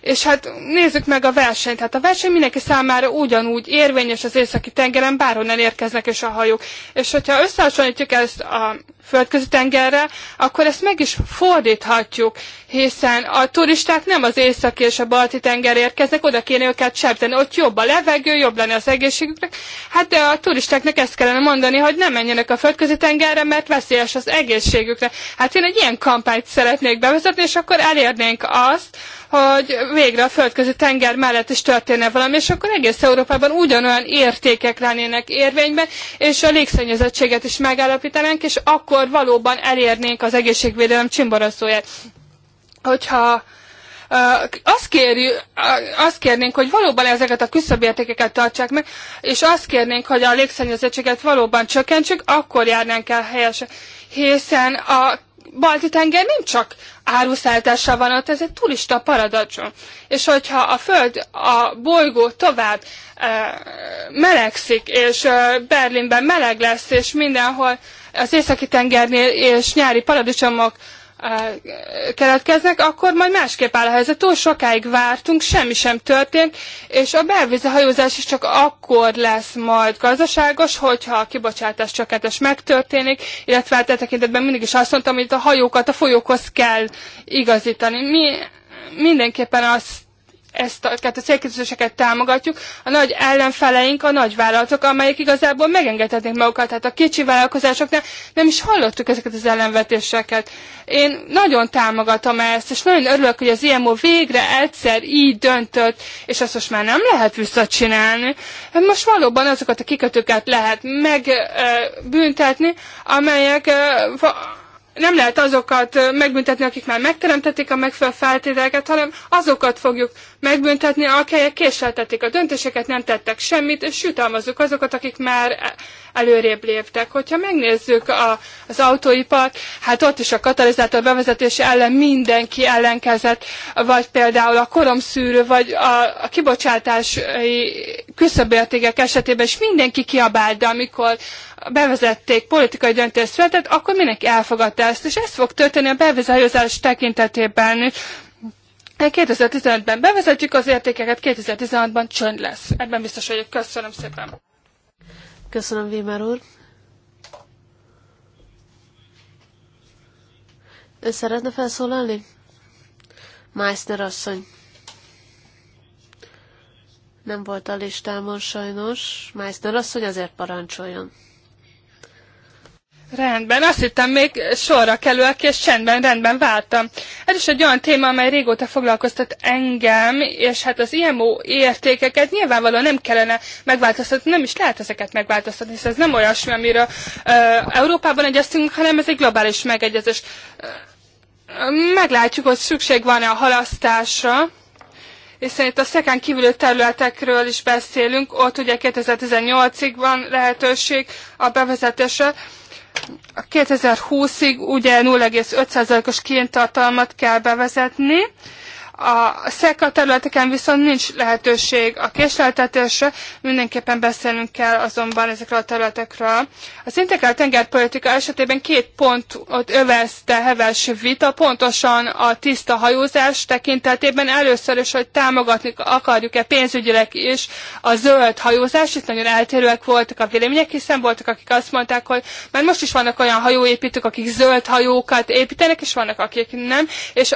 És hát nézzük meg a versenyt. Hát a verseny mindenki számára ugyanúgy érvényes az északi tengeren, bárhonnan érkeznek is a hajók. És hogyha összehasonlítjuk ezt a földközi tengerre, akkor ezt meg is fordíthatjuk, hiszen a turisták nem az északi és a balti tenger érkeznek, oda kéne őket sebteni, ott jobb a levegő, jobb lenne az egészségüknek. Hát de a turistáknak ezt kellene mondani, hogy nem menjenek a földközi tengerre, mert veszélyes az egészségükre. Hát én egy ilyen kampányt szeretnék bevezetni, és akkor elérnénk azt, hogy végre a földközi tenger mellett is történne valami, és akkor egész Európában ugyanolyan értékek lennének érvényben, és a légszennyezettséget is megállapítanánk, és akkor valóban elérnénk az egészségvédelem csimboraszóját. Hogyha azt, kérjük, azt kérnénk, hogy valóban ezeket a küszöbértékeket tartsák meg, és azt kérnénk, hogy a légszennyezettséget valóban csökkentsük, akkor járnánk el helyesen. Hiszen a balti tenger nem csak áruszállítással van ott, ez egy turista paradicsom, És hogyha a Föld, a bolygó tovább e, melegszik, és e, Berlinben meleg lesz, és mindenhol az északi tengernél és nyári paradicsomok keletkeznek, akkor majd másképp áll a helyzet. Túl sokáig vártunk, semmi sem történt, és a belvízi hajózás is csak akkor lesz majd gazdaságos, hogyha a kibocsátás csökkentés megtörténik, illetve hát e tekintetben mindig is azt mondtam, hogy itt a hajókat a folyókhoz kell igazítani. Mi mindenképpen azt ezt a, tehát a célkitűzéseket támogatjuk, a nagy ellenfeleink a nagy vállalatok, amelyek igazából megengedhetnék magukat. Tehát a kicsi vállalkozásoknál nem is hallottuk ezeket az ellenvetéseket. Én nagyon támogatom ezt, és nagyon örülök, hogy az IMO végre egyszer így döntött, és ezt most már nem lehet visszacsinálni. Hát most valóban azokat a kikötőket lehet megbüntetni, amelyek nem lehet azokat megbüntetni, akik már megteremtették a megfelelő feltételeket, hanem azokat fogjuk megbüntetni, akelyek késeltetik a döntéseket, nem tettek semmit, és jutalmazzuk azokat, akik már e- előrébb léptek. Hogyha megnézzük a, az autóipart, hát ott is a katalizátor bevezetése ellen mindenki ellenkezett, vagy például a koromszűrő, vagy a, a kibocsátási küszöbértégek esetében is mindenki kiabált, amikor bevezették, politikai döntés született, akkor mindenki elfogadta ezt, és ez fog történni a bevezetőzás tekintetében 2015-ben bevezetjük az értékeket, 2016-ban csönd lesz. Ebben biztos vagyok. Köszönöm szépen. Köszönöm, Vémer úr. Ön szeretne felszólalni? Meissner asszony. Nem volt a listámon sajnos. Meissner asszony azért parancsoljon. Rendben, azt hittem még sorra kerülök, és csendben, rendben váltam. Ez is egy olyan téma, amely régóta foglalkoztat engem, és hát az IMO értékeket nyilvánvalóan nem kellene megváltoztatni, nem is lehet ezeket megváltoztatni, hiszen ez nem olyasmi, amiről uh, Európában egyeztünk, hanem ez egy globális megegyezés. Uh, meglátjuk, hogy szükség van-e a halasztásra hiszen itt a szekán kívüli területekről is beszélünk, ott ugye 2018-ig van lehetőség a bevezetésre, 2020-ig ugye 0,5%-os kéntartalmat kell bevezetni, a szeka területeken viszont nincs lehetőség a késleltetésre, mindenképpen beszélnünk kell azonban ezekről a területekről. Az integrált tengerpolitika esetében két pontot övezte heves vita, pontosan a tiszta hajózás tekintetében először is, hogy támogatni akarjuk-e pénzügyileg is a zöld hajózást, itt nagyon eltérőek voltak a vélemények, hiszen voltak, akik azt mondták, hogy már most is vannak olyan hajóépítők, akik zöld hajókat építenek, és vannak, akik nem, és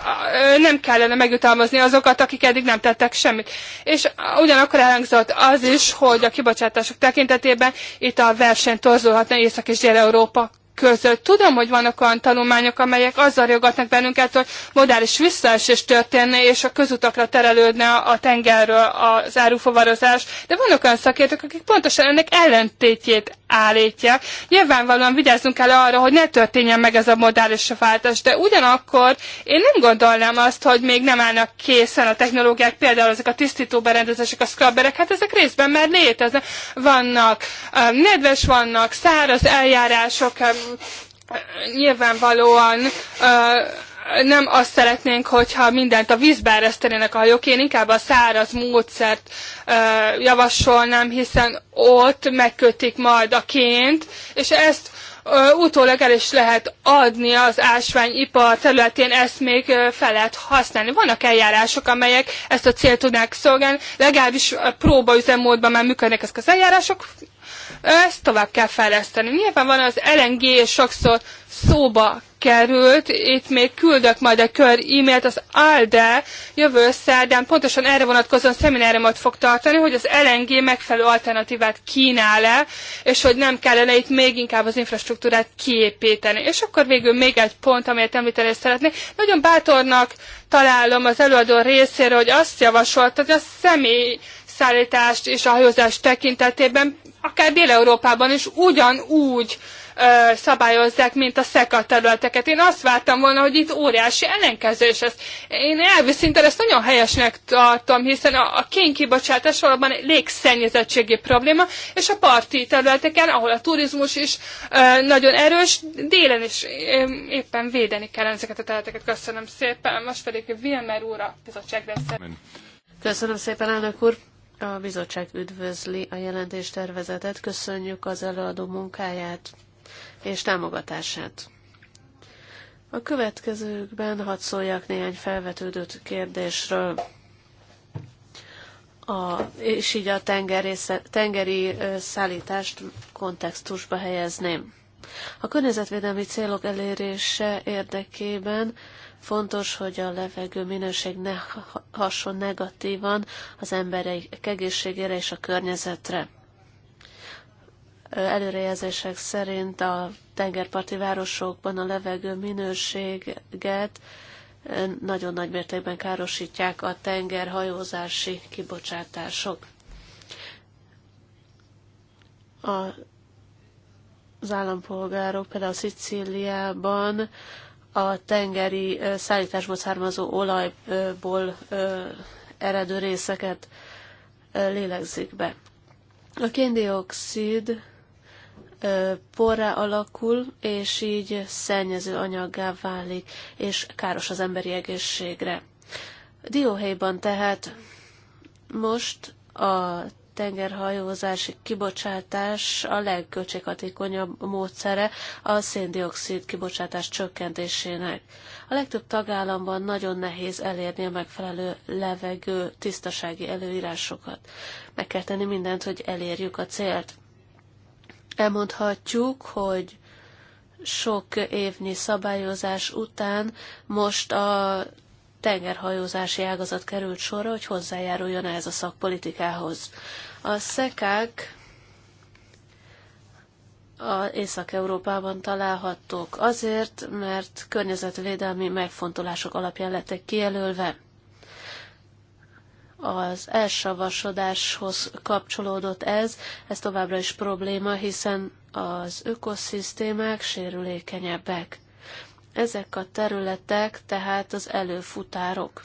nem kellene megjutatni bántalmazni azokat, akik eddig nem tettek semmit. És ugyanakkor elhangzott az is, hogy a kibocsátások tekintetében itt a verseny torzulhatna Észak- és Dél-Európa között. Tudom, hogy vannak olyan tanulmányok, amelyek azzal jogatnak bennünket, hogy modális visszaesés történne, és a közutakra terelődne a tengerről az árufovarozás, de vannak olyan szakértők, akik pontosan ennek ellentétjét állítják. Nyilvánvalóan vigyázzunk el arra, hogy ne történjen meg ez a modális váltás, de ugyanakkor én nem gondolnám azt, hogy még nem állnak készen a technológiák, például ezek a tisztító berendezések, a scrubberek, hát ezek részben már léteznek. Vannak nedves, vannak száraz eljárások, nyilvánvalóan nem azt szeretnénk, hogyha mindent a vízbe eresztenének a hajók, én inkább a száraz módszert ö, javasolnám, hiszen ott megkötik majd a ként, és ezt ö, utólag el is lehet adni az ásványipar területén, ezt még ö, fel lehet használni. Vannak eljárások, amelyek ezt a célt tudnák szolgálni, legalábbis próbaüzemmódban már működnek ezek az eljárások, ezt tovább kell fejleszteni. Nyilván van az LNG sokszor szóba került, itt még küldök majd a kör e-mailt, az ALDE jövő szerdán pontosan erre vonatkozóan szemináriumot fog tartani, hogy az LNG megfelelő alternatívát kínál-e, és hogy nem kellene itt még inkább az infrastruktúrát kiépíteni. És akkor végül még egy pont, amelyet említeni szeretnék. Nagyon bátornak találom az előadó részéről, hogy azt javasolta, hogy a személy szállítást és a hajózás tekintetében akár Dél-Európában is ugyanúgy ö, szabályozzák, mint a szeka területeket. Én azt vártam volna, hogy itt óriási ellenkezés lesz. Én elvi szinten ezt nagyon helyesnek tartom, hiszen a, a kénykibocsátás valóban egy légszennyezettségi probléma, és a parti területeken, ahol a turizmus is ö, nagyon erős, délen is ö, éppen védeni kell ezeket a területeket. Köszönöm szépen. Most pedig Vilmer úr a bizottság Köszönöm szépen, elnök úr. A bizottság üdvözli a jelentéstervezetet, köszönjük az előadó munkáját és támogatását. A következőkben hadd szóljak néhány felvetődött kérdésről, a, és így a tengeri szállítást kontextusba helyezném. A környezetvédelmi célok elérése érdekében Fontos, hogy a levegő minőség ne hason negatívan az emberek egészségére és a környezetre. Előrejelzések szerint a tengerparti városokban a levegő minőséget nagyon nagy mértékben károsítják a tengerhajózási kibocsátások. A, az állampolgárok például Szicíliában a tengeri szállításból származó olajból eredő részeket lélegzik be. A kéndioxid porrá alakul, és így szennyező anyaggá válik, és káros az emberi egészségre. Dióhéjban tehát most a tengerhajózási kibocsátás a legköltséghatékonyabb módszere a széndiokszid kibocsátás csökkentésének. A legtöbb tagállamban nagyon nehéz elérni a megfelelő levegő tisztasági előírásokat. Meg kell tenni mindent, hogy elérjük a célt. Elmondhatjuk, hogy sok évnyi szabályozás után most a tengerhajózási ágazat került sorra, hogy hozzájáruljon ehhez a szakpolitikához. A szekák a Észak-Európában találhatók azért, mert környezetvédelmi megfontolások alapján lettek kijelölve. Az elsavasodáshoz kapcsolódott ez, ez továbbra is probléma, hiszen az ökoszisztémák sérülékenyebbek. Ezek a területek tehát az előfutárok.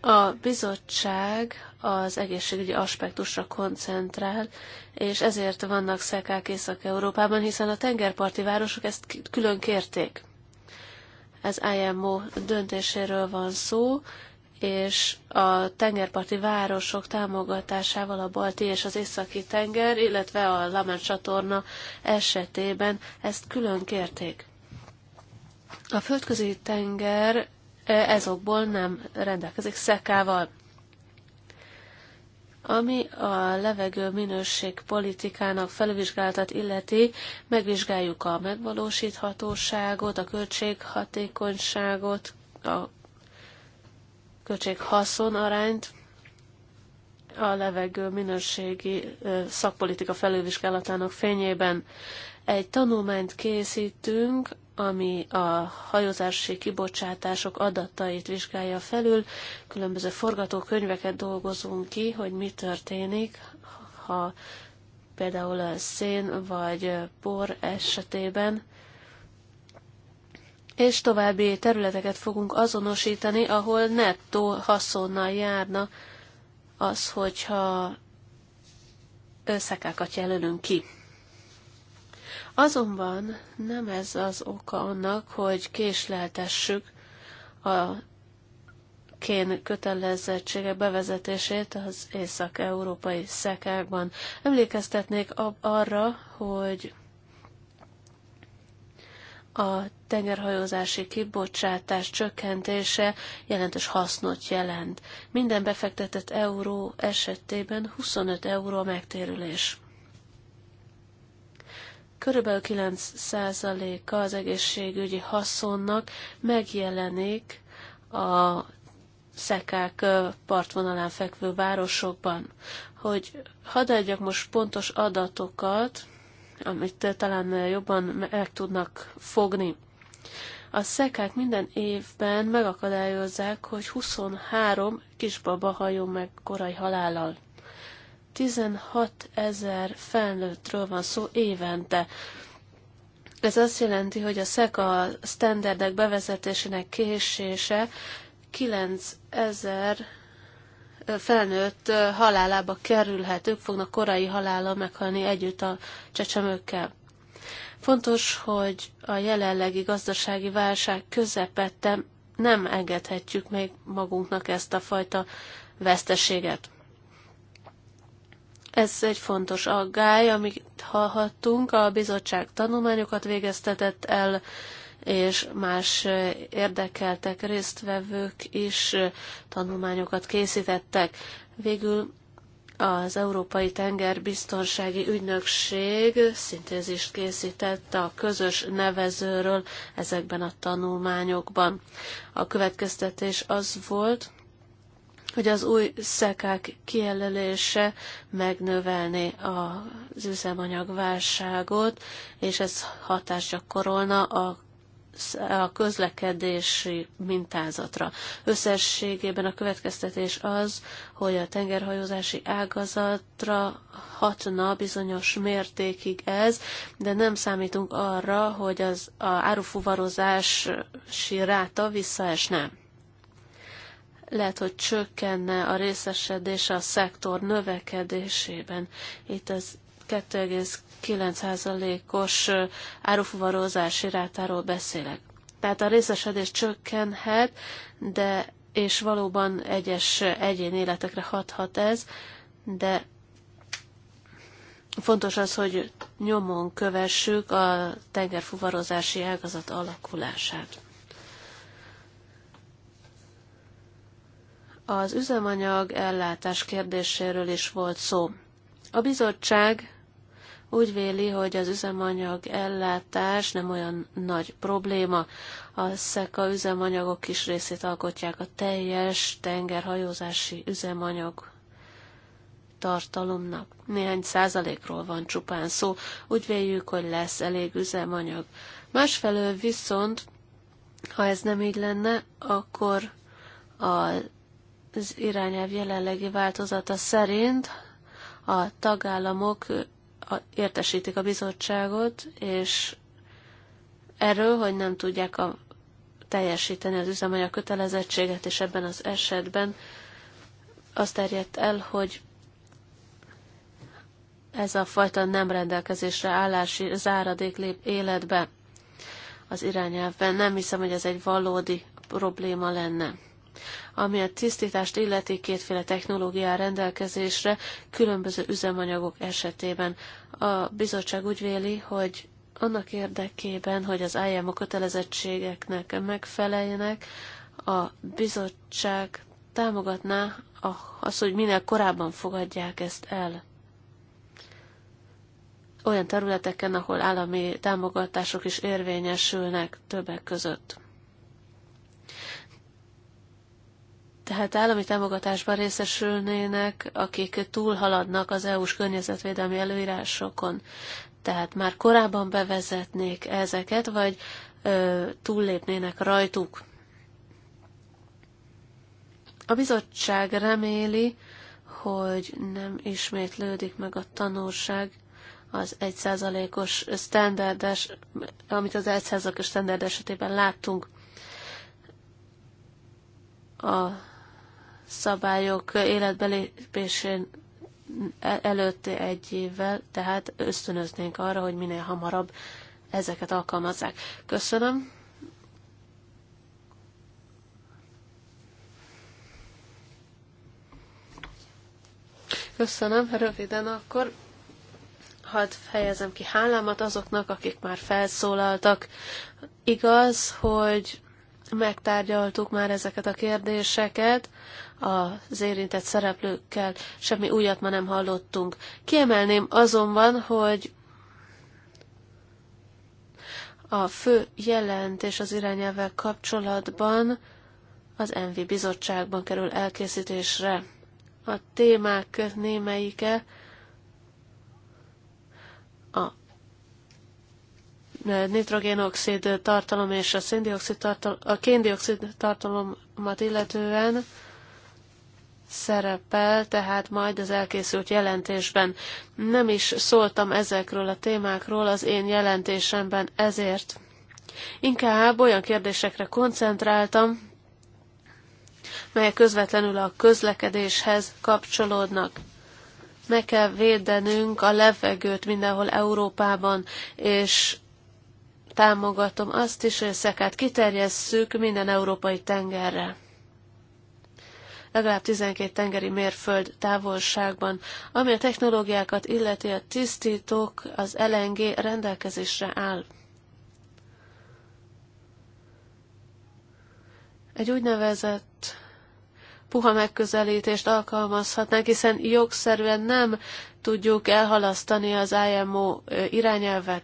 A bizottság az egészségügyi aspektusra koncentrál, és ezért vannak szekák Észak-Európában, hiszen a tengerparti városok ezt külön kérték. Ez IMO döntéséről van szó, és a tengerparti városok támogatásával a balti és az északi tenger, illetve a Lamen csatorna esetében ezt külön kérték. A földközi tenger e, ezokból nem rendelkezik szekával. Ami a levegő minőség politikának felvizsgáltat illeti, megvizsgáljuk a megvalósíthatóságot, a költséghatékonyságot, a költség-haszon arányt a levegő minőségi szakpolitika felülvizsgálatának fényében. Egy tanulmányt készítünk, ami a hajózási kibocsátások adatait vizsgálja felül. Különböző forgatókönyveket dolgozunk ki, hogy mi történik, ha például a szén vagy por esetében és további területeket fogunk azonosítani, ahol nettó haszonnal járna az, hogyha összekákat jelölünk ki. Azonban nem ez az oka annak, hogy késleltessük a kén kötelezettsége bevezetését az észak-európai szekákban. Emlékeztetnék arra, hogy a tengerhajózási kibocsátás csökkentése jelentős hasznot jelent. Minden befektetett euró esetében 25 euró a megtérülés. Körülbelül 9%-a az egészségügyi haszonnak megjelenik a szekák partvonalán fekvő városokban. Hogy hadd adjak most pontos adatokat, amit talán jobban meg tudnak fogni. A szekák minden évben megakadályozzák, hogy 23 kisbaba hajjon meg korai halállal. 16 ezer felnőttről van szó évente. Ez azt jelenti, hogy a SZEKA standardek bevezetésének késése ezer felnőtt halálába kerülhet. Ők fognak korai halállal meghalni együtt a csecsemőkkel. Fontos, hogy a jelenlegi gazdasági válság közepette nem engedhetjük még magunknak ezt a fajta veszteséget. Ez egy fontos aggály, amit hallhattunk. A bizottság tanulmányokat végeztetett el, és más érdekeltek, résztvevők is tanulmányokat készítettek. Végül az Európai Tengerbiztonsági Ügynökség szintézist készített a közös nevezőről ezekben a tanulmányokban. A következtetés az volt, hogy az új szekák kijelölése megnövelné az üzemanyagválságot, és ez hatást gyakorolna a a közlekedési mintázatra. Összességében a következtetés az, hogy a tengerhajózási ágazatra hatna bizonyos mértékig ez, de nem számítunk arra, hogy az a árufuvarozási ráta visszaesne. Lehet, hogy csökkenne a részesedése a szektor növekedésében. Itt az 9%-os árufuvarozási rátáról beszélek. Tehát a részesedés csökkenhet, de és valóban egyes egyén életekre hathat ez, de fontos az, hogy nyomon kövessük a tengerfuvarozási ágazat alakulását. Az üzemanyag ellátás kérdéséről is volt szó. A bizottság úgy véli, hogy az üzemanyag ellátás nem olyan nagy probléma. A szeka üzemanyagok kis részét alkotják a teljes tengerhajózási üzemanyag tartalomnak. Néhány százalékról van csupán szó, úgy véljük, hogy lesz elég üzemanyag. Másfelől viszont, ha ez nem így lenne, akkor az irányelv jelenlegi változata szerint a tagállamok értesítik a bizottságot, és erről, hogy nem tudják a, teljesíteni az üzemanyag kötelezettséget, és ebben az esetben azt terjedt el, hogy ez a fajta nem rendelkezésre állási záradék lép életbe az irányelvben. Nem hiszem, hogy ez egy valódi probléma lenne. Ami a tisztítást illeti kétféle technológiá rendelkezésre különböző üzemanyagok esetében. A bizottság úgy véli, hogy annak érdekében, hogy az IMO kötelezettségeknek megfeleljenek, a bizottság támogatná az, hogy minél korábban fogadják ezt el. Olyan területeken, ahol állami támogatások is érvényesülnek többek között. tehát állami támogatásban részesülnének, akik túlhaladnak az EU-s környezetvédelmi előírásokon. Tehát már korábban bevezetnék ezeket, vagy ö, túllépnének rajtuk. A bizottság reméli, hogy nem ismétlődik meg a tanulság az 1%-os standardes, amit az 1%-os standard esetében láttunk. A szabályok életbelépésén e- előtt egy évvel, tehát ösztönöznénk arra, hogy minél hamarabb ezeket alkalmazzák. Köszönöm. Köszönöm, röviden akkor hadd fejezem ki hálámat azoknak, akik már felszólaltak. Igaz, hogy megtárgyaltuk már ezeket a kérdéseket az érintett szereplőkkel, semmi újat ma nem hallottunk. Kiemelném azonban, hogy a fő jelentés az irányelvvel kapcsolatban az ENVI bizottságban kerül elkészítésre. A témák némelyike a nitrogénoxid tartalom és a, széndioxid tartalom, a kéndioxid tartalomat illetően szerepel, tehát majd az elkészült jelentésben. Nem is szóltam ezekről a témákról az én jelentésemben ezért. Inkább olyan kérdésekre koncentráltam, melyek közvetlenül a közlekedéshez kapcsolódnak. Meg kell védenünk a levegőt mindenhol Európában, és támogatom azt is, hogy a szekát kiterjesszük minden európai tengerre. Legalább 12 tengeri mérföld távolságban, ami a technológiákat illeti a tisztítók, az LNG rendelkezésre áll. Egy úgynevezett puha megközelítést alkalmazhatnánk, hiszen jogszerűen nem tudjuk elhalasztani az IMO irányelvet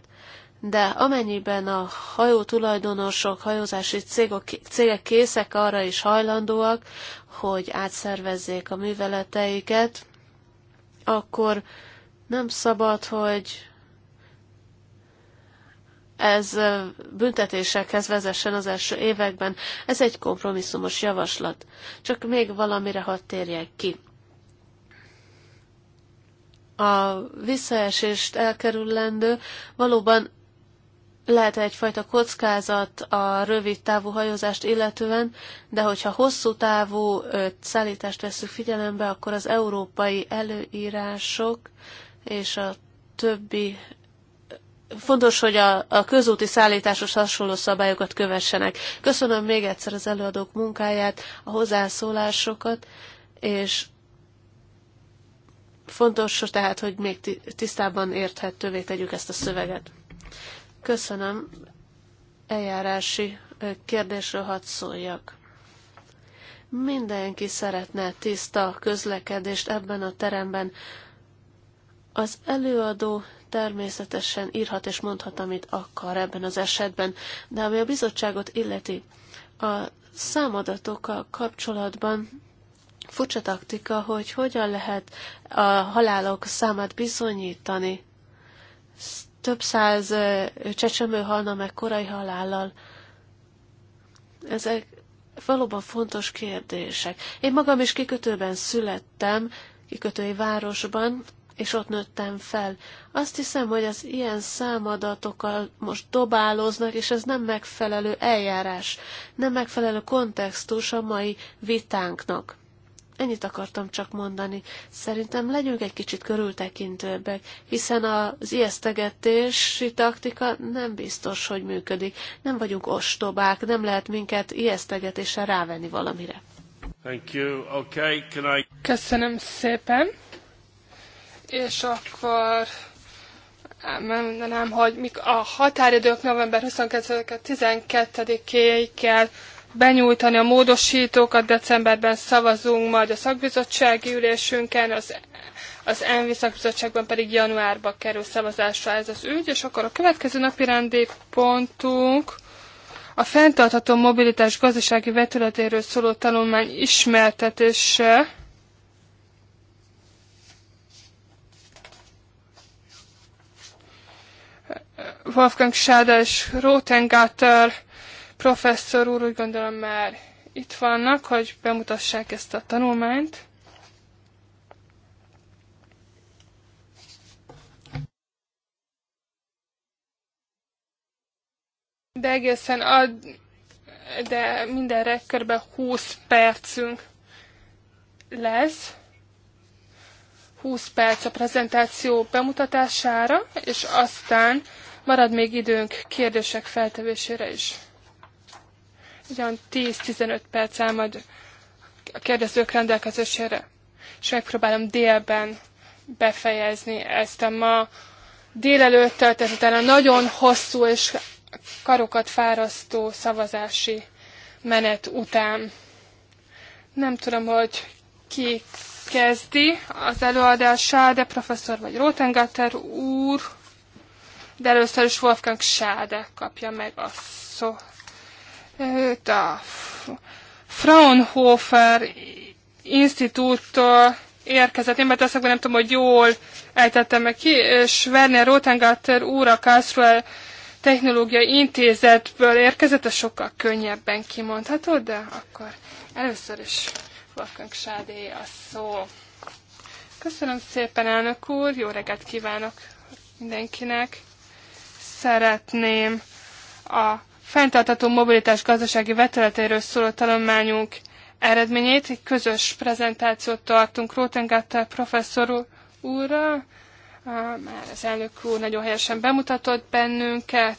de amennyiben a hajó tulajdonosok, hajózási cégok, cégek készek arra is hajlandóak, hogy átszervezzék a műveleteiket, akkor nem szabad, hogy ez büntetésekhez vezessen az első években. Ez egy kompromisszumos javaslat. Csak még valamire hadd térjek ki. A visszaesést elkerülendő valóban lehet -e egyfajta kockázat a rövid távú hajózást illetően, de hogyha hosszú távú szállítást veszük figyelembe, akkor az európai előírások és a többi fontos, hogy a, a közúti szállításos hasonló szabályokat kövessenek. Köszönöm még egyszer az előadók munkáját, a hozzászólásokat, és fontos tehát, hogy még tisztában érthetővé tegyük ezt a szöveget. Köszönöm. Eljárási kérdésről hadd szóljak. Mindenki szeretne tiszta közlekedést ebben a teremben. Az előadó természetesen írhat és mondhat, amit akar ebben az esetben, de ami a bizottságot illeti, a számadatokkal kapcsolatban furcsa taktika, hogy hogyan lehet a halálok számát bizonyítani több száz csecsemő halna meg korai halállal. Ezek valóban fontos kérdések. Én magam is kikötőben születtem, kikötői városban, és ott nőttem fel. Azt hiszem, hogy az ilyen számadatokkal most dobálóznak, és ez nem megfelelő eljárás, nem megfelelő kontextus a mai vitánknak. Ennyit akartam csak mondani. Szerintem legyünk egy kicsit körültekintőbbek, hiszen az ijesztegetési taktika nem biztos, hogy működik. Nem vagyunk ostobák, nem lehet minket ijesztegetéssel rávenni valamire. Thank you. Okay, can I... Köszönöm szépen. És akkor mondanám, hogy mik a határidők november 22 12 kell benyújtani a módosítókat, decemberben szavazunk majd a szakbizottsági ülésünkön, az, az ENVI szakbizottságban pedig januárban kerül szavazásra ez az ügy, és akkor a következő napi rendi pontunk a fenntartható mobilitás gazdasági vetületéről szóló tanulmány ismertetése. Wolfgang Schader és Rotengatter professzor úr úgy gondolom már itt vannak, hogy bemutassák ezt a tanulmányt. De egészen ad, de mindenre kb. 20 percünk lesz. 20 perc a prezentáció bemutatására, és aztán marad még időnk kérdések feltevésére is olyan 10-15 perc áll majd a kérdezők rendelkezésére, és megpróbálom délben befejezni ezt a ma délelőtt töltött a nagyon hosszú és karokat fárasztó szavazási menet után. Nem tudom, hogy ki kezdi az előadását, de professzor vagy Rotengatter úr, de először is Wolfgang Sáde kapja meg a szót. Őt a Fraunhofer Institúttól érkezett. Én azt nem tudom, hogy jól ejtettem meg ki, és Werner Rotengatter úr a Karlsruhe Technológiai Intézetből érkezett, a sokkal könnyebben kimondható, de akkor először is Wolfgang Sádé a szó. Köszönöm szépen, elnök úr, jó reggelt kívánok mindenkinek. Szeretném a fenntartható mobilitás gazdasági vetületéről szóló tanulmányunk eredményét. Egy közös prezentációt tartunk Rótengáttal professzor úrral. Már az elnök úr nagyon helyesen bemutatott bennünket.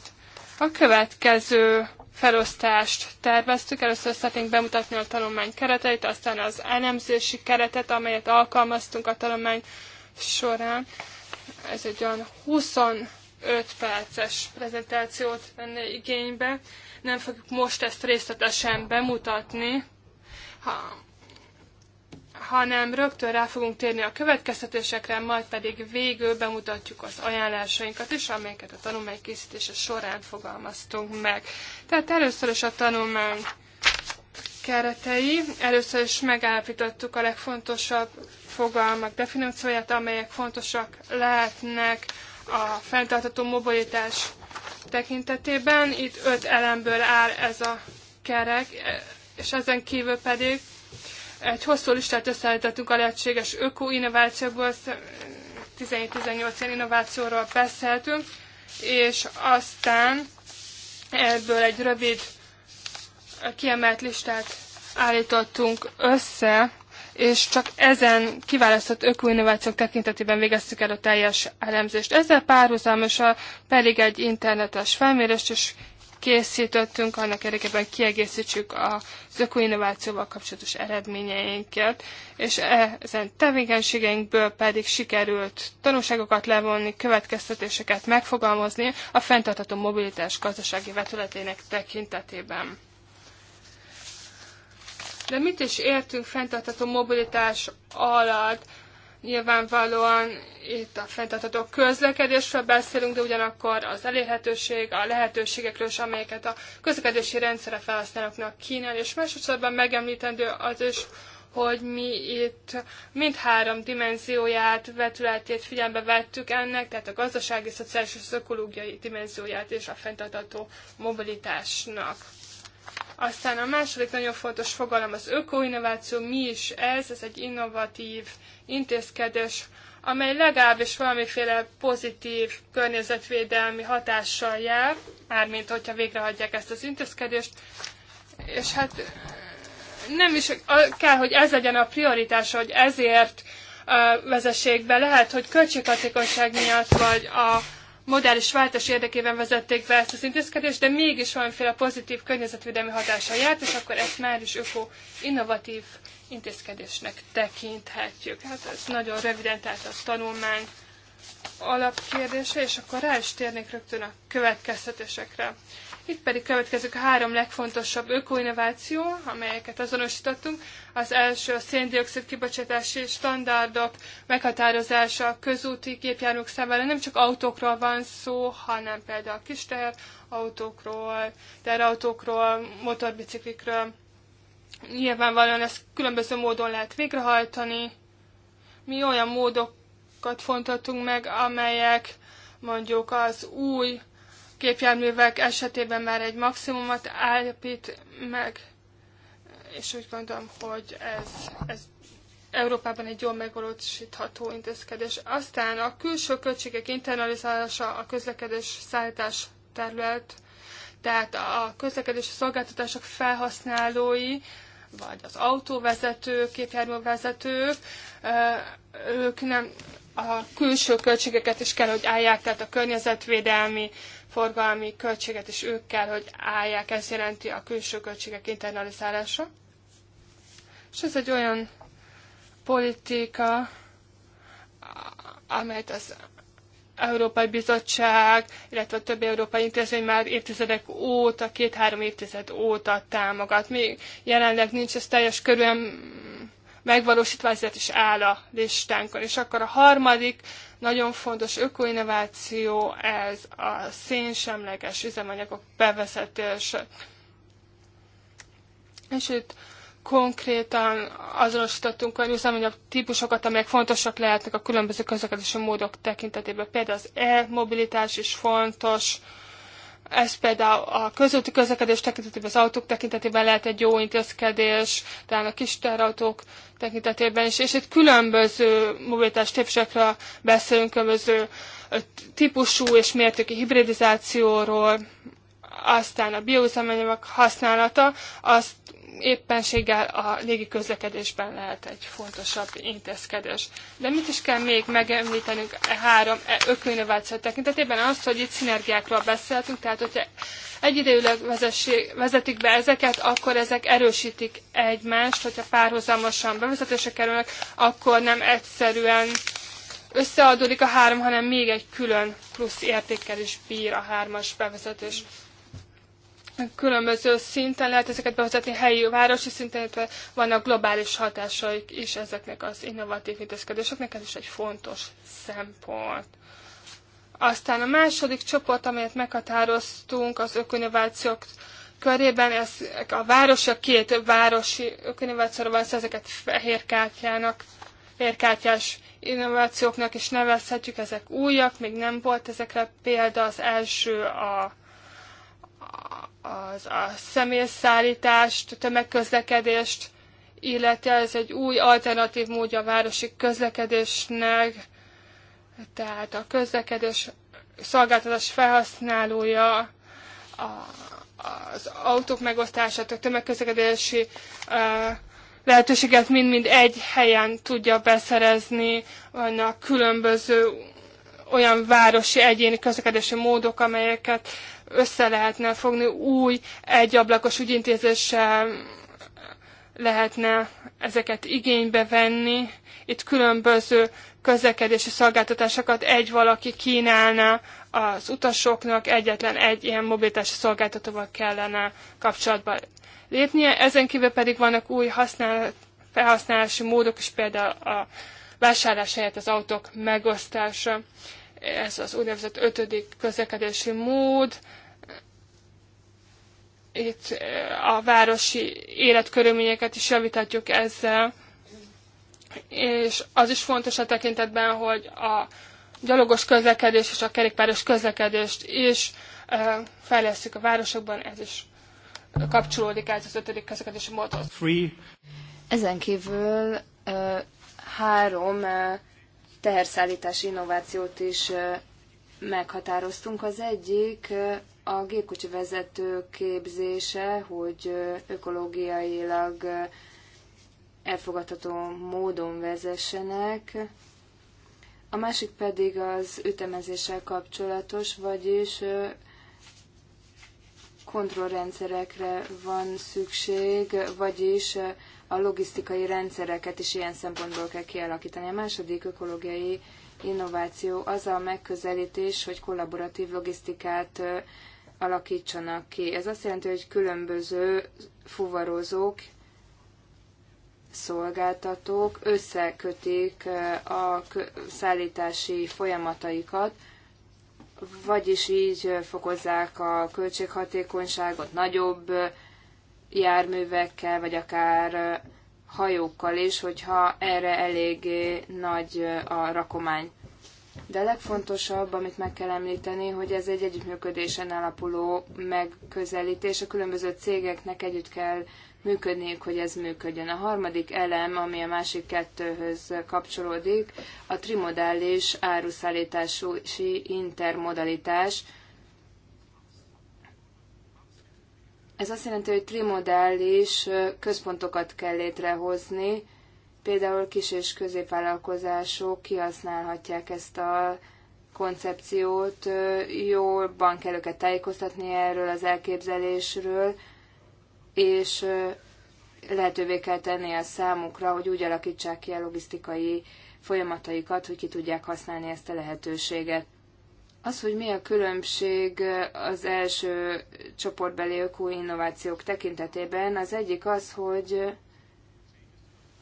A következő felosztást terveztük. Először szeretnénk bemutatni a tanulmány kereteit, aztán az elemzési keretet, amelyet alkalmaztunk a tanulmány során. Ez egy olyan 20 5 perces prezentációt venni igénybe. Nem fogjuk most ezt részletesen bemutatni, ha, hanem rögtön rá fogunk térni a következtetésekre, majd pedig végül bemutatjuk az ajánlásainkat is, amelyeket a tanulmány készítése során fogalmaztunk meg. Tehát először is a tanulmány keretei. Először is megállapítottuk a legfontosabb fogalmak definícióját, amelyek fontosak lehetnek a fenntartható mobilitás tekintetében. Itt öt elemből áll ez a kerek, és ezen kívül pedig egy hosszú listát összeállítottunk a lehetséges öko-innovációkból, 17-18 ilyen innovációról beszéltünk, és aztán ebből egy rövid kiemelt listát állítottunk össze, és csak ezen kiválasztott ökoinnovációk tekintetében végeztük el a teljes elemzést. Ezzel párhuzamosan pedig egy internetes felmérést is készítettünk, annak érdekében kiegészítsük az ökoinnovációval kapcsolatos eredményeinket, és ezen tevékenységeinkből pedig sikerült tanulságokat levonni, következtetéseket megfogalmazni a fenntartható mobilitás gazdasági vetületének tekintetében. De mit is értünk fenntartható mobilitás alatt? Nyilvánvalóan itt a fenntartható közlekedésről beszélünk, de ugyanakkor az elérhetőség, a lehetőségekről is, amelyeket a közlekedési rendszere felhasználóknak kínál, és másodszorban megemlítendő az is, hogy mi itt mindhárom dimenzióját, vetületét figyelembe vettük ennek, tehát a gazdasági, szociális és az ökológiai dimenzióját és a fenntartható mobilitásnak. Aztán a második nagyon fontos fogalom az ökoinnováció. Mi is ez? Ez egy innovatív intézkedés, amely legalábbis valamiféle pozitív környezetvédelmi hatással jár, mármint hogyha végrehajtják ezt az intézkedést. És hát nem is kell, hogy ez legyen a prioritás, hogy ezért vezessék be. Lehet, hogy költséghatékonyság miatt, vagy a modális váltás érdekében vezették be ezt az intézkedést, de mégis valamiféle pozitív környezetvédelmi hatással járt, és akkor ezt már is öko innovatív intézkedésnek tekinthetjük. Hát ez nagyon röviden, tehát a tanulmány alapkérdése, és akkor rá is térnék rögtön a következtetésekre. Itt pedig következik a három legfontosabb ökoinnováció, amelyeket azonosítottunk. Az első a széndiokszid kibocsátási standardok meghatározása a közúti gépjárók számára. Nem csak autókról van szó, hanem például a kis teherautókról, terautókról, motorbiciklikről. Nyilvánvalóan ezt különböző módon lehet végrehajtani. Mi olyan módokat fontoltunk meg, amelyek mondjuk az új gépjárművek esetében már egy maximumot állapít meg, és úgy gondolom, hogy ez, ez Európában egy jól megvalósítható intézkedés. Aztán a külső költségek internalizálása a közlekedés szállítás terület, tehát a közlekedés szolgáltatások felhasználói, vagy az autóvezetők, képjárművezetők, ők nem a külső költségeket is kell, hogy állják, tehát a környezetvédelmi, forgalmi költséget is ők kell, hogy állják, ez jelenti a külső költségek internalizálása. És ez egy olyan politika, amelyet az Európai Bizottság, illetve a többi európai intézmény már évtizedek óta, két-három évtized óta támogat. Még jelenleg nincs ez teljes körülön megvalósítva, ezért is áll a listánkon. És akkor a harmadik nagyon fontos ökoinnováció, ez a szénsemleges üzemanyagok bevezetése. És itt konkrétan azonosítottunk olyan üzemanyag típusokat, amelyek fontosak lehetnek a különböző közlekedési módok tekintetében. Például az e-mobilitás is fontos, ez például a közúti közlekedés tekintetében, az autók tekintetében lehet egy jó intézkedés, talán a kis terautók tekintetében is, és itt különböző mobilitás típusekről beszélünk, különböző típusú és mértékű hibridizációról, aztán a bioüzemanyagok használata, azt éppenséggel a légi közlekedésben lehet egy fontosabb intézkedés. De mit is kell még megemlítenünk e három e ökoinnováció tekintetében? Azt, hogy itt szinergiákról beszéltünk, tehát hogyha egyidejűleg vezetik be ezeket, akkor ezek erősítik egymást, hogyha párhuzamosan bevezetésre kerülnek, akkor nem egyszerűen összeadódik a három, hanem még egy külön plusz értékkel is bír a hármas bevezetés különböző szinten lehet ezeket bevezetni, helyi, városi szinten, illetve vannak globális hatásaik is ezeknek az innovatív intézkedéseknek, ez is egy fontos szempont. Aztán a második csoport, amelyet meghatároztunk az ökoinnovációk körében, ez a városi, a két városi ökoinnovációra van, ezeket fehér kártyának, innovációknak is nevezhetjük, ezek újak, még nem volt ezekre példa, az első a az a személyszállítást, tömegközlekedést, illetve ez egy új alternatív módja a városi közlekedésnek, tehát a közlekedés szolgáltatás felhasználója, a, az autók megosztását, a tömegközlekedési a, lehetőséget mind-mind egy helyen tudja beszerezni, vannak különböző olyan városi egyéni közlekedési módok, amelyeket össze lehetne fogni, új egyablakos ügyintézéssel lehetne ezeket igénybe venni. Itt különböző közlekedési szolgáltatásokat egy valaki kínálna az utasoknak, egyetlen egy ilyen mobilitási szolgáltatóval kellene kapcsolatba lépnie. Ezen kívül pedig vannak új használ felhasználási módok is, például a vásárlás helyett az autók megosztása. Ez az úgynevezett ötödik közlekedési mód, itt a városi életkörülményeket is javíthatjuk ezzel, és az is fontos a tekintetben, hogy a gyalogos közlekedés és a kerékpáros közlekedést is fejlesztjük a városokban, ez is kapcsolódik ez az ötödik közlekedési módhoz. Free. Ezen kívül három teherszállítási innovációt is meghatároztunk. Az egyik a gépkocsi vezető képzése, hogy ökológiailag elfogadható módon vezessenek, a másik pedig az ütemezéssel kapcsolatos, vagyis kontrollrendszerekre van szükség, vagyis a logisztikai rendszereket is ilyen szempontból kell kialakítani. A második ökológiai innováció az a megközelítés, hogy kollaboratív logisztikát alakítsanak ki. Ez azt jelenti, hogy különböző fuvarozók, szolgáltatók összekötik eh, a szállítási folyamataikat, vagyis így eh, fokozzák a költséghatékonyságot nagyobb eh, járművekkel, vagy akár hajókkal is, hogyha erre eléggé nagy a rakomány. De a legfontosabb, amit meg kell említeni, hogy ez egy együttműködésen alapuló megközelítés. A különböző cégeknek együtt kell működniük, hogy ez működjön. A harmadik elem, ami a másik kettőhöz kapcsolódik, a trimodális áruszállítási intermodalitás. Ez azt jelenti, hogy trimodális központokat kell létrehozni, Például kis- és középvállalkozások kihasználhatják ezt a koncepciót, jobban kell őket tájékoztatni erről az elképzelésről, és lehetővé kell tenni a számukra, hogy úgy alakítsák ki a logisztikai folyamataikat, hogy ki tudják használni ezt a lehetőséget. Az, hogy mi a különbség az első csoportbeli öko innovációk tekintetében, az egyik az, hogy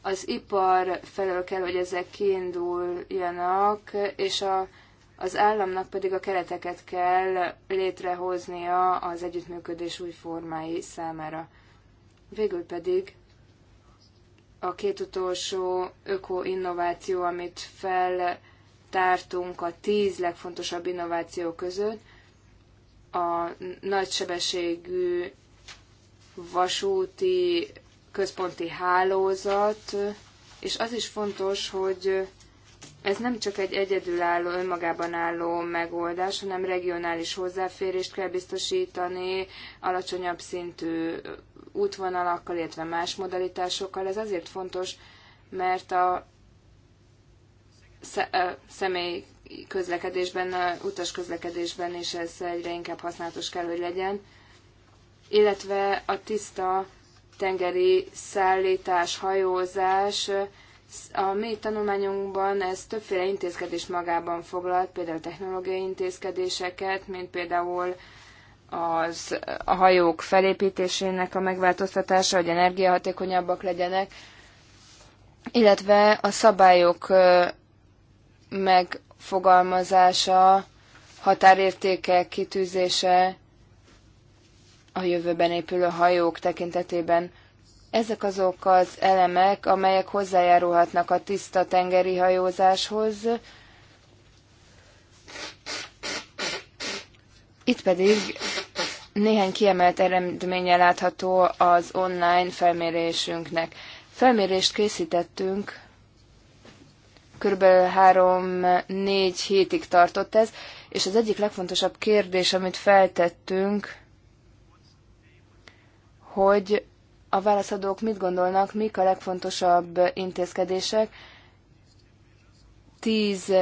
az ipar felől kell, hogy ezek kiinduljanak, és a, az államnak pedig a kereteket kell létrehoznia az együttműködés új formái számára. Végül pedig a két utolsó öko-innováció, amit feltártunk a tíz legfontosabb innováció között, a nagysebességű vasúti központi hálózat, és az is fontos, hogy ez nem csak egy egyedülálló, önmagában álló megoldás, hanem regionális hozzáférést kell biztosítani, alacsonyabb szintű útvonalakkal, illetve más modalitásokkal. Ez azért fontos, mert a személy közlekedésben, a utas közlekedésben is ez egyre inkább használatos kell, hogy legyen, illetve a tiszta tengeri szállítás, hajózás. A mi tanulmányunkban ez többféle intézkedés magában foglalt, például technológiai intézkedéseket, mint például az, a hajók felépítésének a megváltoztatása, hogy energiahatékonyabbak legyenek, illetve a szabályok megfogalmazása, határértékek kitűzése, a jövőben épülő hajók tekintetében. Ezek azok az elemek, amelyek hozzájárulhatnak a tiszta tengeri hajózáshoz. Itt pedig néhány kiemelt eredménye látható az online felmérésünknek. Felmérést készítettünk, kb. 3-4 hétig tartott ez, és az egyik legfontosabb kérdés, amit feltettünk, hogy a válaszadók mit gondolnak, mik a legfontosabb intézkedések. Tíz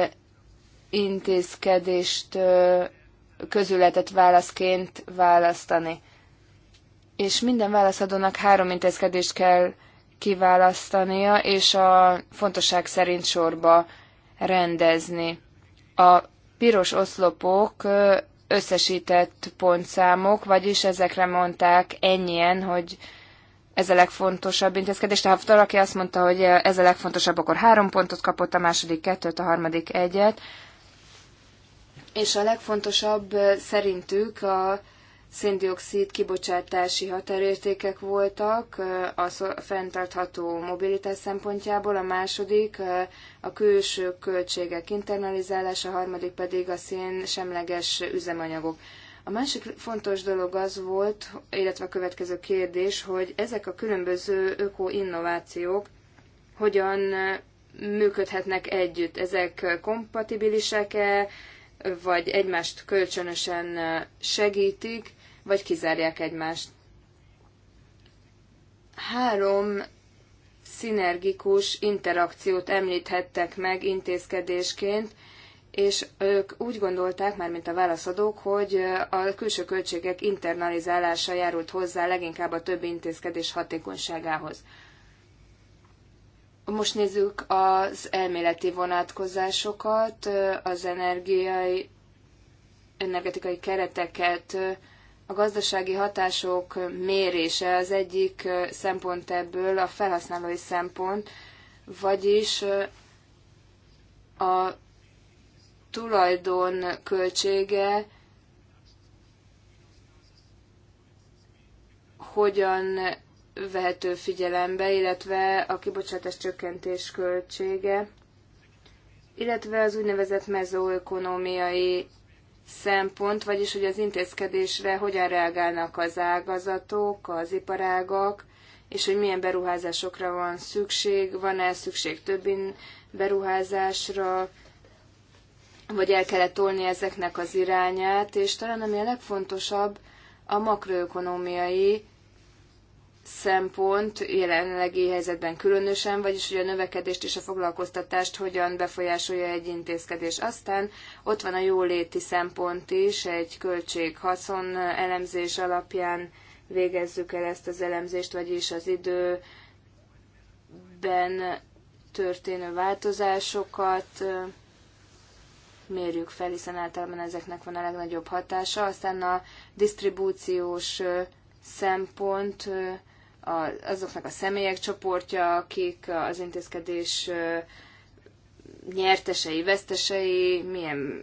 intézkedést közül lehetett válaszként választani. És minden válaszadónak három intézkedést kell kiválasztania, és a fontosság szerint sorba rendezni. A piros oszlopok összesített pontszámok, vagyis ezekre mondták ennyien, hogy ez a legfontosabb intézkedés. Tehát ha valaki azt mondta, hogy ez a legfontosabb, akkor három pontot kapott, a második kettőt, a harmadik egyet. És a legfontosabb eh, szerintük a széndiokszid kibocsátási határértékek voltak a fenntartható mobilitás szempontjából, a második a külső költségek internalizálása, a harmadik pedig a szén semleges üzemanyagok. A másik fontos dolog az volt, illetve a következő kérdés, hogy ezek a különböző öko-innovációk hogyan működhetnek együtt. Ezek kompatibilisek-e, vagy egymást kölcsönösen segítik, vagy kizárják egymást. Három szinergikus interakciót említhettek meg intézkedésként, és ők úgy gondolták, már mint a válaszadók, hogy a külső költségek internalizálása járult hozzá leginkább a többi intézkedés hatékonyságához. Most nézzük az elméleti vonatkozásokat, az energiai, energetikai kereteket a gazdasági hatások mérése az egyik szempont ebből, a felhasználói szempont, vagyis a tulajdon költsége hogyan vehető figyelembe, illetve a kibocsátás csökkentés költsége, illetve az úgynevezett mezőökonomiai szempont, vagyis hogy az intézkedésre hogyan reagálnak az ágazatok, az iparágak, és hogy milyen beruházásokra van szükség, van-e szükség több beruházásra, vagy el kellett tolni ezeknek az irányát, és talán ami a legfontosabb, a makroökonomiai szempont jelenlegi helyzetben különösen, vagyis hogy a növekedést és a foglalkoztatást hogyan befolyásolja egy intézkedés. Aztán ott van a jóléti szempont is, egy költség-haszon elemzés alapján végezzük el ezt az elemzést, vagyis az időben történő változásokat mérjük fel, hiszen általában ezeknek van a legnagyobb hatása. Aztán a disztribúciós szempont azoknak a személyek csoportja, akik az intézkedés nyertesei, vesztesei, milyen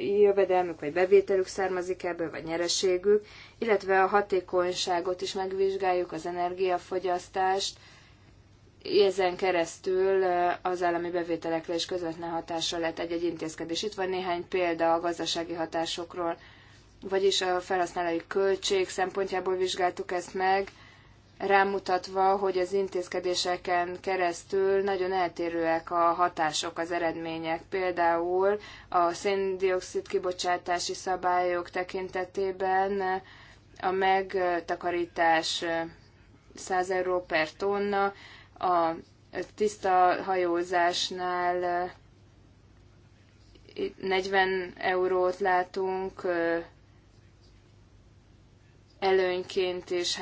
jövedelmük vagy bevételük származik ebből, vagy nyereségük, illetve a hatékonyságot is megvizsgáljuk, az energiafogyasztást, ezen keresztül az állami bevételekre is közvetlen hatásra, lett egy-egy intézkedés. Itt van néhány példa a gazdasági hatásokról, vagyis a felhasználói költség szempontjából vizsgáltuk ezt meg, rámutatva, hogy az intézkedéseken keresztül nagyon eltérőek a hatások, az eredmények. Például a széndiokszid kibocsátási szabályok tekintetében a megtakarítás 100 euró per tonna, a tiszta hajózásnál 40 eurót látunk előnyként, és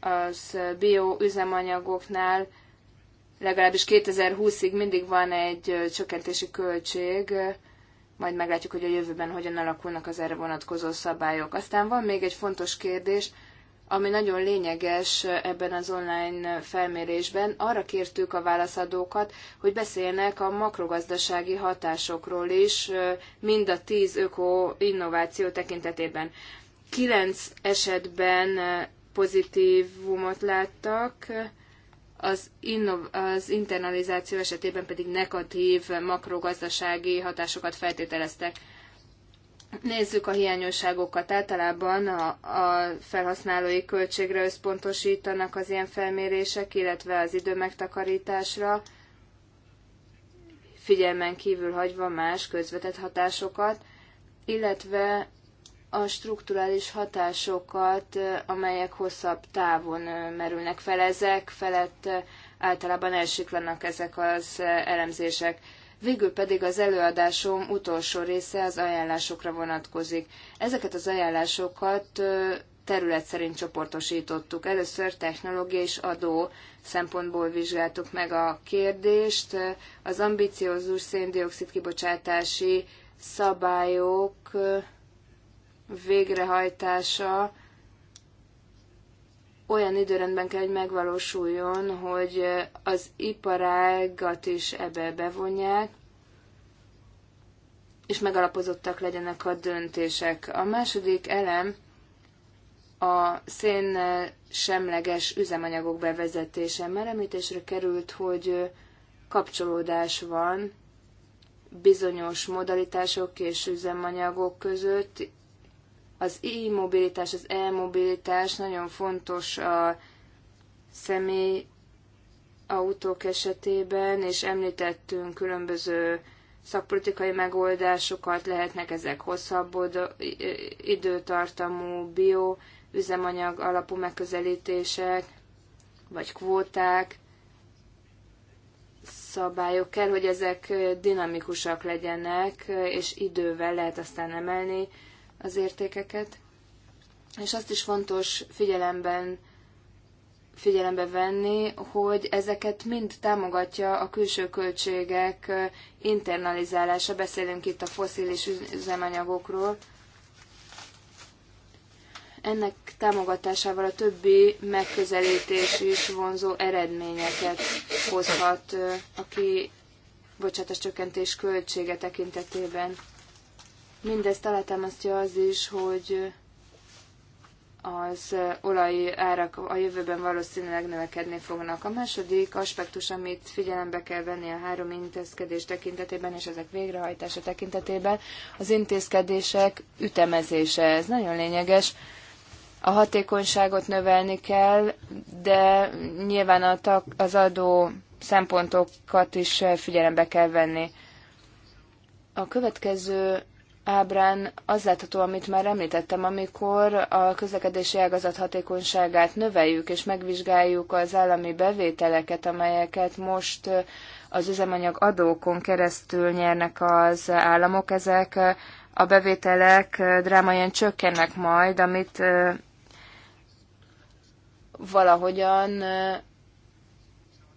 az bioüzemanyagoknál legalábbis 2020-ig mindig van egy csökkentési költség, majd meglátjuk, hogy a jövőben hogyan alakulnak az erre vonatkozó szabályok. Aztán van még egy fontos kérdés, ami nagyon lényeges ebben az online felmérésben. Arra kértük a válaszadókat, hogy beszéljenek a makrogazdasági hatásokról is, mind a tíz öko innováció tekintetében. Kilenc esetben pozitívumot láttak, az, innov- az internalizáció esetében pedig negatív makrogazdasági hatásokat feltételeztek. Nézzük a hiányosságokat. Általában a, a felhasználói költségre összpontosítanak az ilyen felmérések, illetve az időmegtakarításra, figyelmen kívül hagyva más közvetett hatásokat, illetve a strukturális hatásokat, amelyek hosszabb távon merülnek fel ezek, felett általában elsiklanak ezek az elemzések. Végül pedig az előadásom utolsó része az ajánlásokra vonatkozik. Ezeket az ajánlásokat terület szerint csoportosítottuk. Először technológia és adó szempontból vizsgáltuk meg a kérdést. Az ambiciózus széndiokszid kibocsátási szabályok végrehajtása olyan időrendben kell, hogy megvalósuljon, hogy az iparágat is ebbe bevonják, és megalapozottak legyenek a döntések. A második elem a szén semleges üzemanyagok bevezetése. Már említésre került, hogy kapcsolódás van bizonyos modalitások és üzemanyagok között, az e-mobilitás, az e-mobilitás nagyon fontos a személy autók esetében, és említettünk különböző szakpolitikai megoldásokat, lehetnek ezek hosszabb időtartamú bio üzemanyag alapú megközelítések, vagy kvóták, szabályok kell, hogy ezek dinamikusak legyenek, és idővel lehet aztán emelni az értékeket, és azt is fontos figyelemben figyelembe venni, hogy ezeket mind támogatja a külső költségek internalizálása. Beszélünk itt a foszilis üzemanyagokról. Ennek támogatásával a többi megközelítés is vonzó eredményeket hozhat aki bocsátás csökkentés költsége tekintetében. Mindezt alátámasztja az is, hogy az olaj árak a jövőben valószínűleg növekedni fognak. A második aspektus, amit figyelembe kell venni a három intézkedés tekintetében és ezek végrehajtása tekintetében, az intézkedések ütemezése. Ez nagyon lényeges. A hatékonyságot növelni kell, de nyilván a az adó szempontokat is figyelembe kell venni. A következő ábrán az látható, amit már említettem, amikor a közlekedési ágazat hatékonyságát növeljük, és megvizsgáljuk az állami bevételeket, amelyeket most az üzemanyag adókon keresztül nyernek az államok, ezek a bevételek drámaian csökkennek majd, amit valahogyan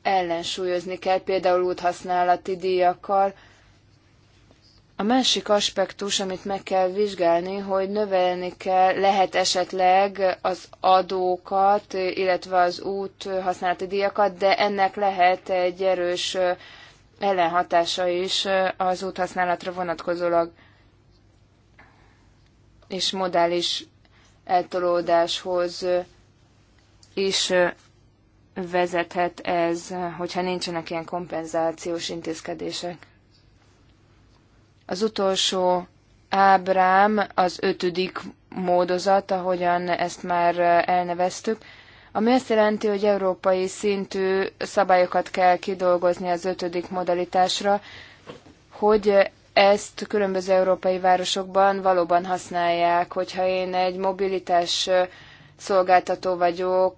ellensúlyozni kell, például úthasználati díjakkal, a másik aspektus, amit meg kell vizsgálni, hogy növelni kell, lehet esetleg az adókat, illetve az út használati díjakat, de ennek lehet egy erős ellenhatása is az úthasználatra vonatkozólag, és modális eltolódáshoz is vezethet ez, hogyha nincsenek ilyen kompenzációs intézkedések. Az utolsó ábrám az ötödik módozat, ahogyan ezt már elneveztük, ami azt jelenti, hogy európai szintű szabályokat kell kidolgozni az ötödik modalitásra, hogy ezt különböző európai városokban valóban használják. Hogyha én egy mobilitás szolgáltató vagyok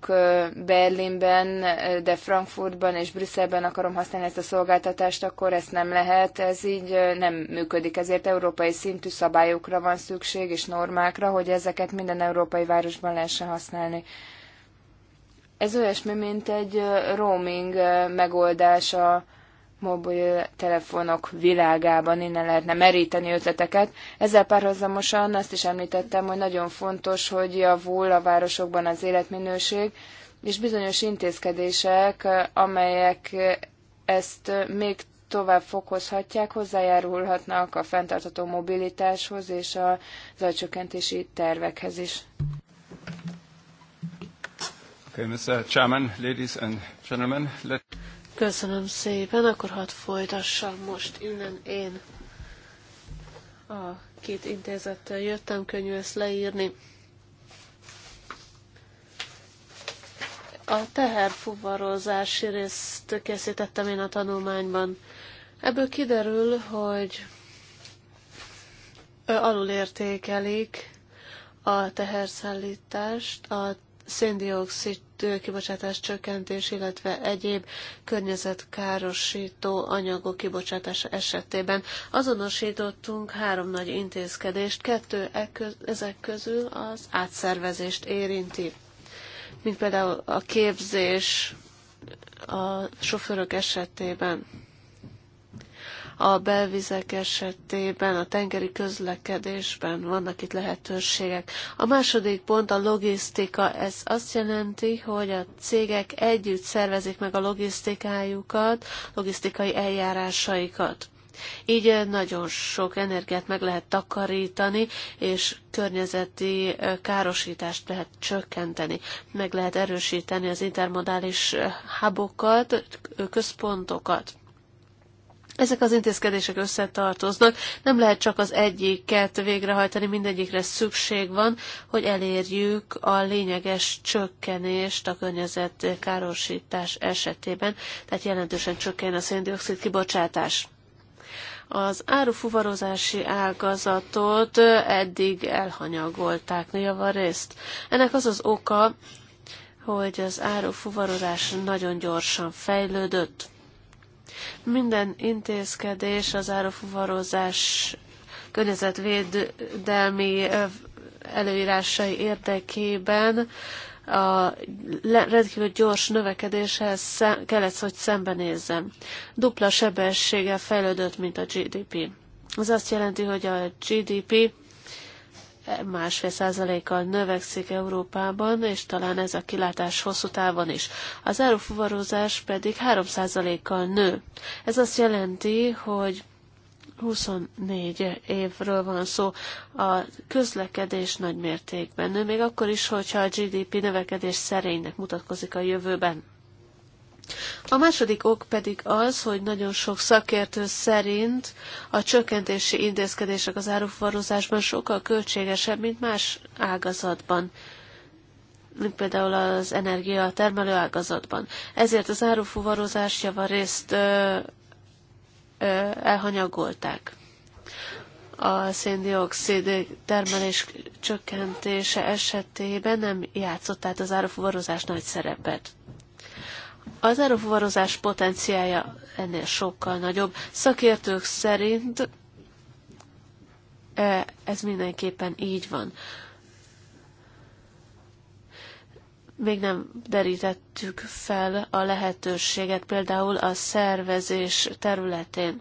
Berlinben, de Frankfurtban és Brüsszelben akarom használni ezt a szolgáltatást, akkor ezt nem lehet, ez így nem működik. Ezért európai szintű szabályokra van szükség és normákra, hogy ezeket minden európai városban lehessen használni. Ez olyasmi, mint egy roaming megoldása mobiltelefonok világában innen lehetne meríteni ötleteket. Ezzel párhuzamosan azt is említettem, hogy nagyon fontos, hogy javul a városokban az életminőség, és bizonyos intézkedések, amelyek ezt még tovább fokozhatják, hozzájárulhatnak a fenntartható mobilitáshoz és a zajcsökkentési tervekhez is. Okay, Mr. Chairman, ladies and gentlemen, let... Köszönöm szépen, akkor hadd folytassam most innen én. A két intézettel jöttem, könnyű ezt leírni. A teherfuvarozási részt készítettem én a tanulmányban. Ebből kiderül, hogy alulértékelik a teherszállítást, a széndiokszid kibocsátás csökkentés, illetve egyéb környezetkárosító anyagok kibocsátása esetében. Azonosítottunk három nagy intézkedést, kettő e ezek közül az átszervezést érinti, mint például a képzés a sofőrök esetében a belvizek esetében, a tengeri közlekedésben vannak itt lehetőségek. A második pont a logisztika. Ez azt jelenti, hogy a cégek együtt szervezik meg a logisztikájukat, logisztikai eljárásaikat. Így nagyon sok energiát meg lehet takarítani, és környezeti károsítást lehet csökkenteni. Meg lehet erősíteni az intermodális hubokat, központokat. Ezek az intézkedések összetartoznak, nem lehet csak az egyiket végrehajtani, mindegyikre szükség van, hogy elérjük a lényeges csökkenést a környezet károsítás esetében, tehát jelentősen csökken a széndiokszid kibocsátás. Az árufuvarozási ágazatot eddig elhanyagolták javarészt. Ennek az az oka, hogy az árufuvarozás nagyon gyorsan fejlődött minden intézkedés az árufuvarozás környezetvédelmi előírásai érdekében a rendkívül gyors növekedéshez kellett, hogy szembenézzem. Dupla sebességgel fejlődött, mint a GDP. Ez azt jelenti, hogy a GDP másfél százalékkal növekszik Európában, és talán ez a kilátás hosszú távon is. Az árufuvarozás pedig 3 százalékkal nő. Ez azt jelenti, hogy 24 évről van szó. A közlekedés nagymértékben nő, még akkor is, hogyha a GDP növekedés szerénynek mutatkozik a jövőben. A második ok pedig az, hogy nagyon sok szakértő szerint a csökkentési intézkedések az áruforrózásban sokkal költségesebb, mint más ágazatban mint például az energia termelő ágazatban. Ezért az árufuvarozás javarészt ö, ö, elhanyagolták. A széndiokszid termelés csökkentése esetében nem játszott át az árufuvarozás nagy szerepet. Az erőfuvarozás potenciája ennél sokkal nagyobb. Szakértők szerint e, ez mindenképpen így van. Még nem derítettük fel a lehetőséget például a szervezés területén.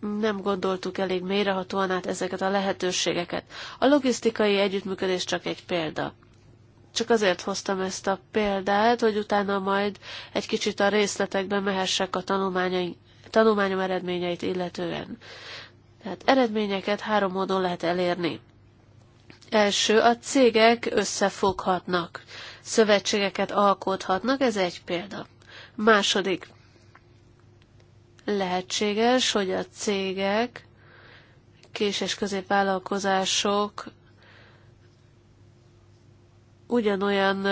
Nem gondoltuk elég mélyrehatóan át ezeket a lehetőségeket. A logisztikai együttműködés csak egy példa. Csak azért hoztam ezt a példát, hogy utána majd egy kicsit a részletekbe mehessek a tanulmányom eredményeit illetően. Tehát eredményeket három módon lehet elérni. Első, a cégek összefoghatnak, szövetségeket alkothatnak, ez egy példa. Második, lehetséges, hogy a cégek kés- és középvállalkozások ugyanolyan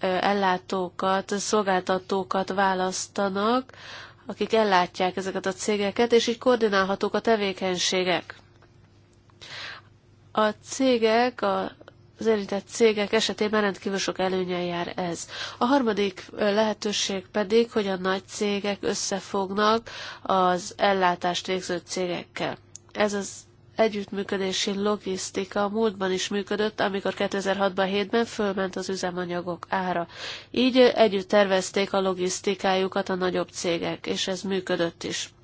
ellátókat, szolgáltatókat választanak, akik ellátják ezeket a cégeket, és így koordinálhatók a tevékenységek. A cégek, az érintett cégek esetében rendkívül sok előnyel jár ez. A harmadik lehetőség pedig, hogy a nagy cégek összefognak az ellátást végző cégekkel. Ez az együttműködési logisztika a múltban is működött, amikor 2006-ban, 7-ben fölment az üzemanyagok ára. Így együtt tervezték a logisztikájukat a nagyobb cégek, és ez működött is.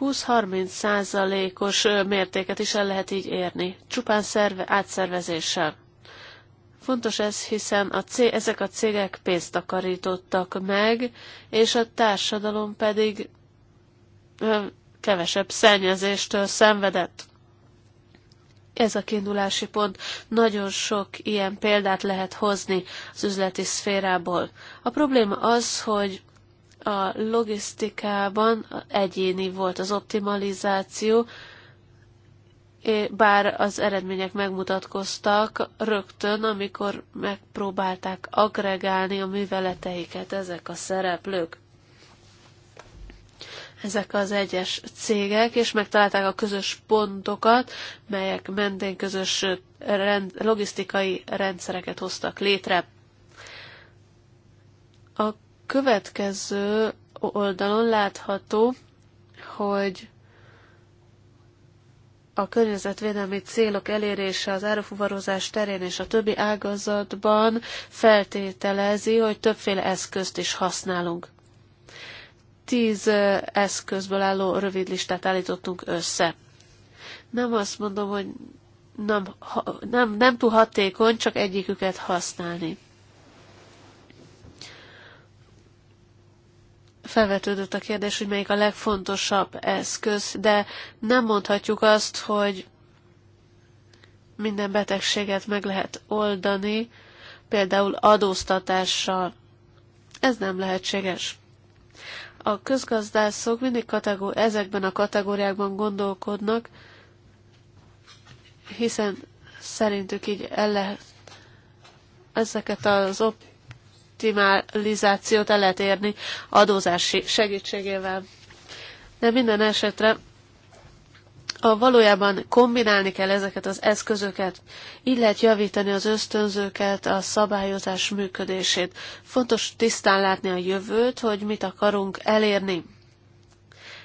20-30 százalékos mértéket is el lehet így érni, csupán szerve, átszervezéssel. Fontos ez, hiszen a cég, ezek a cégek pénzt takarítottak meg, és a társadalom pedig kevesebb szennyezéstől szenvedett. Ez a kiindulási pont. Nagyon sok ilyen példát lehet hozni az üzleti szférából. A probléma az, hogy a logisztikában egyéni volt az optimalizáció, bár az eredmények megmutatkoztak rögtön, amikor megpróbálták agregálni a műveleteiket ezek a szereplők ezek az egyes cégek, és megtalálták a közös pontokat, melyek mentén közös rend, logisztikai rendszereket hoztak létre. A következő oldalon látható, hogy a környezetvédelmi célok elérése az árufuvarozás terén és a többi ágazatban feltételezi, hogy többféle eszközt is használunk tíz eszközből álló rövid listát állítottunk össze. Nem azt mondom, hogy nem, nem, nem túl hatékony, csak egyiküket használni. Felvetődött a kérdés, hogy melyik a legfontosabb eszköz, de nem mondhatjuk azt, hogy minden betegséget meg lehet oldani, például adóztatással. Ez nem lehetséges. A közgazdászok mindig kategóri- ezekben a kategóriákban gondolkodnak, hiszen szerintük így el lehet ezeket az optimalizációt el lehet érni adózási segítségével. De minden esetre a valójában kombinálni kell ezeket az eszközöket, így lehet javítani az ösztönzőket, a szabályozás működését. Fontos tisztán látni a jövőt, hogy mit akarunk elérni,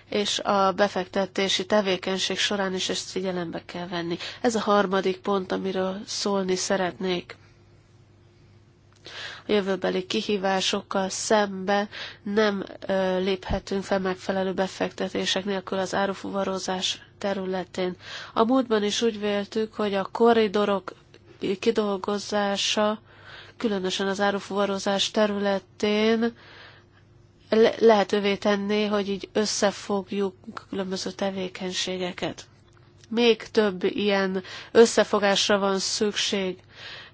és a befektetési tevékenység során is ezt figyelembe kell venni. Ez a harmadik pont, amiről szólni szeretnék a jövőbeli kihívásokkal szemben nem léphetünk fel megfelelő befektetések nélkül az árufuvarozás területén. A múltban is úgy véltük, hogy a korridorok kidolgozása, különösen az árufuvarozás területén lehetővé tenné, hogy így összefogjuk különböző tevékenységeket. Még több ilyen összefogásra van szükség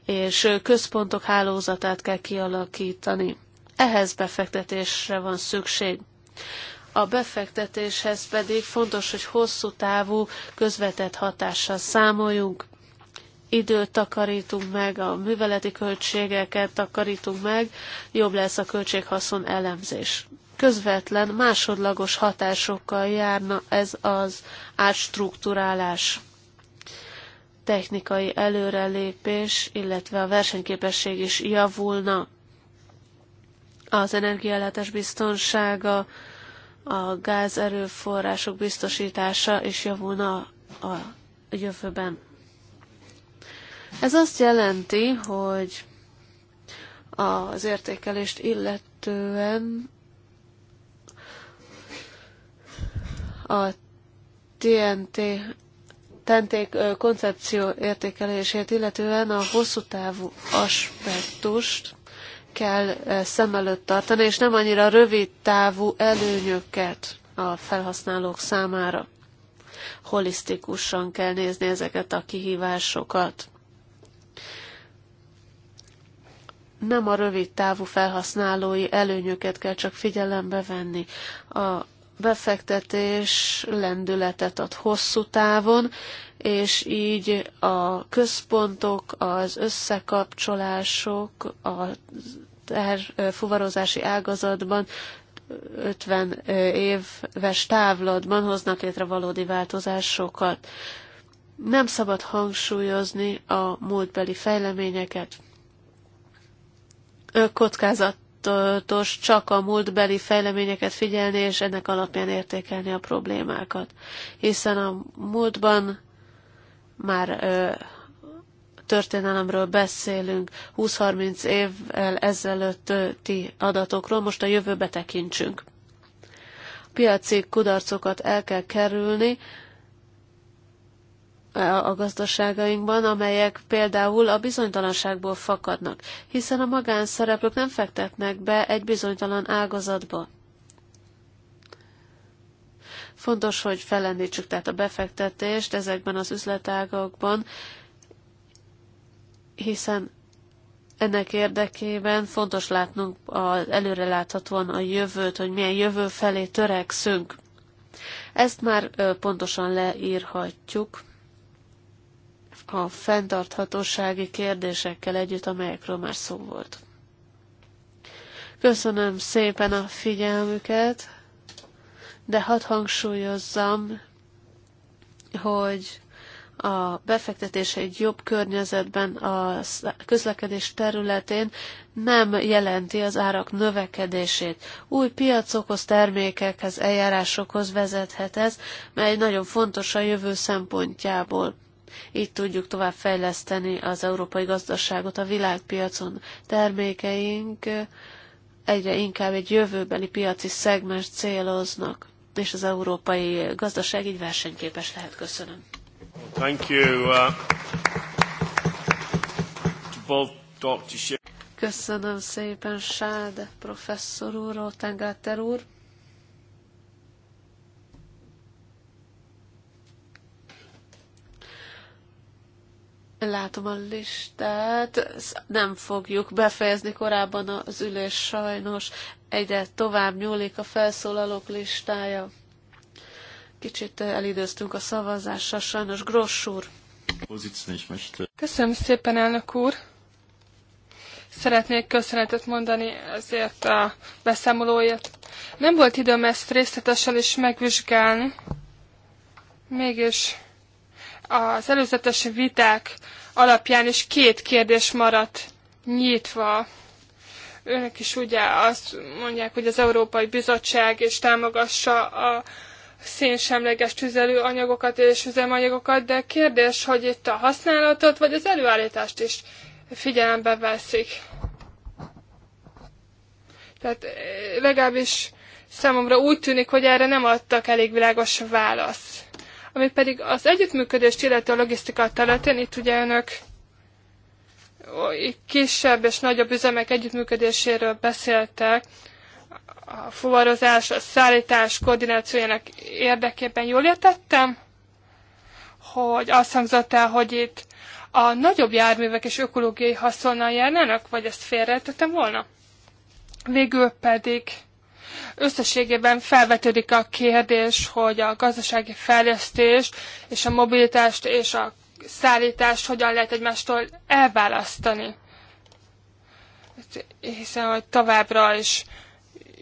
és központok hálózatát kell kialakítani. Ehhez befektetésre van szükség. A befektetéshez pedig fontos, hogy hosszú távú közvetett hatással számoljunk, időt takarítunk meg, a műveleti költségeket takarítunk meg, jobb lesz a költséghaszon elemzés. Közvetlen, másodlagos hatásokkal járna ez az átstruktúrálás technikai előrelépés, illetve a versenyképesség is javulna. Az energiállátás biztonsága, a gázerőforrások biztosítása is javulna a jövőben. Ez azt jelenti, hogy az értékelést illetően a TNT tenték koncepció értékelését, illetően a hosszú távú aspektust kell szem előtt tartani, és nem annyira rövid távú előnyöket a felhasználók számára. Holisztikusan kell nézni ezeket a kihívásokat. Nem a rövid távú felhasználói előnyöket kell csak figyelembe venni. A befektetés lendületet ad hosszú távon, és így a központok, az összekapcsolások, a fuvarozási ágazatban 50 éves távlatban hoznak létre valódi változásokat. Nem szabad hangsúlyozni a múltbeli fejleményeket. Kockázat tudatos csak a múltbeli fejleményeket figyelni, és ennek alapján értékelni a problémákat. Hiszen a múltban már ö, történelemről beszélünk, 20-30 évvel ezelőtti adatokról, most a jövőbe tekintsünk. Piaci kudarcokat el kell kerülni, a gazdaságainkban, amelyek például a bizonytalanságból fakadnak, hiszen a magánszereplők nem fektetnek be egy bizonytalan ágazatba. Fontos, hogy felendítsük tehát a befektetést ezekben az üzletágokban, hiszen ennek érdekében fontos látnunk az előreláthatóan a jövőt, hogy milyen jövő felé törekszünk. Ezt már pontosan leírhatjuk a fenntarthatósági kérdésekkel együtt, amelyekről már szó volt. Köszönöm szépen a figyelmüket, de hadd hangsúlyozzam, hogy a befektetés egy jobb környezetben a közlekedés területén nem jelenti az árak növekedését. Új piacokhoz, termékekhez, eljárásokhoz vezethet ez, mely nagyon fontos a jövő szempontjából. Így tudjuk tovább fejleszteni az európai gazdaságot a világpiacon. Termékeink egyre inkább egy jövőbeli piaci szegmens céloznak, és az európai gazdaság így versenyképes lehet. Köszönöm. Thank you, uh, to both Dr. Köszönöm szépen Sáde professzor úr, Otengáter úr. Látom a listát, nem fogjuk befejezni korábban az ülés sajnos. Egyre tovább nyúlik a felszólalók listája. Kicsit elidőztünk a szavazással, sajnos Gross úr. Köszönöm szépen, elnök úr! Szeretnék köszönetet mondani ezért a beszámolóért. Nem volt időm ezt részletesen is megvizsgálni, mégis az előzetes viták alapján is két kérdés maradt nyitva. Önök is ugye azt mondják, hogy az Európai Bizottság is támogassa a szénsemleges tüzelőanyagokat és üzemanyagokat, de kérdés, hogy itt a használatot vagy az előállítást is figyelembe veszik. Tehát eh, legalábbis számomra úgy tűnik, hogy erre nem adtak elég világos választ ami pedig az együttműködést illeti a logisztika területén, itt ugye önök kisebb és nagyobb üzemek együttműködéséről beszéltek, a fuvarozás, a szállítás koordinációjának érdekében. Jól értettem, hogy azt hangzott el, hogy itt a nagyobb járművek és ökológiai haszonnal járnának, vagy ezt félreértettem volna? Végül pedig Összességében felvetődik a kérdés, hogy a gazdasági fejlesztést és a mobilitást és a szállítást hogyan lehet egymástól elválasztani. Hiszen, hogy továbbra is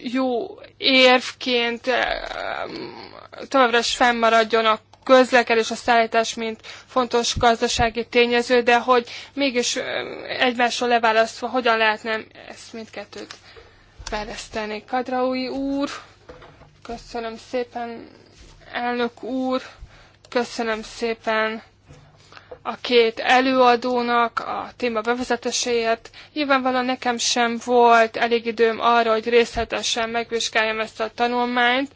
jó érvként továbbra is fennmaradjon a közlekedés, a szállítás, mint fontos gazdasági tényező, de hogy mégis egymásról leválasztva hogyan lehetne ezt mindkettőt fejleszteni. Kadraui úr, köszönöm szépen, elnök úr, köszönöm szépen a két előadónak a téma bevezetéséért. Nyilvánvalóan nekem sem volt elég időm arra, hogy részletesen megvizsgáljam ezt a tanulmányt.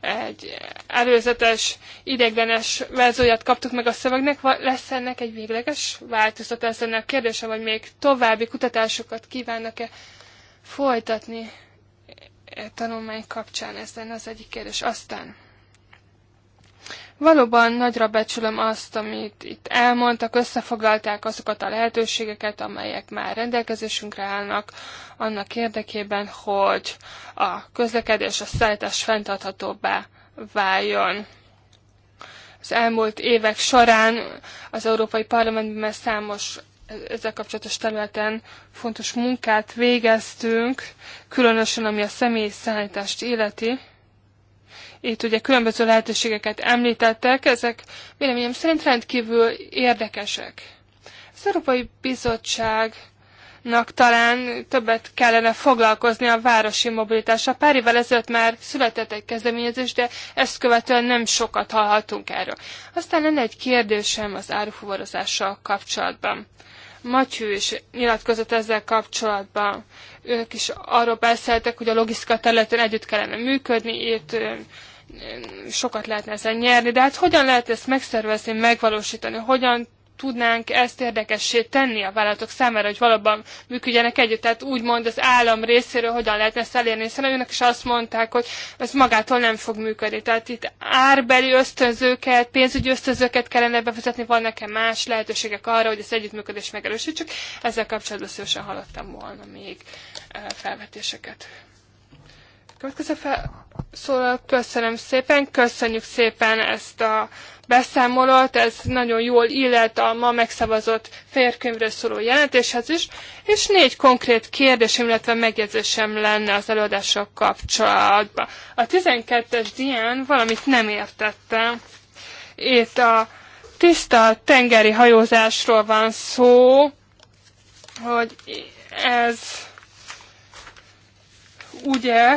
Egy előzetes, ideglenes verzióját kaptuk meg a szövegnek. Lesz ennek egy végleges változat? ezen a kérdése, vagy még további kutatásokat kívánnak-e folytatni e tanulmány kapcsán, ez lenne az egyik kérdés. Aztán Valóban nagyra becsülöm azt, amit itt elmondtak, összefoglalták azokat a lehetőségeket, amelyek már rendelkezésünkre állnak, annak érdekében, hogy a közlekedés, a szállítás fenntarthatóbbá váljon. Az elmúlt évek során az Európai Parlamentben számos ezzel kapcsolatos területen fontos munkát végeztünk, különösen ami a személyi szállítást életi. Itt ugye különböző lehetőségeket említettek, ezek véleményem szerint rendkívül érdekesek. Az Európai Bizottságnak talán többet kellene foglalkozni a városi mobilitással. Pár évvel ezelőtt már született egy kezdeményezés, de ezt követően nem sokat hallhatunk erről. Aztán lenne egy kérdésem az árufuvarozással kapcsolatban. Matyű is nyilatkozott ezzel kapcsolatban. Ők is arról beszéltek, hogy a logisztika területen együtt kellene működni, itt sokat lehetne ezen nyerni, de hát hogyan lehet ezt megszervezni, megvalósítani, hogyan tudnánk ezt érdekessé tenni a vállalatok számára, hogy valóban működjenek együtt. Tehát úgymond az állam részéről hogyan lehetne ezt elérni, hiszen önök is azt mondták, hogy ez magától nem fog működni. Tehát itt árbeli ösztönzőket, pénzügyi ösztönzőket kellene bevezetni, vannak-e más lehetőségek arra, hogy az együttműködés megerősítsük. Ezzel kapcsolatban szívesen hallottam volna még eh, felvetéseket. Következő fel... Szóval köszönöm szépen, köszönjük szépen ezt a beszámolót, ez nagyon jól illet a ma megszavazott férkönyvről szóló jelentéshez is, és négy konkrét kérdésem, illetve megjegyzésem lenne az előadások kapcsolatban. A 12-es dián valamit nem értettem. Itt a tiszta tengeri hajózásról van szó, hogy ez ugye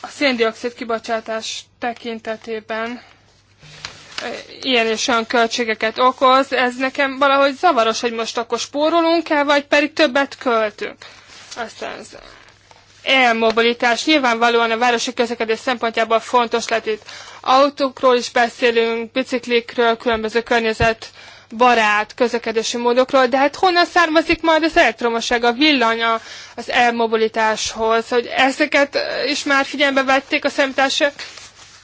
a széndiokszid kibocsátás tekintetében ilyen és olyan költségeket okoz. Ez nekem valahogy zavaros, hogy most akkor spórolunk-e, vagy pedig többet költünk. Aztán ez elmobilitás. Nyilvánvalóan a városi közlekedés szempontjából fontos lehet itt autókról is beszélünk, biciklikről, különböző környezet barát közlekedési módokról, de hát honnan származik majd az elektromosság, a villany az elmobilitáshoz, hogy ezeket is már figyelembe vették a számítások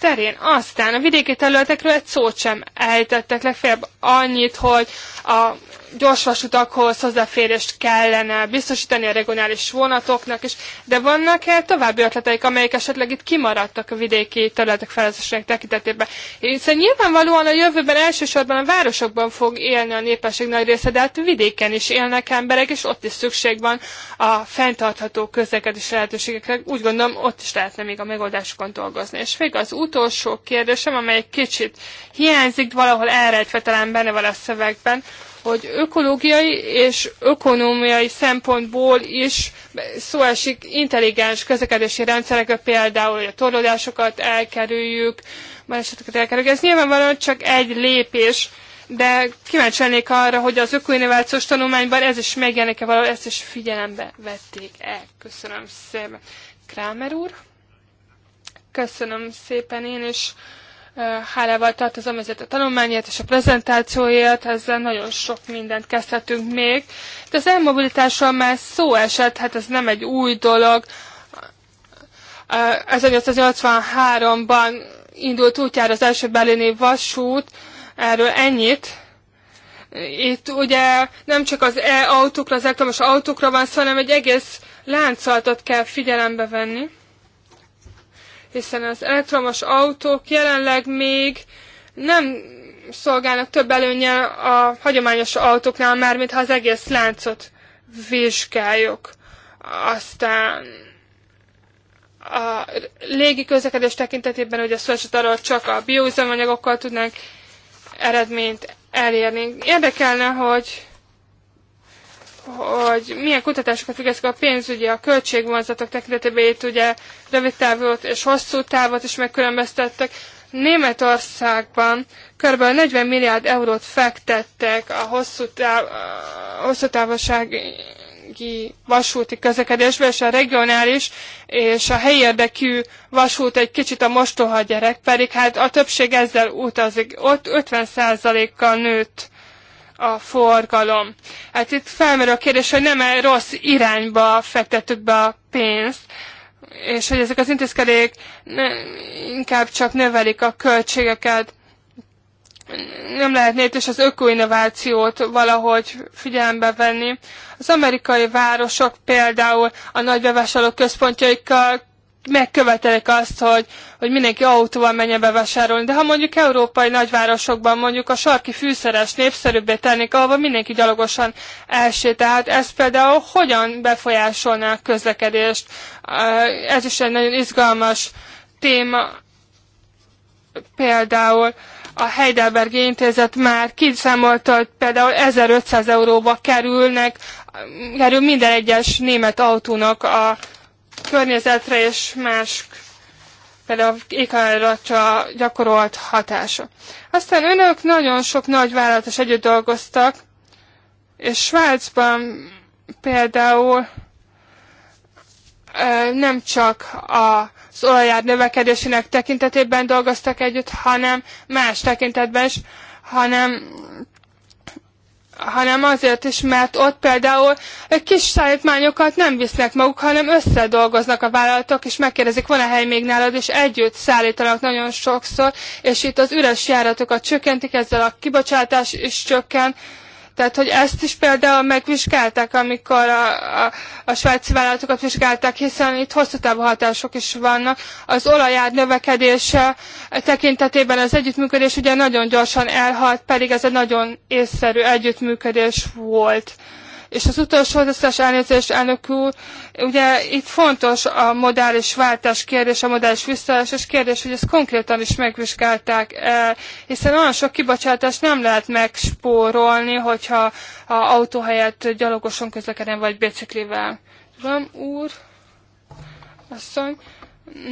terén. Aztán a vidéki területekről egy szót sem ejtettek legfeljebb annyit, hogy a gyorsvasutakhoz hozzáférést kellene biztosítani a regionális vonatoknak is, de vannak-e további ötleteik, amelyek esetleg itt kimaradtak a vidéki területek felhasználásának tekintetében? Hiszen nyilvánvalóan a jövőben elsősorban a városokban fog élni a népesség nagy része, de hát vidéken is élnek emberek, és ott is szükség van a fenntartható közlekedési lehetőségekre. Úgy gondolom, ott is lehetne még a megoldásokon dolgozni. És végül az utolsó kérdésem, amely kicsit hiányzik, valahol elrejtve talán benne van a szövegben, hogy ökológiai és ökonómiai szempontból is szó esik intelligens közlekedési rendszerekről, például, hogy a torlódásokat elkerüljük, baleseteket elkerüljük. Ez nyilvánvalóan csak egy lépés, de kíváncsi lennék arra, hogy az ökoinnovációs tanulmányban ez is megjelenik-e valahol, ezt is figyelembe vették-e. Köszönöm szépen. Krámer úr? Köszönöm szépen én is. És hálával tartozom ezért a tanulmányért és a prezentációért, ezzel nagyon sok mindent kezdhetünk még. De az elmobilitásról már szó esett, hát ez nem egy új dolog. 1883-ban indult útjára az első berlini vasút, erről ennyit. Itt ugye nem csak az e-autókra, az elektromos autókra van szó, hanem egy egész láncolatot kell figyelembe venni hiszen az elektromos autók jelenleg még nem szolgálnak több előnyel a hagyományos autóknál, már mintha az egész láncot vizsgáljuk. Aztán a légi közlekedés tekintetében ugye szó esett arról, csak a bioüzemanyagokkal tudnánk eredményt elérni. Érdekelne, hogy hogy milyen kutatásokat végeztek a pénz, a költségvonzatok tekintetében itt ugye rövid távot és hosszú távot is megkülönböztettek. Németországban kb. 40 milliárd eurót fektettek a hosszú, táv, a hosszú távolsági vasúti közlekedésbe, és a regionális és a helyi érdekű vasút egy kicsit a mostoha gyerek, pedig hát a többség ezzel utazik. Ott 50%-kal nőtt a forgalom. Hát itt felmerül a kérdés, hogy nem -e rossz irányba fektettük be a pénzt, és hogy ezek az intézkedék inkább csak növelik a költségeket. Nem lehetne itt is az ökoinnovációt valahogy figyelembe venni. Az amerikai városok például a nagy bevásárló központjaikkal megkövetelik azt, hogy, hogy mindenki autóval menjen bevásárolni. De ha mondjuk európai nagyvárosokban mondjuk a sarki fűszeres népszerűbbé tennék, ahova mindenki gyalogosan elsé. Hát ez például hogyan befolyásolná a közlekedést? Ez is egy nagyon izgalmas téma. Például a Heidelbergi Intézet már kiszámolta, hogy például 1500 euróba kerülnek, kerül minden egyes német autónak a környezetre és más például éghajlatra gyakorolt hatása. Aztán önök nagyon sok nagy vállalatos együtt dolgoztak, és Svájcban például nem csak az olajár növekedésének tekintetében dolgoztak együtt, hanem más tekintetben is, hanem hanem azért is, mert ott például kis szállítmányokat nem visznek maguk, hanem összedolgoznak a vállalatok, és megkérdezik, van-e hely még nálad, és együtt szállítanak nagyon sokszor, és itt az üres járatokat csökkentik, ezzel a kibocsátás is csökken, tehát, hogy ezt is például megvizsgálták, amikor a, a, a svájci vállalatokat vizsgálták, hiszen itt hosszú távú hatások is vannak. Az olajár növekedése tekintetében az együttműködés ugye nagyon gyorsan elhalt, pedig ez egy nagyon észszerű együttműködés volt. És az utolsó hozzászólás elnézést, elnök úr, ugye itt fontos a modális váltás kérdés, a modális és kérdés, hogy ezt konkrétan is megvizsgálták el, hiszen olyan sok kibocsátást nem lehet megspórolni, hogyha a autó helyett gyalogoson közlekedem, vagy biciklivel. Van úr, asszony,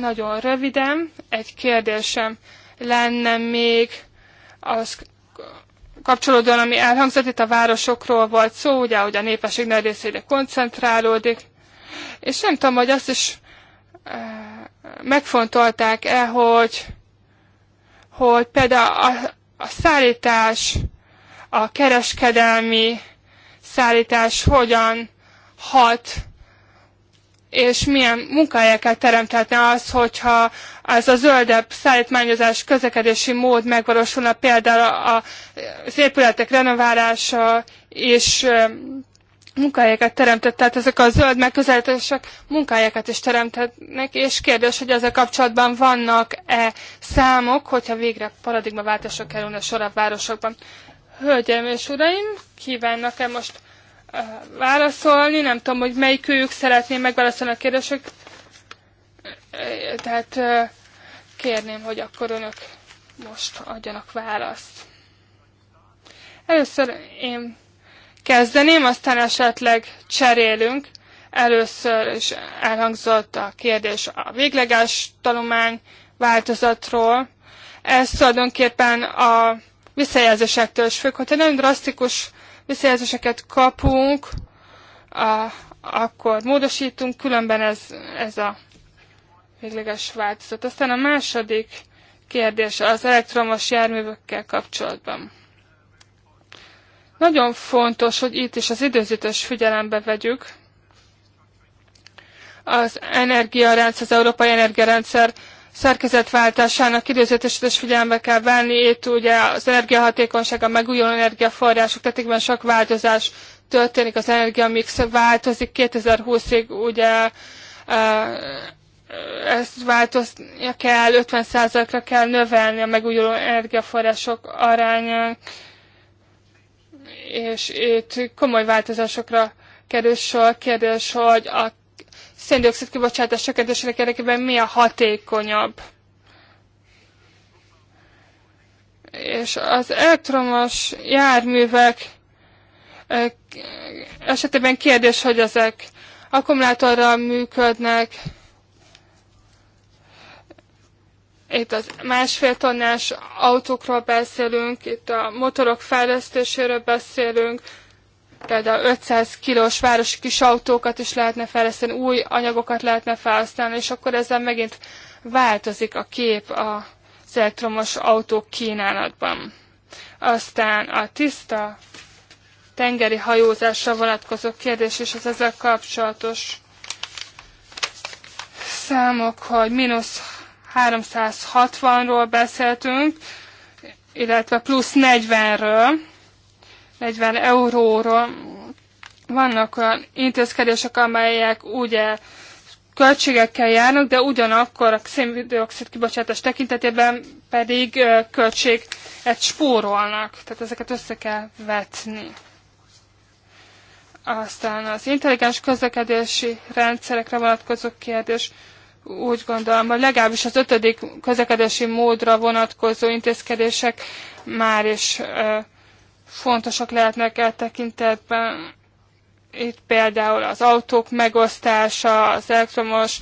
nagyon röviden, egy kérdésem lenne még az kapcsolódóan, ami elhangzott, itt a városokról volt szó, ugye, hogy a népesség nagy részére koncentrálódik, és nem tudom, hogy azt is e, megfontolták-e, hogy, hogy például a, a szállítás, a kereskedelmi szállítás hogyan hat és milyen munkahelyeket teremthetne az, hogyha ez a zöldebb szállítmányozás közlekedési mód megvalósulna, például az épületek renoválása és munkahelyeket teremtett, tehát ezek a zöld megközelítések munkahelyeket is teremtetnek, és kérdés, hogy ezzel kapcsolatban vannak-e számok, hogyha végre paradigmaváltásra kerülne sor a városokban. Hölgyeim és uraim, kívánnak-e most válaszolni, nem tudom, hogy melyikőjük szeretné megválaszolni a kérdéseket, Tehát kérném, hogy akkor önök most adjanak választ. Először én kezdeném, aztán esetleg cserélünk. Először is elhangzott a kérdés a végleges tanulmány változatról. Ez tulajdonképpen a visszajelzésektől is függ. Hogyha nagyon drasztikus visszajelzéseket kapunk, a, akkor módosítunk, különben ez, ez a végleges változat. Aztán a második kérdés az elektromos járművekkel kapcsolatban. Nagyon fontos, hogy itt is az időzítés figyelembe vegyük. Az energiarendszer, az európai energiarendszer szerkezetváltásának időzítését figyelembe kell venni. Itt ugye az energiahatékonyság, a megújuló energiaforrások tetekben sok változás történik, az energiamix változik. 2020-ig ugye e, ezt változnia kell, 50%-ra kell növelni a megújuló energiaforrások arányát, és itt komoly változásokra kerül sor. Kérdés, hogy a széndiokszid kibocsátás csökkentésének érdekében mi a hatékonyabb. És az elektromos járművek esetében kérdés, hogy ezek akkumulátorral működnek, itt az másfél tonnás autókról beszélünk, itt a motorok fejlesztéséről beszélünk, például 500 kilós városi kis autókat is lehetne fejleszteni, új anyagokat lehetne felhasználni, és akkor ezzel megint változik a kép az elektromos autók kínálatban. Aztán a tiszta tengeri hajózásra vonatkozó kérdés és az ezzel kapcsolatos számok, hogy mínusz 360-ról beszéltünk, illetve plusz 40-ről, 40 euróról. Vannak olyan intézkedések, amelyek ugye költségekkel járnak, de ugyanakkor a széndiokszid kibocsátás tekintetében pedig költség egy spórolnak. Tehát ezeket össze kell vetni. Aztán az intelligens közlekedési rendszerekre vonatkozó kérdés úgy gondolom, hogy legalábbis az ötödik közlekedési módra vonatkozó intézkedések már is fontosak lehetnek el tekintetben. Itt például az autók megosztása, az elektromos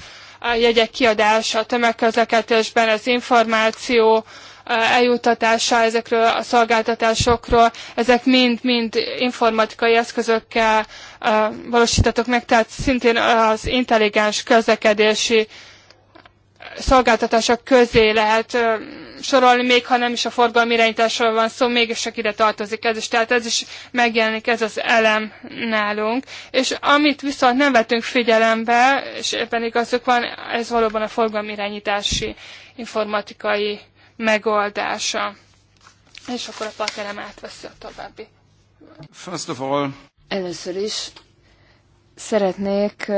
jegyek kiadása, a tömegközlekedésben az információ, eljutatása ezekről a szolgáltatásokról, ezek mind-mind informatikai eszközökkel valósítatok meg, tehát szintén az intelligens közlekedési szolgáltatások közé lehet sorolni, még ha nem is a forgalmi irányításról van szó, mégis csak ide tartozik ez is. Tehát ez is megjelenik ez az elem nálunk. És amit viszont nem vettünk figyelembe, és ebben igazuk van, ez valóban a forgalmi irányítási informatikai megoldása. És akkor a partnerem átveszi a további. First of all... Először is szeretnék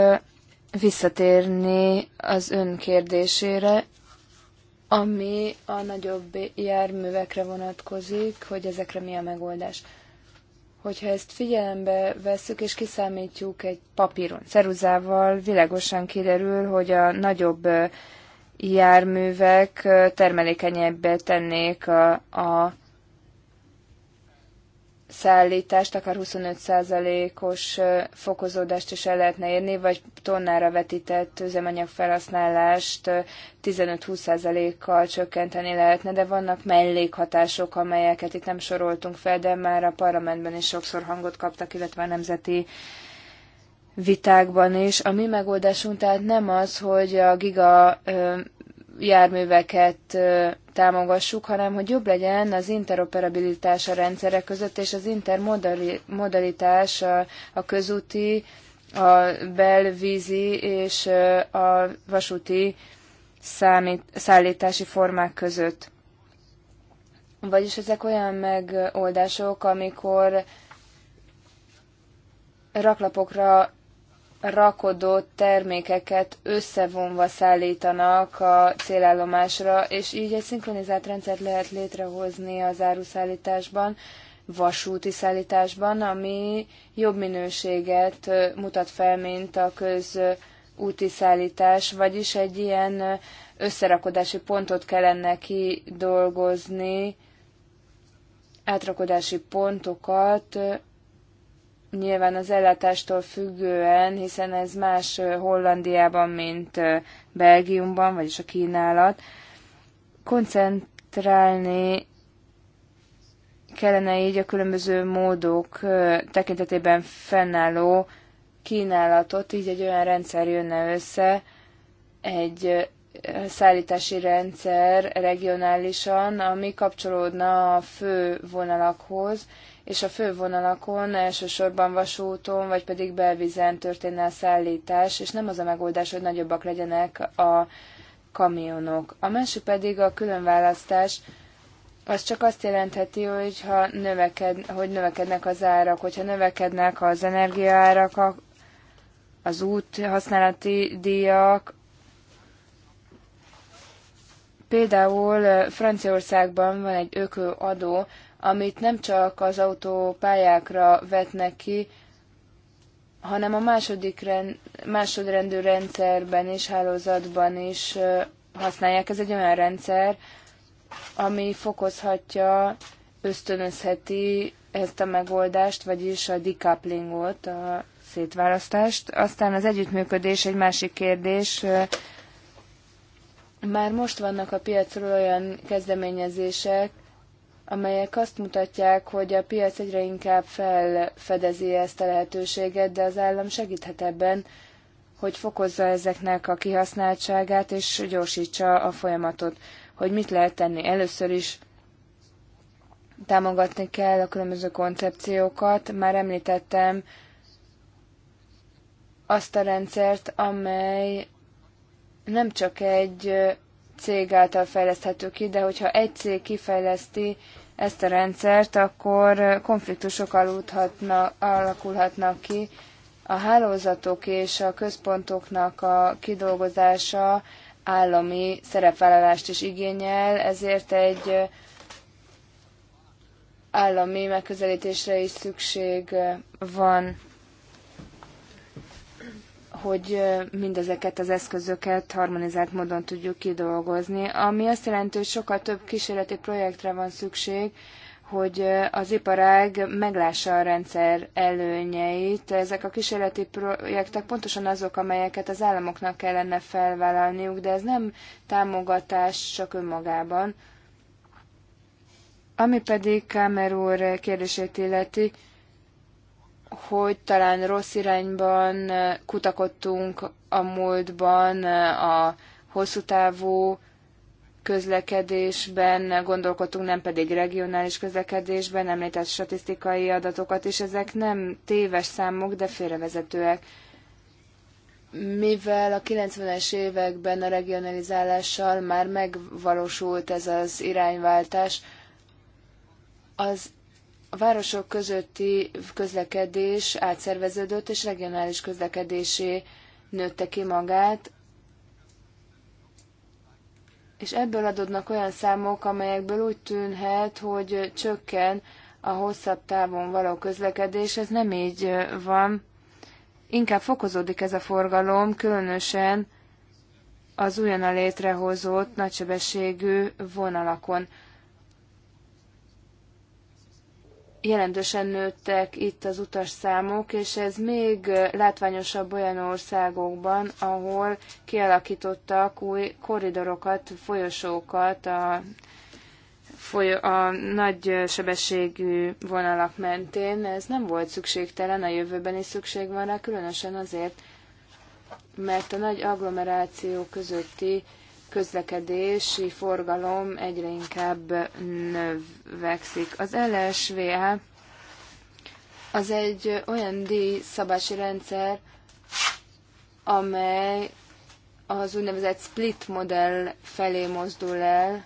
visszatérni az ön kérdésére, ami a nagyobb járművekre vonatkozik, hogy ezekre mi a megoldás. Hogyha ezt figyelembe vesszük és kiszámítjuk egy papíron, ceruzával, világosan kiderül, hogy a nagyobb járművek termelékenyebbé tennék a, a szállítást, akár 25%-os fokozódást is el lehetne érni, vagy tonnára vetített üzemanyag felhasználást 15-20%-kal csökkenteni lehetne, de vannak mellékhatások, amelyeket itt nem soroltunk fel, de már a parlamentben is sokszor hangot kaptak, illetve a nemzeti vitákban is. A mi megoldásunk tehát nem az, hogy a giga járműveket támogassuk, hanem hogy jobb legyen az interoperabilitás a rendszerek között, és az intermodalitás a, a közúti, a belvízi és a vasúti számít, szállítási formák között. Vagyis ezek olyan megoldások, amikor raklapokra rakodott termékeket összevonva szállítanak a célállomásra, és így egy szinkronizált rendszert lehet létrehozni az áruszállításban, vasúti szállításban, ami jobb minőséget mutat fel, mint a közúti szállítás, vagyis egy ilyen összerakodási pontot kellene kidolgozni, átrakodási pontokat nyilván az ellátástól függően, hiszen ez más Hollandiában, mint Belgiumban, vagyis a kínálat, koncentrálni kellene így a különböző módok tekintetében fennálló kínálatot, így egy olyan rendszer jönne össze, egy szállítási rendszer regionálisan, ami kapcsolódna a fő vonalakhoz, és a fővonalakon, elsősorban vasúton, vagy pedig belvizen történne a szállítás, és nem az a megoldás, hogy nagyobbak legyenek a kamionok. A másik pedig a különválasztás, az csak azt jelentheti, hogy ha növeked, hogy növekednek az árak, hogyha növekednek az energiaárak, az út használati díjak, Például Franciaországban van egy adó amit nem csak az autópályákra vetnek ki, hanem a második rend, másodrendű rendszerben és hálózatban is használják. Ez egy olyan rendszer, ami fokozhatja, ösztönözheti ezt a megoldást, vagyis a decouplingot, a szétválasztást. Aztán az együttműködés egy másik kérdés. Már most vannak a piacról olyan kezdeményezések, amelyek azt mutatják, hogy a piac egyre inkább felfedezi ezt a lehetőséget, de az állam segíthet ebben, hogy fokozza ezeknek a kihasználtságát és gyorsítsa a folyamatot. Hogy mit lehet tenni? Először is támogatni kell a különböző koncepciókat. Már említettem azt a rendszert, amely nem csak egy cég által fejleszthető ki, de hogyha egy cég kifejleszti ezt a rendszert, akkor konfliktusok alakulhatnak ki. A hálózatok és a központoknak a kidolgozása állami szerepvállalást is igényel, ezért egy állami megközelítésre is szükség van hogy mindezeket az eszközöket harmonizált módon tudjuk kidolgozni, ami azt jelenti, hogy sokkal több kísérleti projektre van szükség, hogy az iparág meglássa a rendszer előnyeit. Ezek a kísérleti projektek pontosan azok, amelyeket az államoknak kellene felvállalniuk, de ez nem támogatás csak önmagában. Ami pedig Kámer úr kérdését illeti, hogy talán rossz irányban eh, kutakodtunk a múltban eh, a hosszú távú közlekedésben gondolkodtunk, nem pedig regionális közlekedésben, említett statisztikai adatokat, és ezek nem téves számok, de félrevezetőek. Mivel a 90-es években a regionalizálással már megvalósult ez az irányváltás, az a városok közötti közlekedés átszerveződött, és regionális közlekedésé nőtte ki magát, és ebből adódnak olyan számok, amelyekből úgy tűnhet, hogy csökken a hosszabb távon való közlekedés. Ez nem így van. Inkább fokozódik ez a forgalom, különösen az újonnan létrehozott nagysebességű vonalakon. jelentősen nőttek itt az utasszámok, és ez még látványosabb olyan országokban, ahol kialakítottak új koridorokat, folyosókat a, folyo- a nagy sebességű vonalak mentén. Ez nem volt szükségtelen, a jövőben is szükség van rá, különösen azért, mert a nagy agglomeráció közötti közlekedési forgalom egyre inkább növekszik. Az LSVA az egy olyan díjszabási rendszer, amely az úgynevezett split modell felé mozdul el,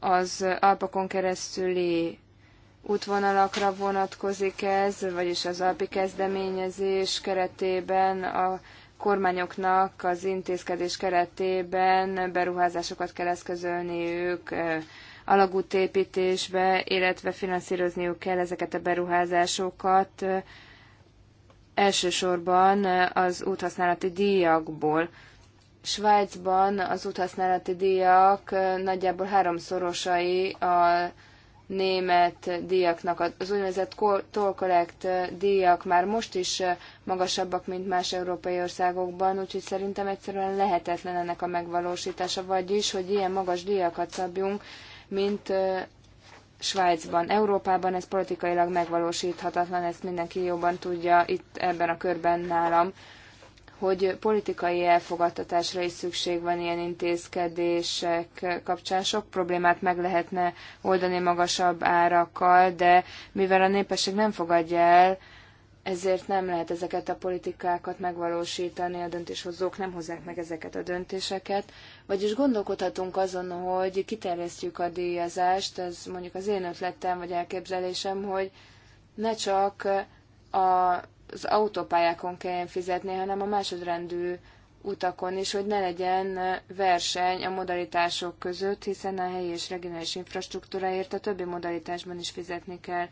az alpakon keresztüli útvonalakra vonatkozik ez, vagyis az Alpi kezdeményezés keretében a kormányoknak az intézkedés keretében beruházásokat kell eszközölniük, alagútépítésbe, illetve finanszírozniuk kell ezeket a beruházásokat, elsősorban az úthasználati díjakból. Svájcban az úthasználati díjak nagyjából háromszorosai a német díjaknak, az úgynevezett toll collect díjak már most is magasabbak, mint más európai országokban, úgyhogy szerintem egyszerűen lehetetlen ennek a megvalósítása, vagyis, hogy ilyen magas díjakat szabjunk, mint Svájcban, Európában ez politikailag megvalósíthatatlan, ezt mindenki jobban tudja itt ebben a körben nálam hogy politikai elfogadtatásra is szükség van ilyen intézkedések kapcsán. Sok problémát meg lehetne oldani magasabb árakkal, de mivel a népesség nem fogadja el, ezért nem lehet ezeket a politikákat megvalósítani, a döntéshozók nem hozzák meg ezeket a döntéseket. Vagyis gondolkodhatunk azon, hogy kiterjesztjük a díjazást, ez mondjuk az én ötletem vagy elképzelésem, hogy ne csak a az autópályákon kelljen fizetni, hanem a másodrendű utakon is, hogy ne legyen verseny a modalitások között, hiszen a helyi és regionális infrastruktúráért a többi modalitásban is fizetni kell.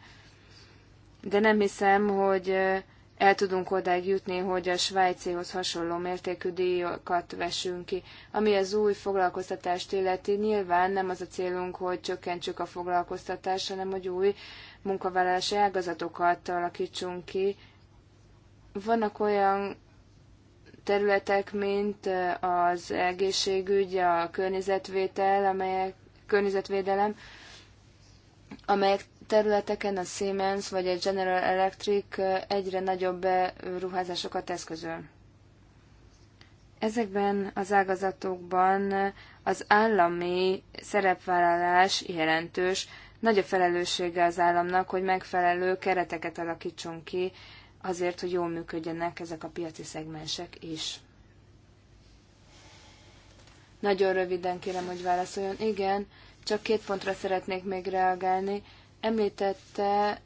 De nem hiszem, hogy el tudunk odáig jutni, hogy a svájcihoz hasonló mértékű díjakat vessünk ki. Ami az új foglalkoztatást illeti, nyilván nem az a célunk, hogy csökkentsük a foglalkoztatást, hanem hogy új munkavállalási ágazatokat alakítsunk ki, vannak olyan területek, mint az egészségügy, a környezetvétel, amelyek, környezetvédelem, amelyek területeken a Siemens vagy a General Electric egyre nagyobb beruházásokat eszközöl. Ezekben az ágazatokban az állami szerepvállalás jelentős, nagy a felelőssége az államnak, hogy megfelelő kereteket alakítson ki azért, hogy jól működjenek ezek a piaci szegmensek is. Nagyon röviden kérem, hogy válaszoljon. Igen, csak két pontra szeretnék még reagálni. Említette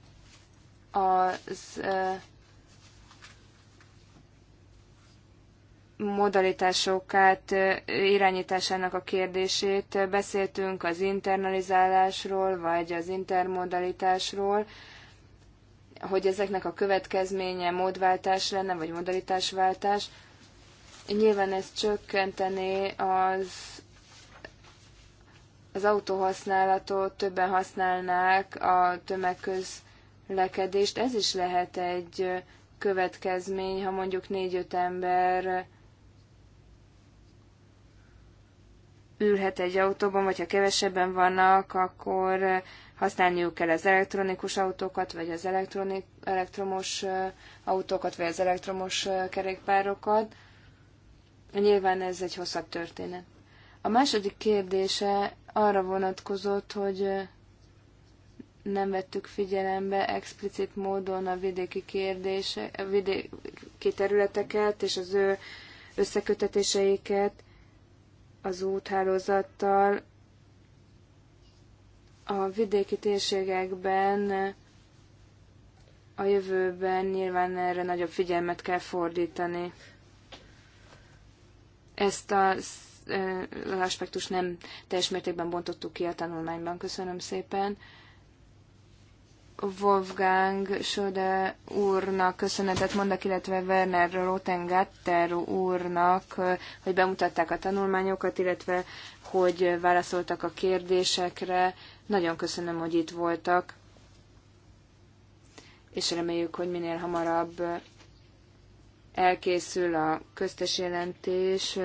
az modalitásokat, irányításának a kérdését. Beszéltünk az internalizálásról, vagy az intermodalitásról hogy ezeknek a következménye módváltás lenne, vagy modalitásváltás. Nyilván ez csökkentené az az autóhasználatot, többen használnák a tömegközlekedést. Ez is lehet egy következmény, ha mondjuk négy-öt ember ülhet egy autóban, vagy ha kevesebben vannak, akkor használniuk kell az elektronikus autókat, vagy az elektronik, elektromos autókat, vagy az elektromos kerékpárokat. Nyilván ez egy hosszabb történet. A második kérdése arra vonatkozott, hogy nem vettük figyelembe explicit módon a vidéki kérdése, a vidéki területeket és az ő összekötetéseiket az úthálózattal, a vidéki térségekben a jövőben nyilván erre nagyobb figyelmet kell fordítani. ezt a e, az aspektus nem teljes mértékben bontottuk ki a tanulmányban. Köszönöm szépen. Wolfgang Söde úrnak köszönetet mondok, illetve Werner Rotengatter úrnak, e, hogy bemutatták a tanulmányokat, illetve hogy válaszoltak a kérdésekre, nagyon köszönöm, hogy itt voltak, és reméljük, hogy minél hamarabb elkészül a köztes jelentés,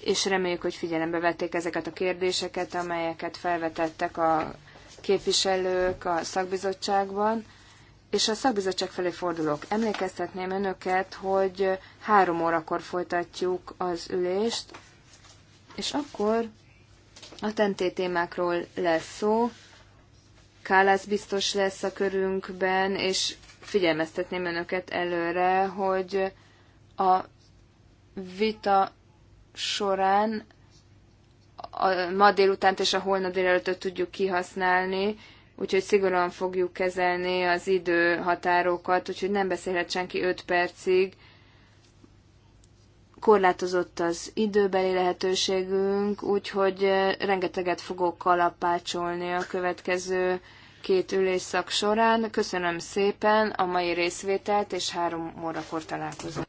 és reméljük, hogy figyelembe vették ezeket a kérdéseket, amelyeket felvetettek a képviselők a szakbizottságban. És a szakbizottság felé fordulok. Emlékeztetném önöket, hogy három órakor folytatjuk az ülést, és akkor a tenté témákról lesz szó. Kálász biztos lesz a körünkben, és figyelmeztetném önöket előre, hogy a vita során a ma délután és a holnap délelőttöt tudjuk kihasználni, úgyhogy szigorúan fogjuk kezelni az idő határokat, úgyhogy nem beszélhet senki 5 percig, korlátozott az időbeli lehetőségünk, úgyhogy eh, rengeteget fogok kalapácsolni a következő két ülésszak során. Köszönöm szépen a mai részvételt, és három órakor találkozunk.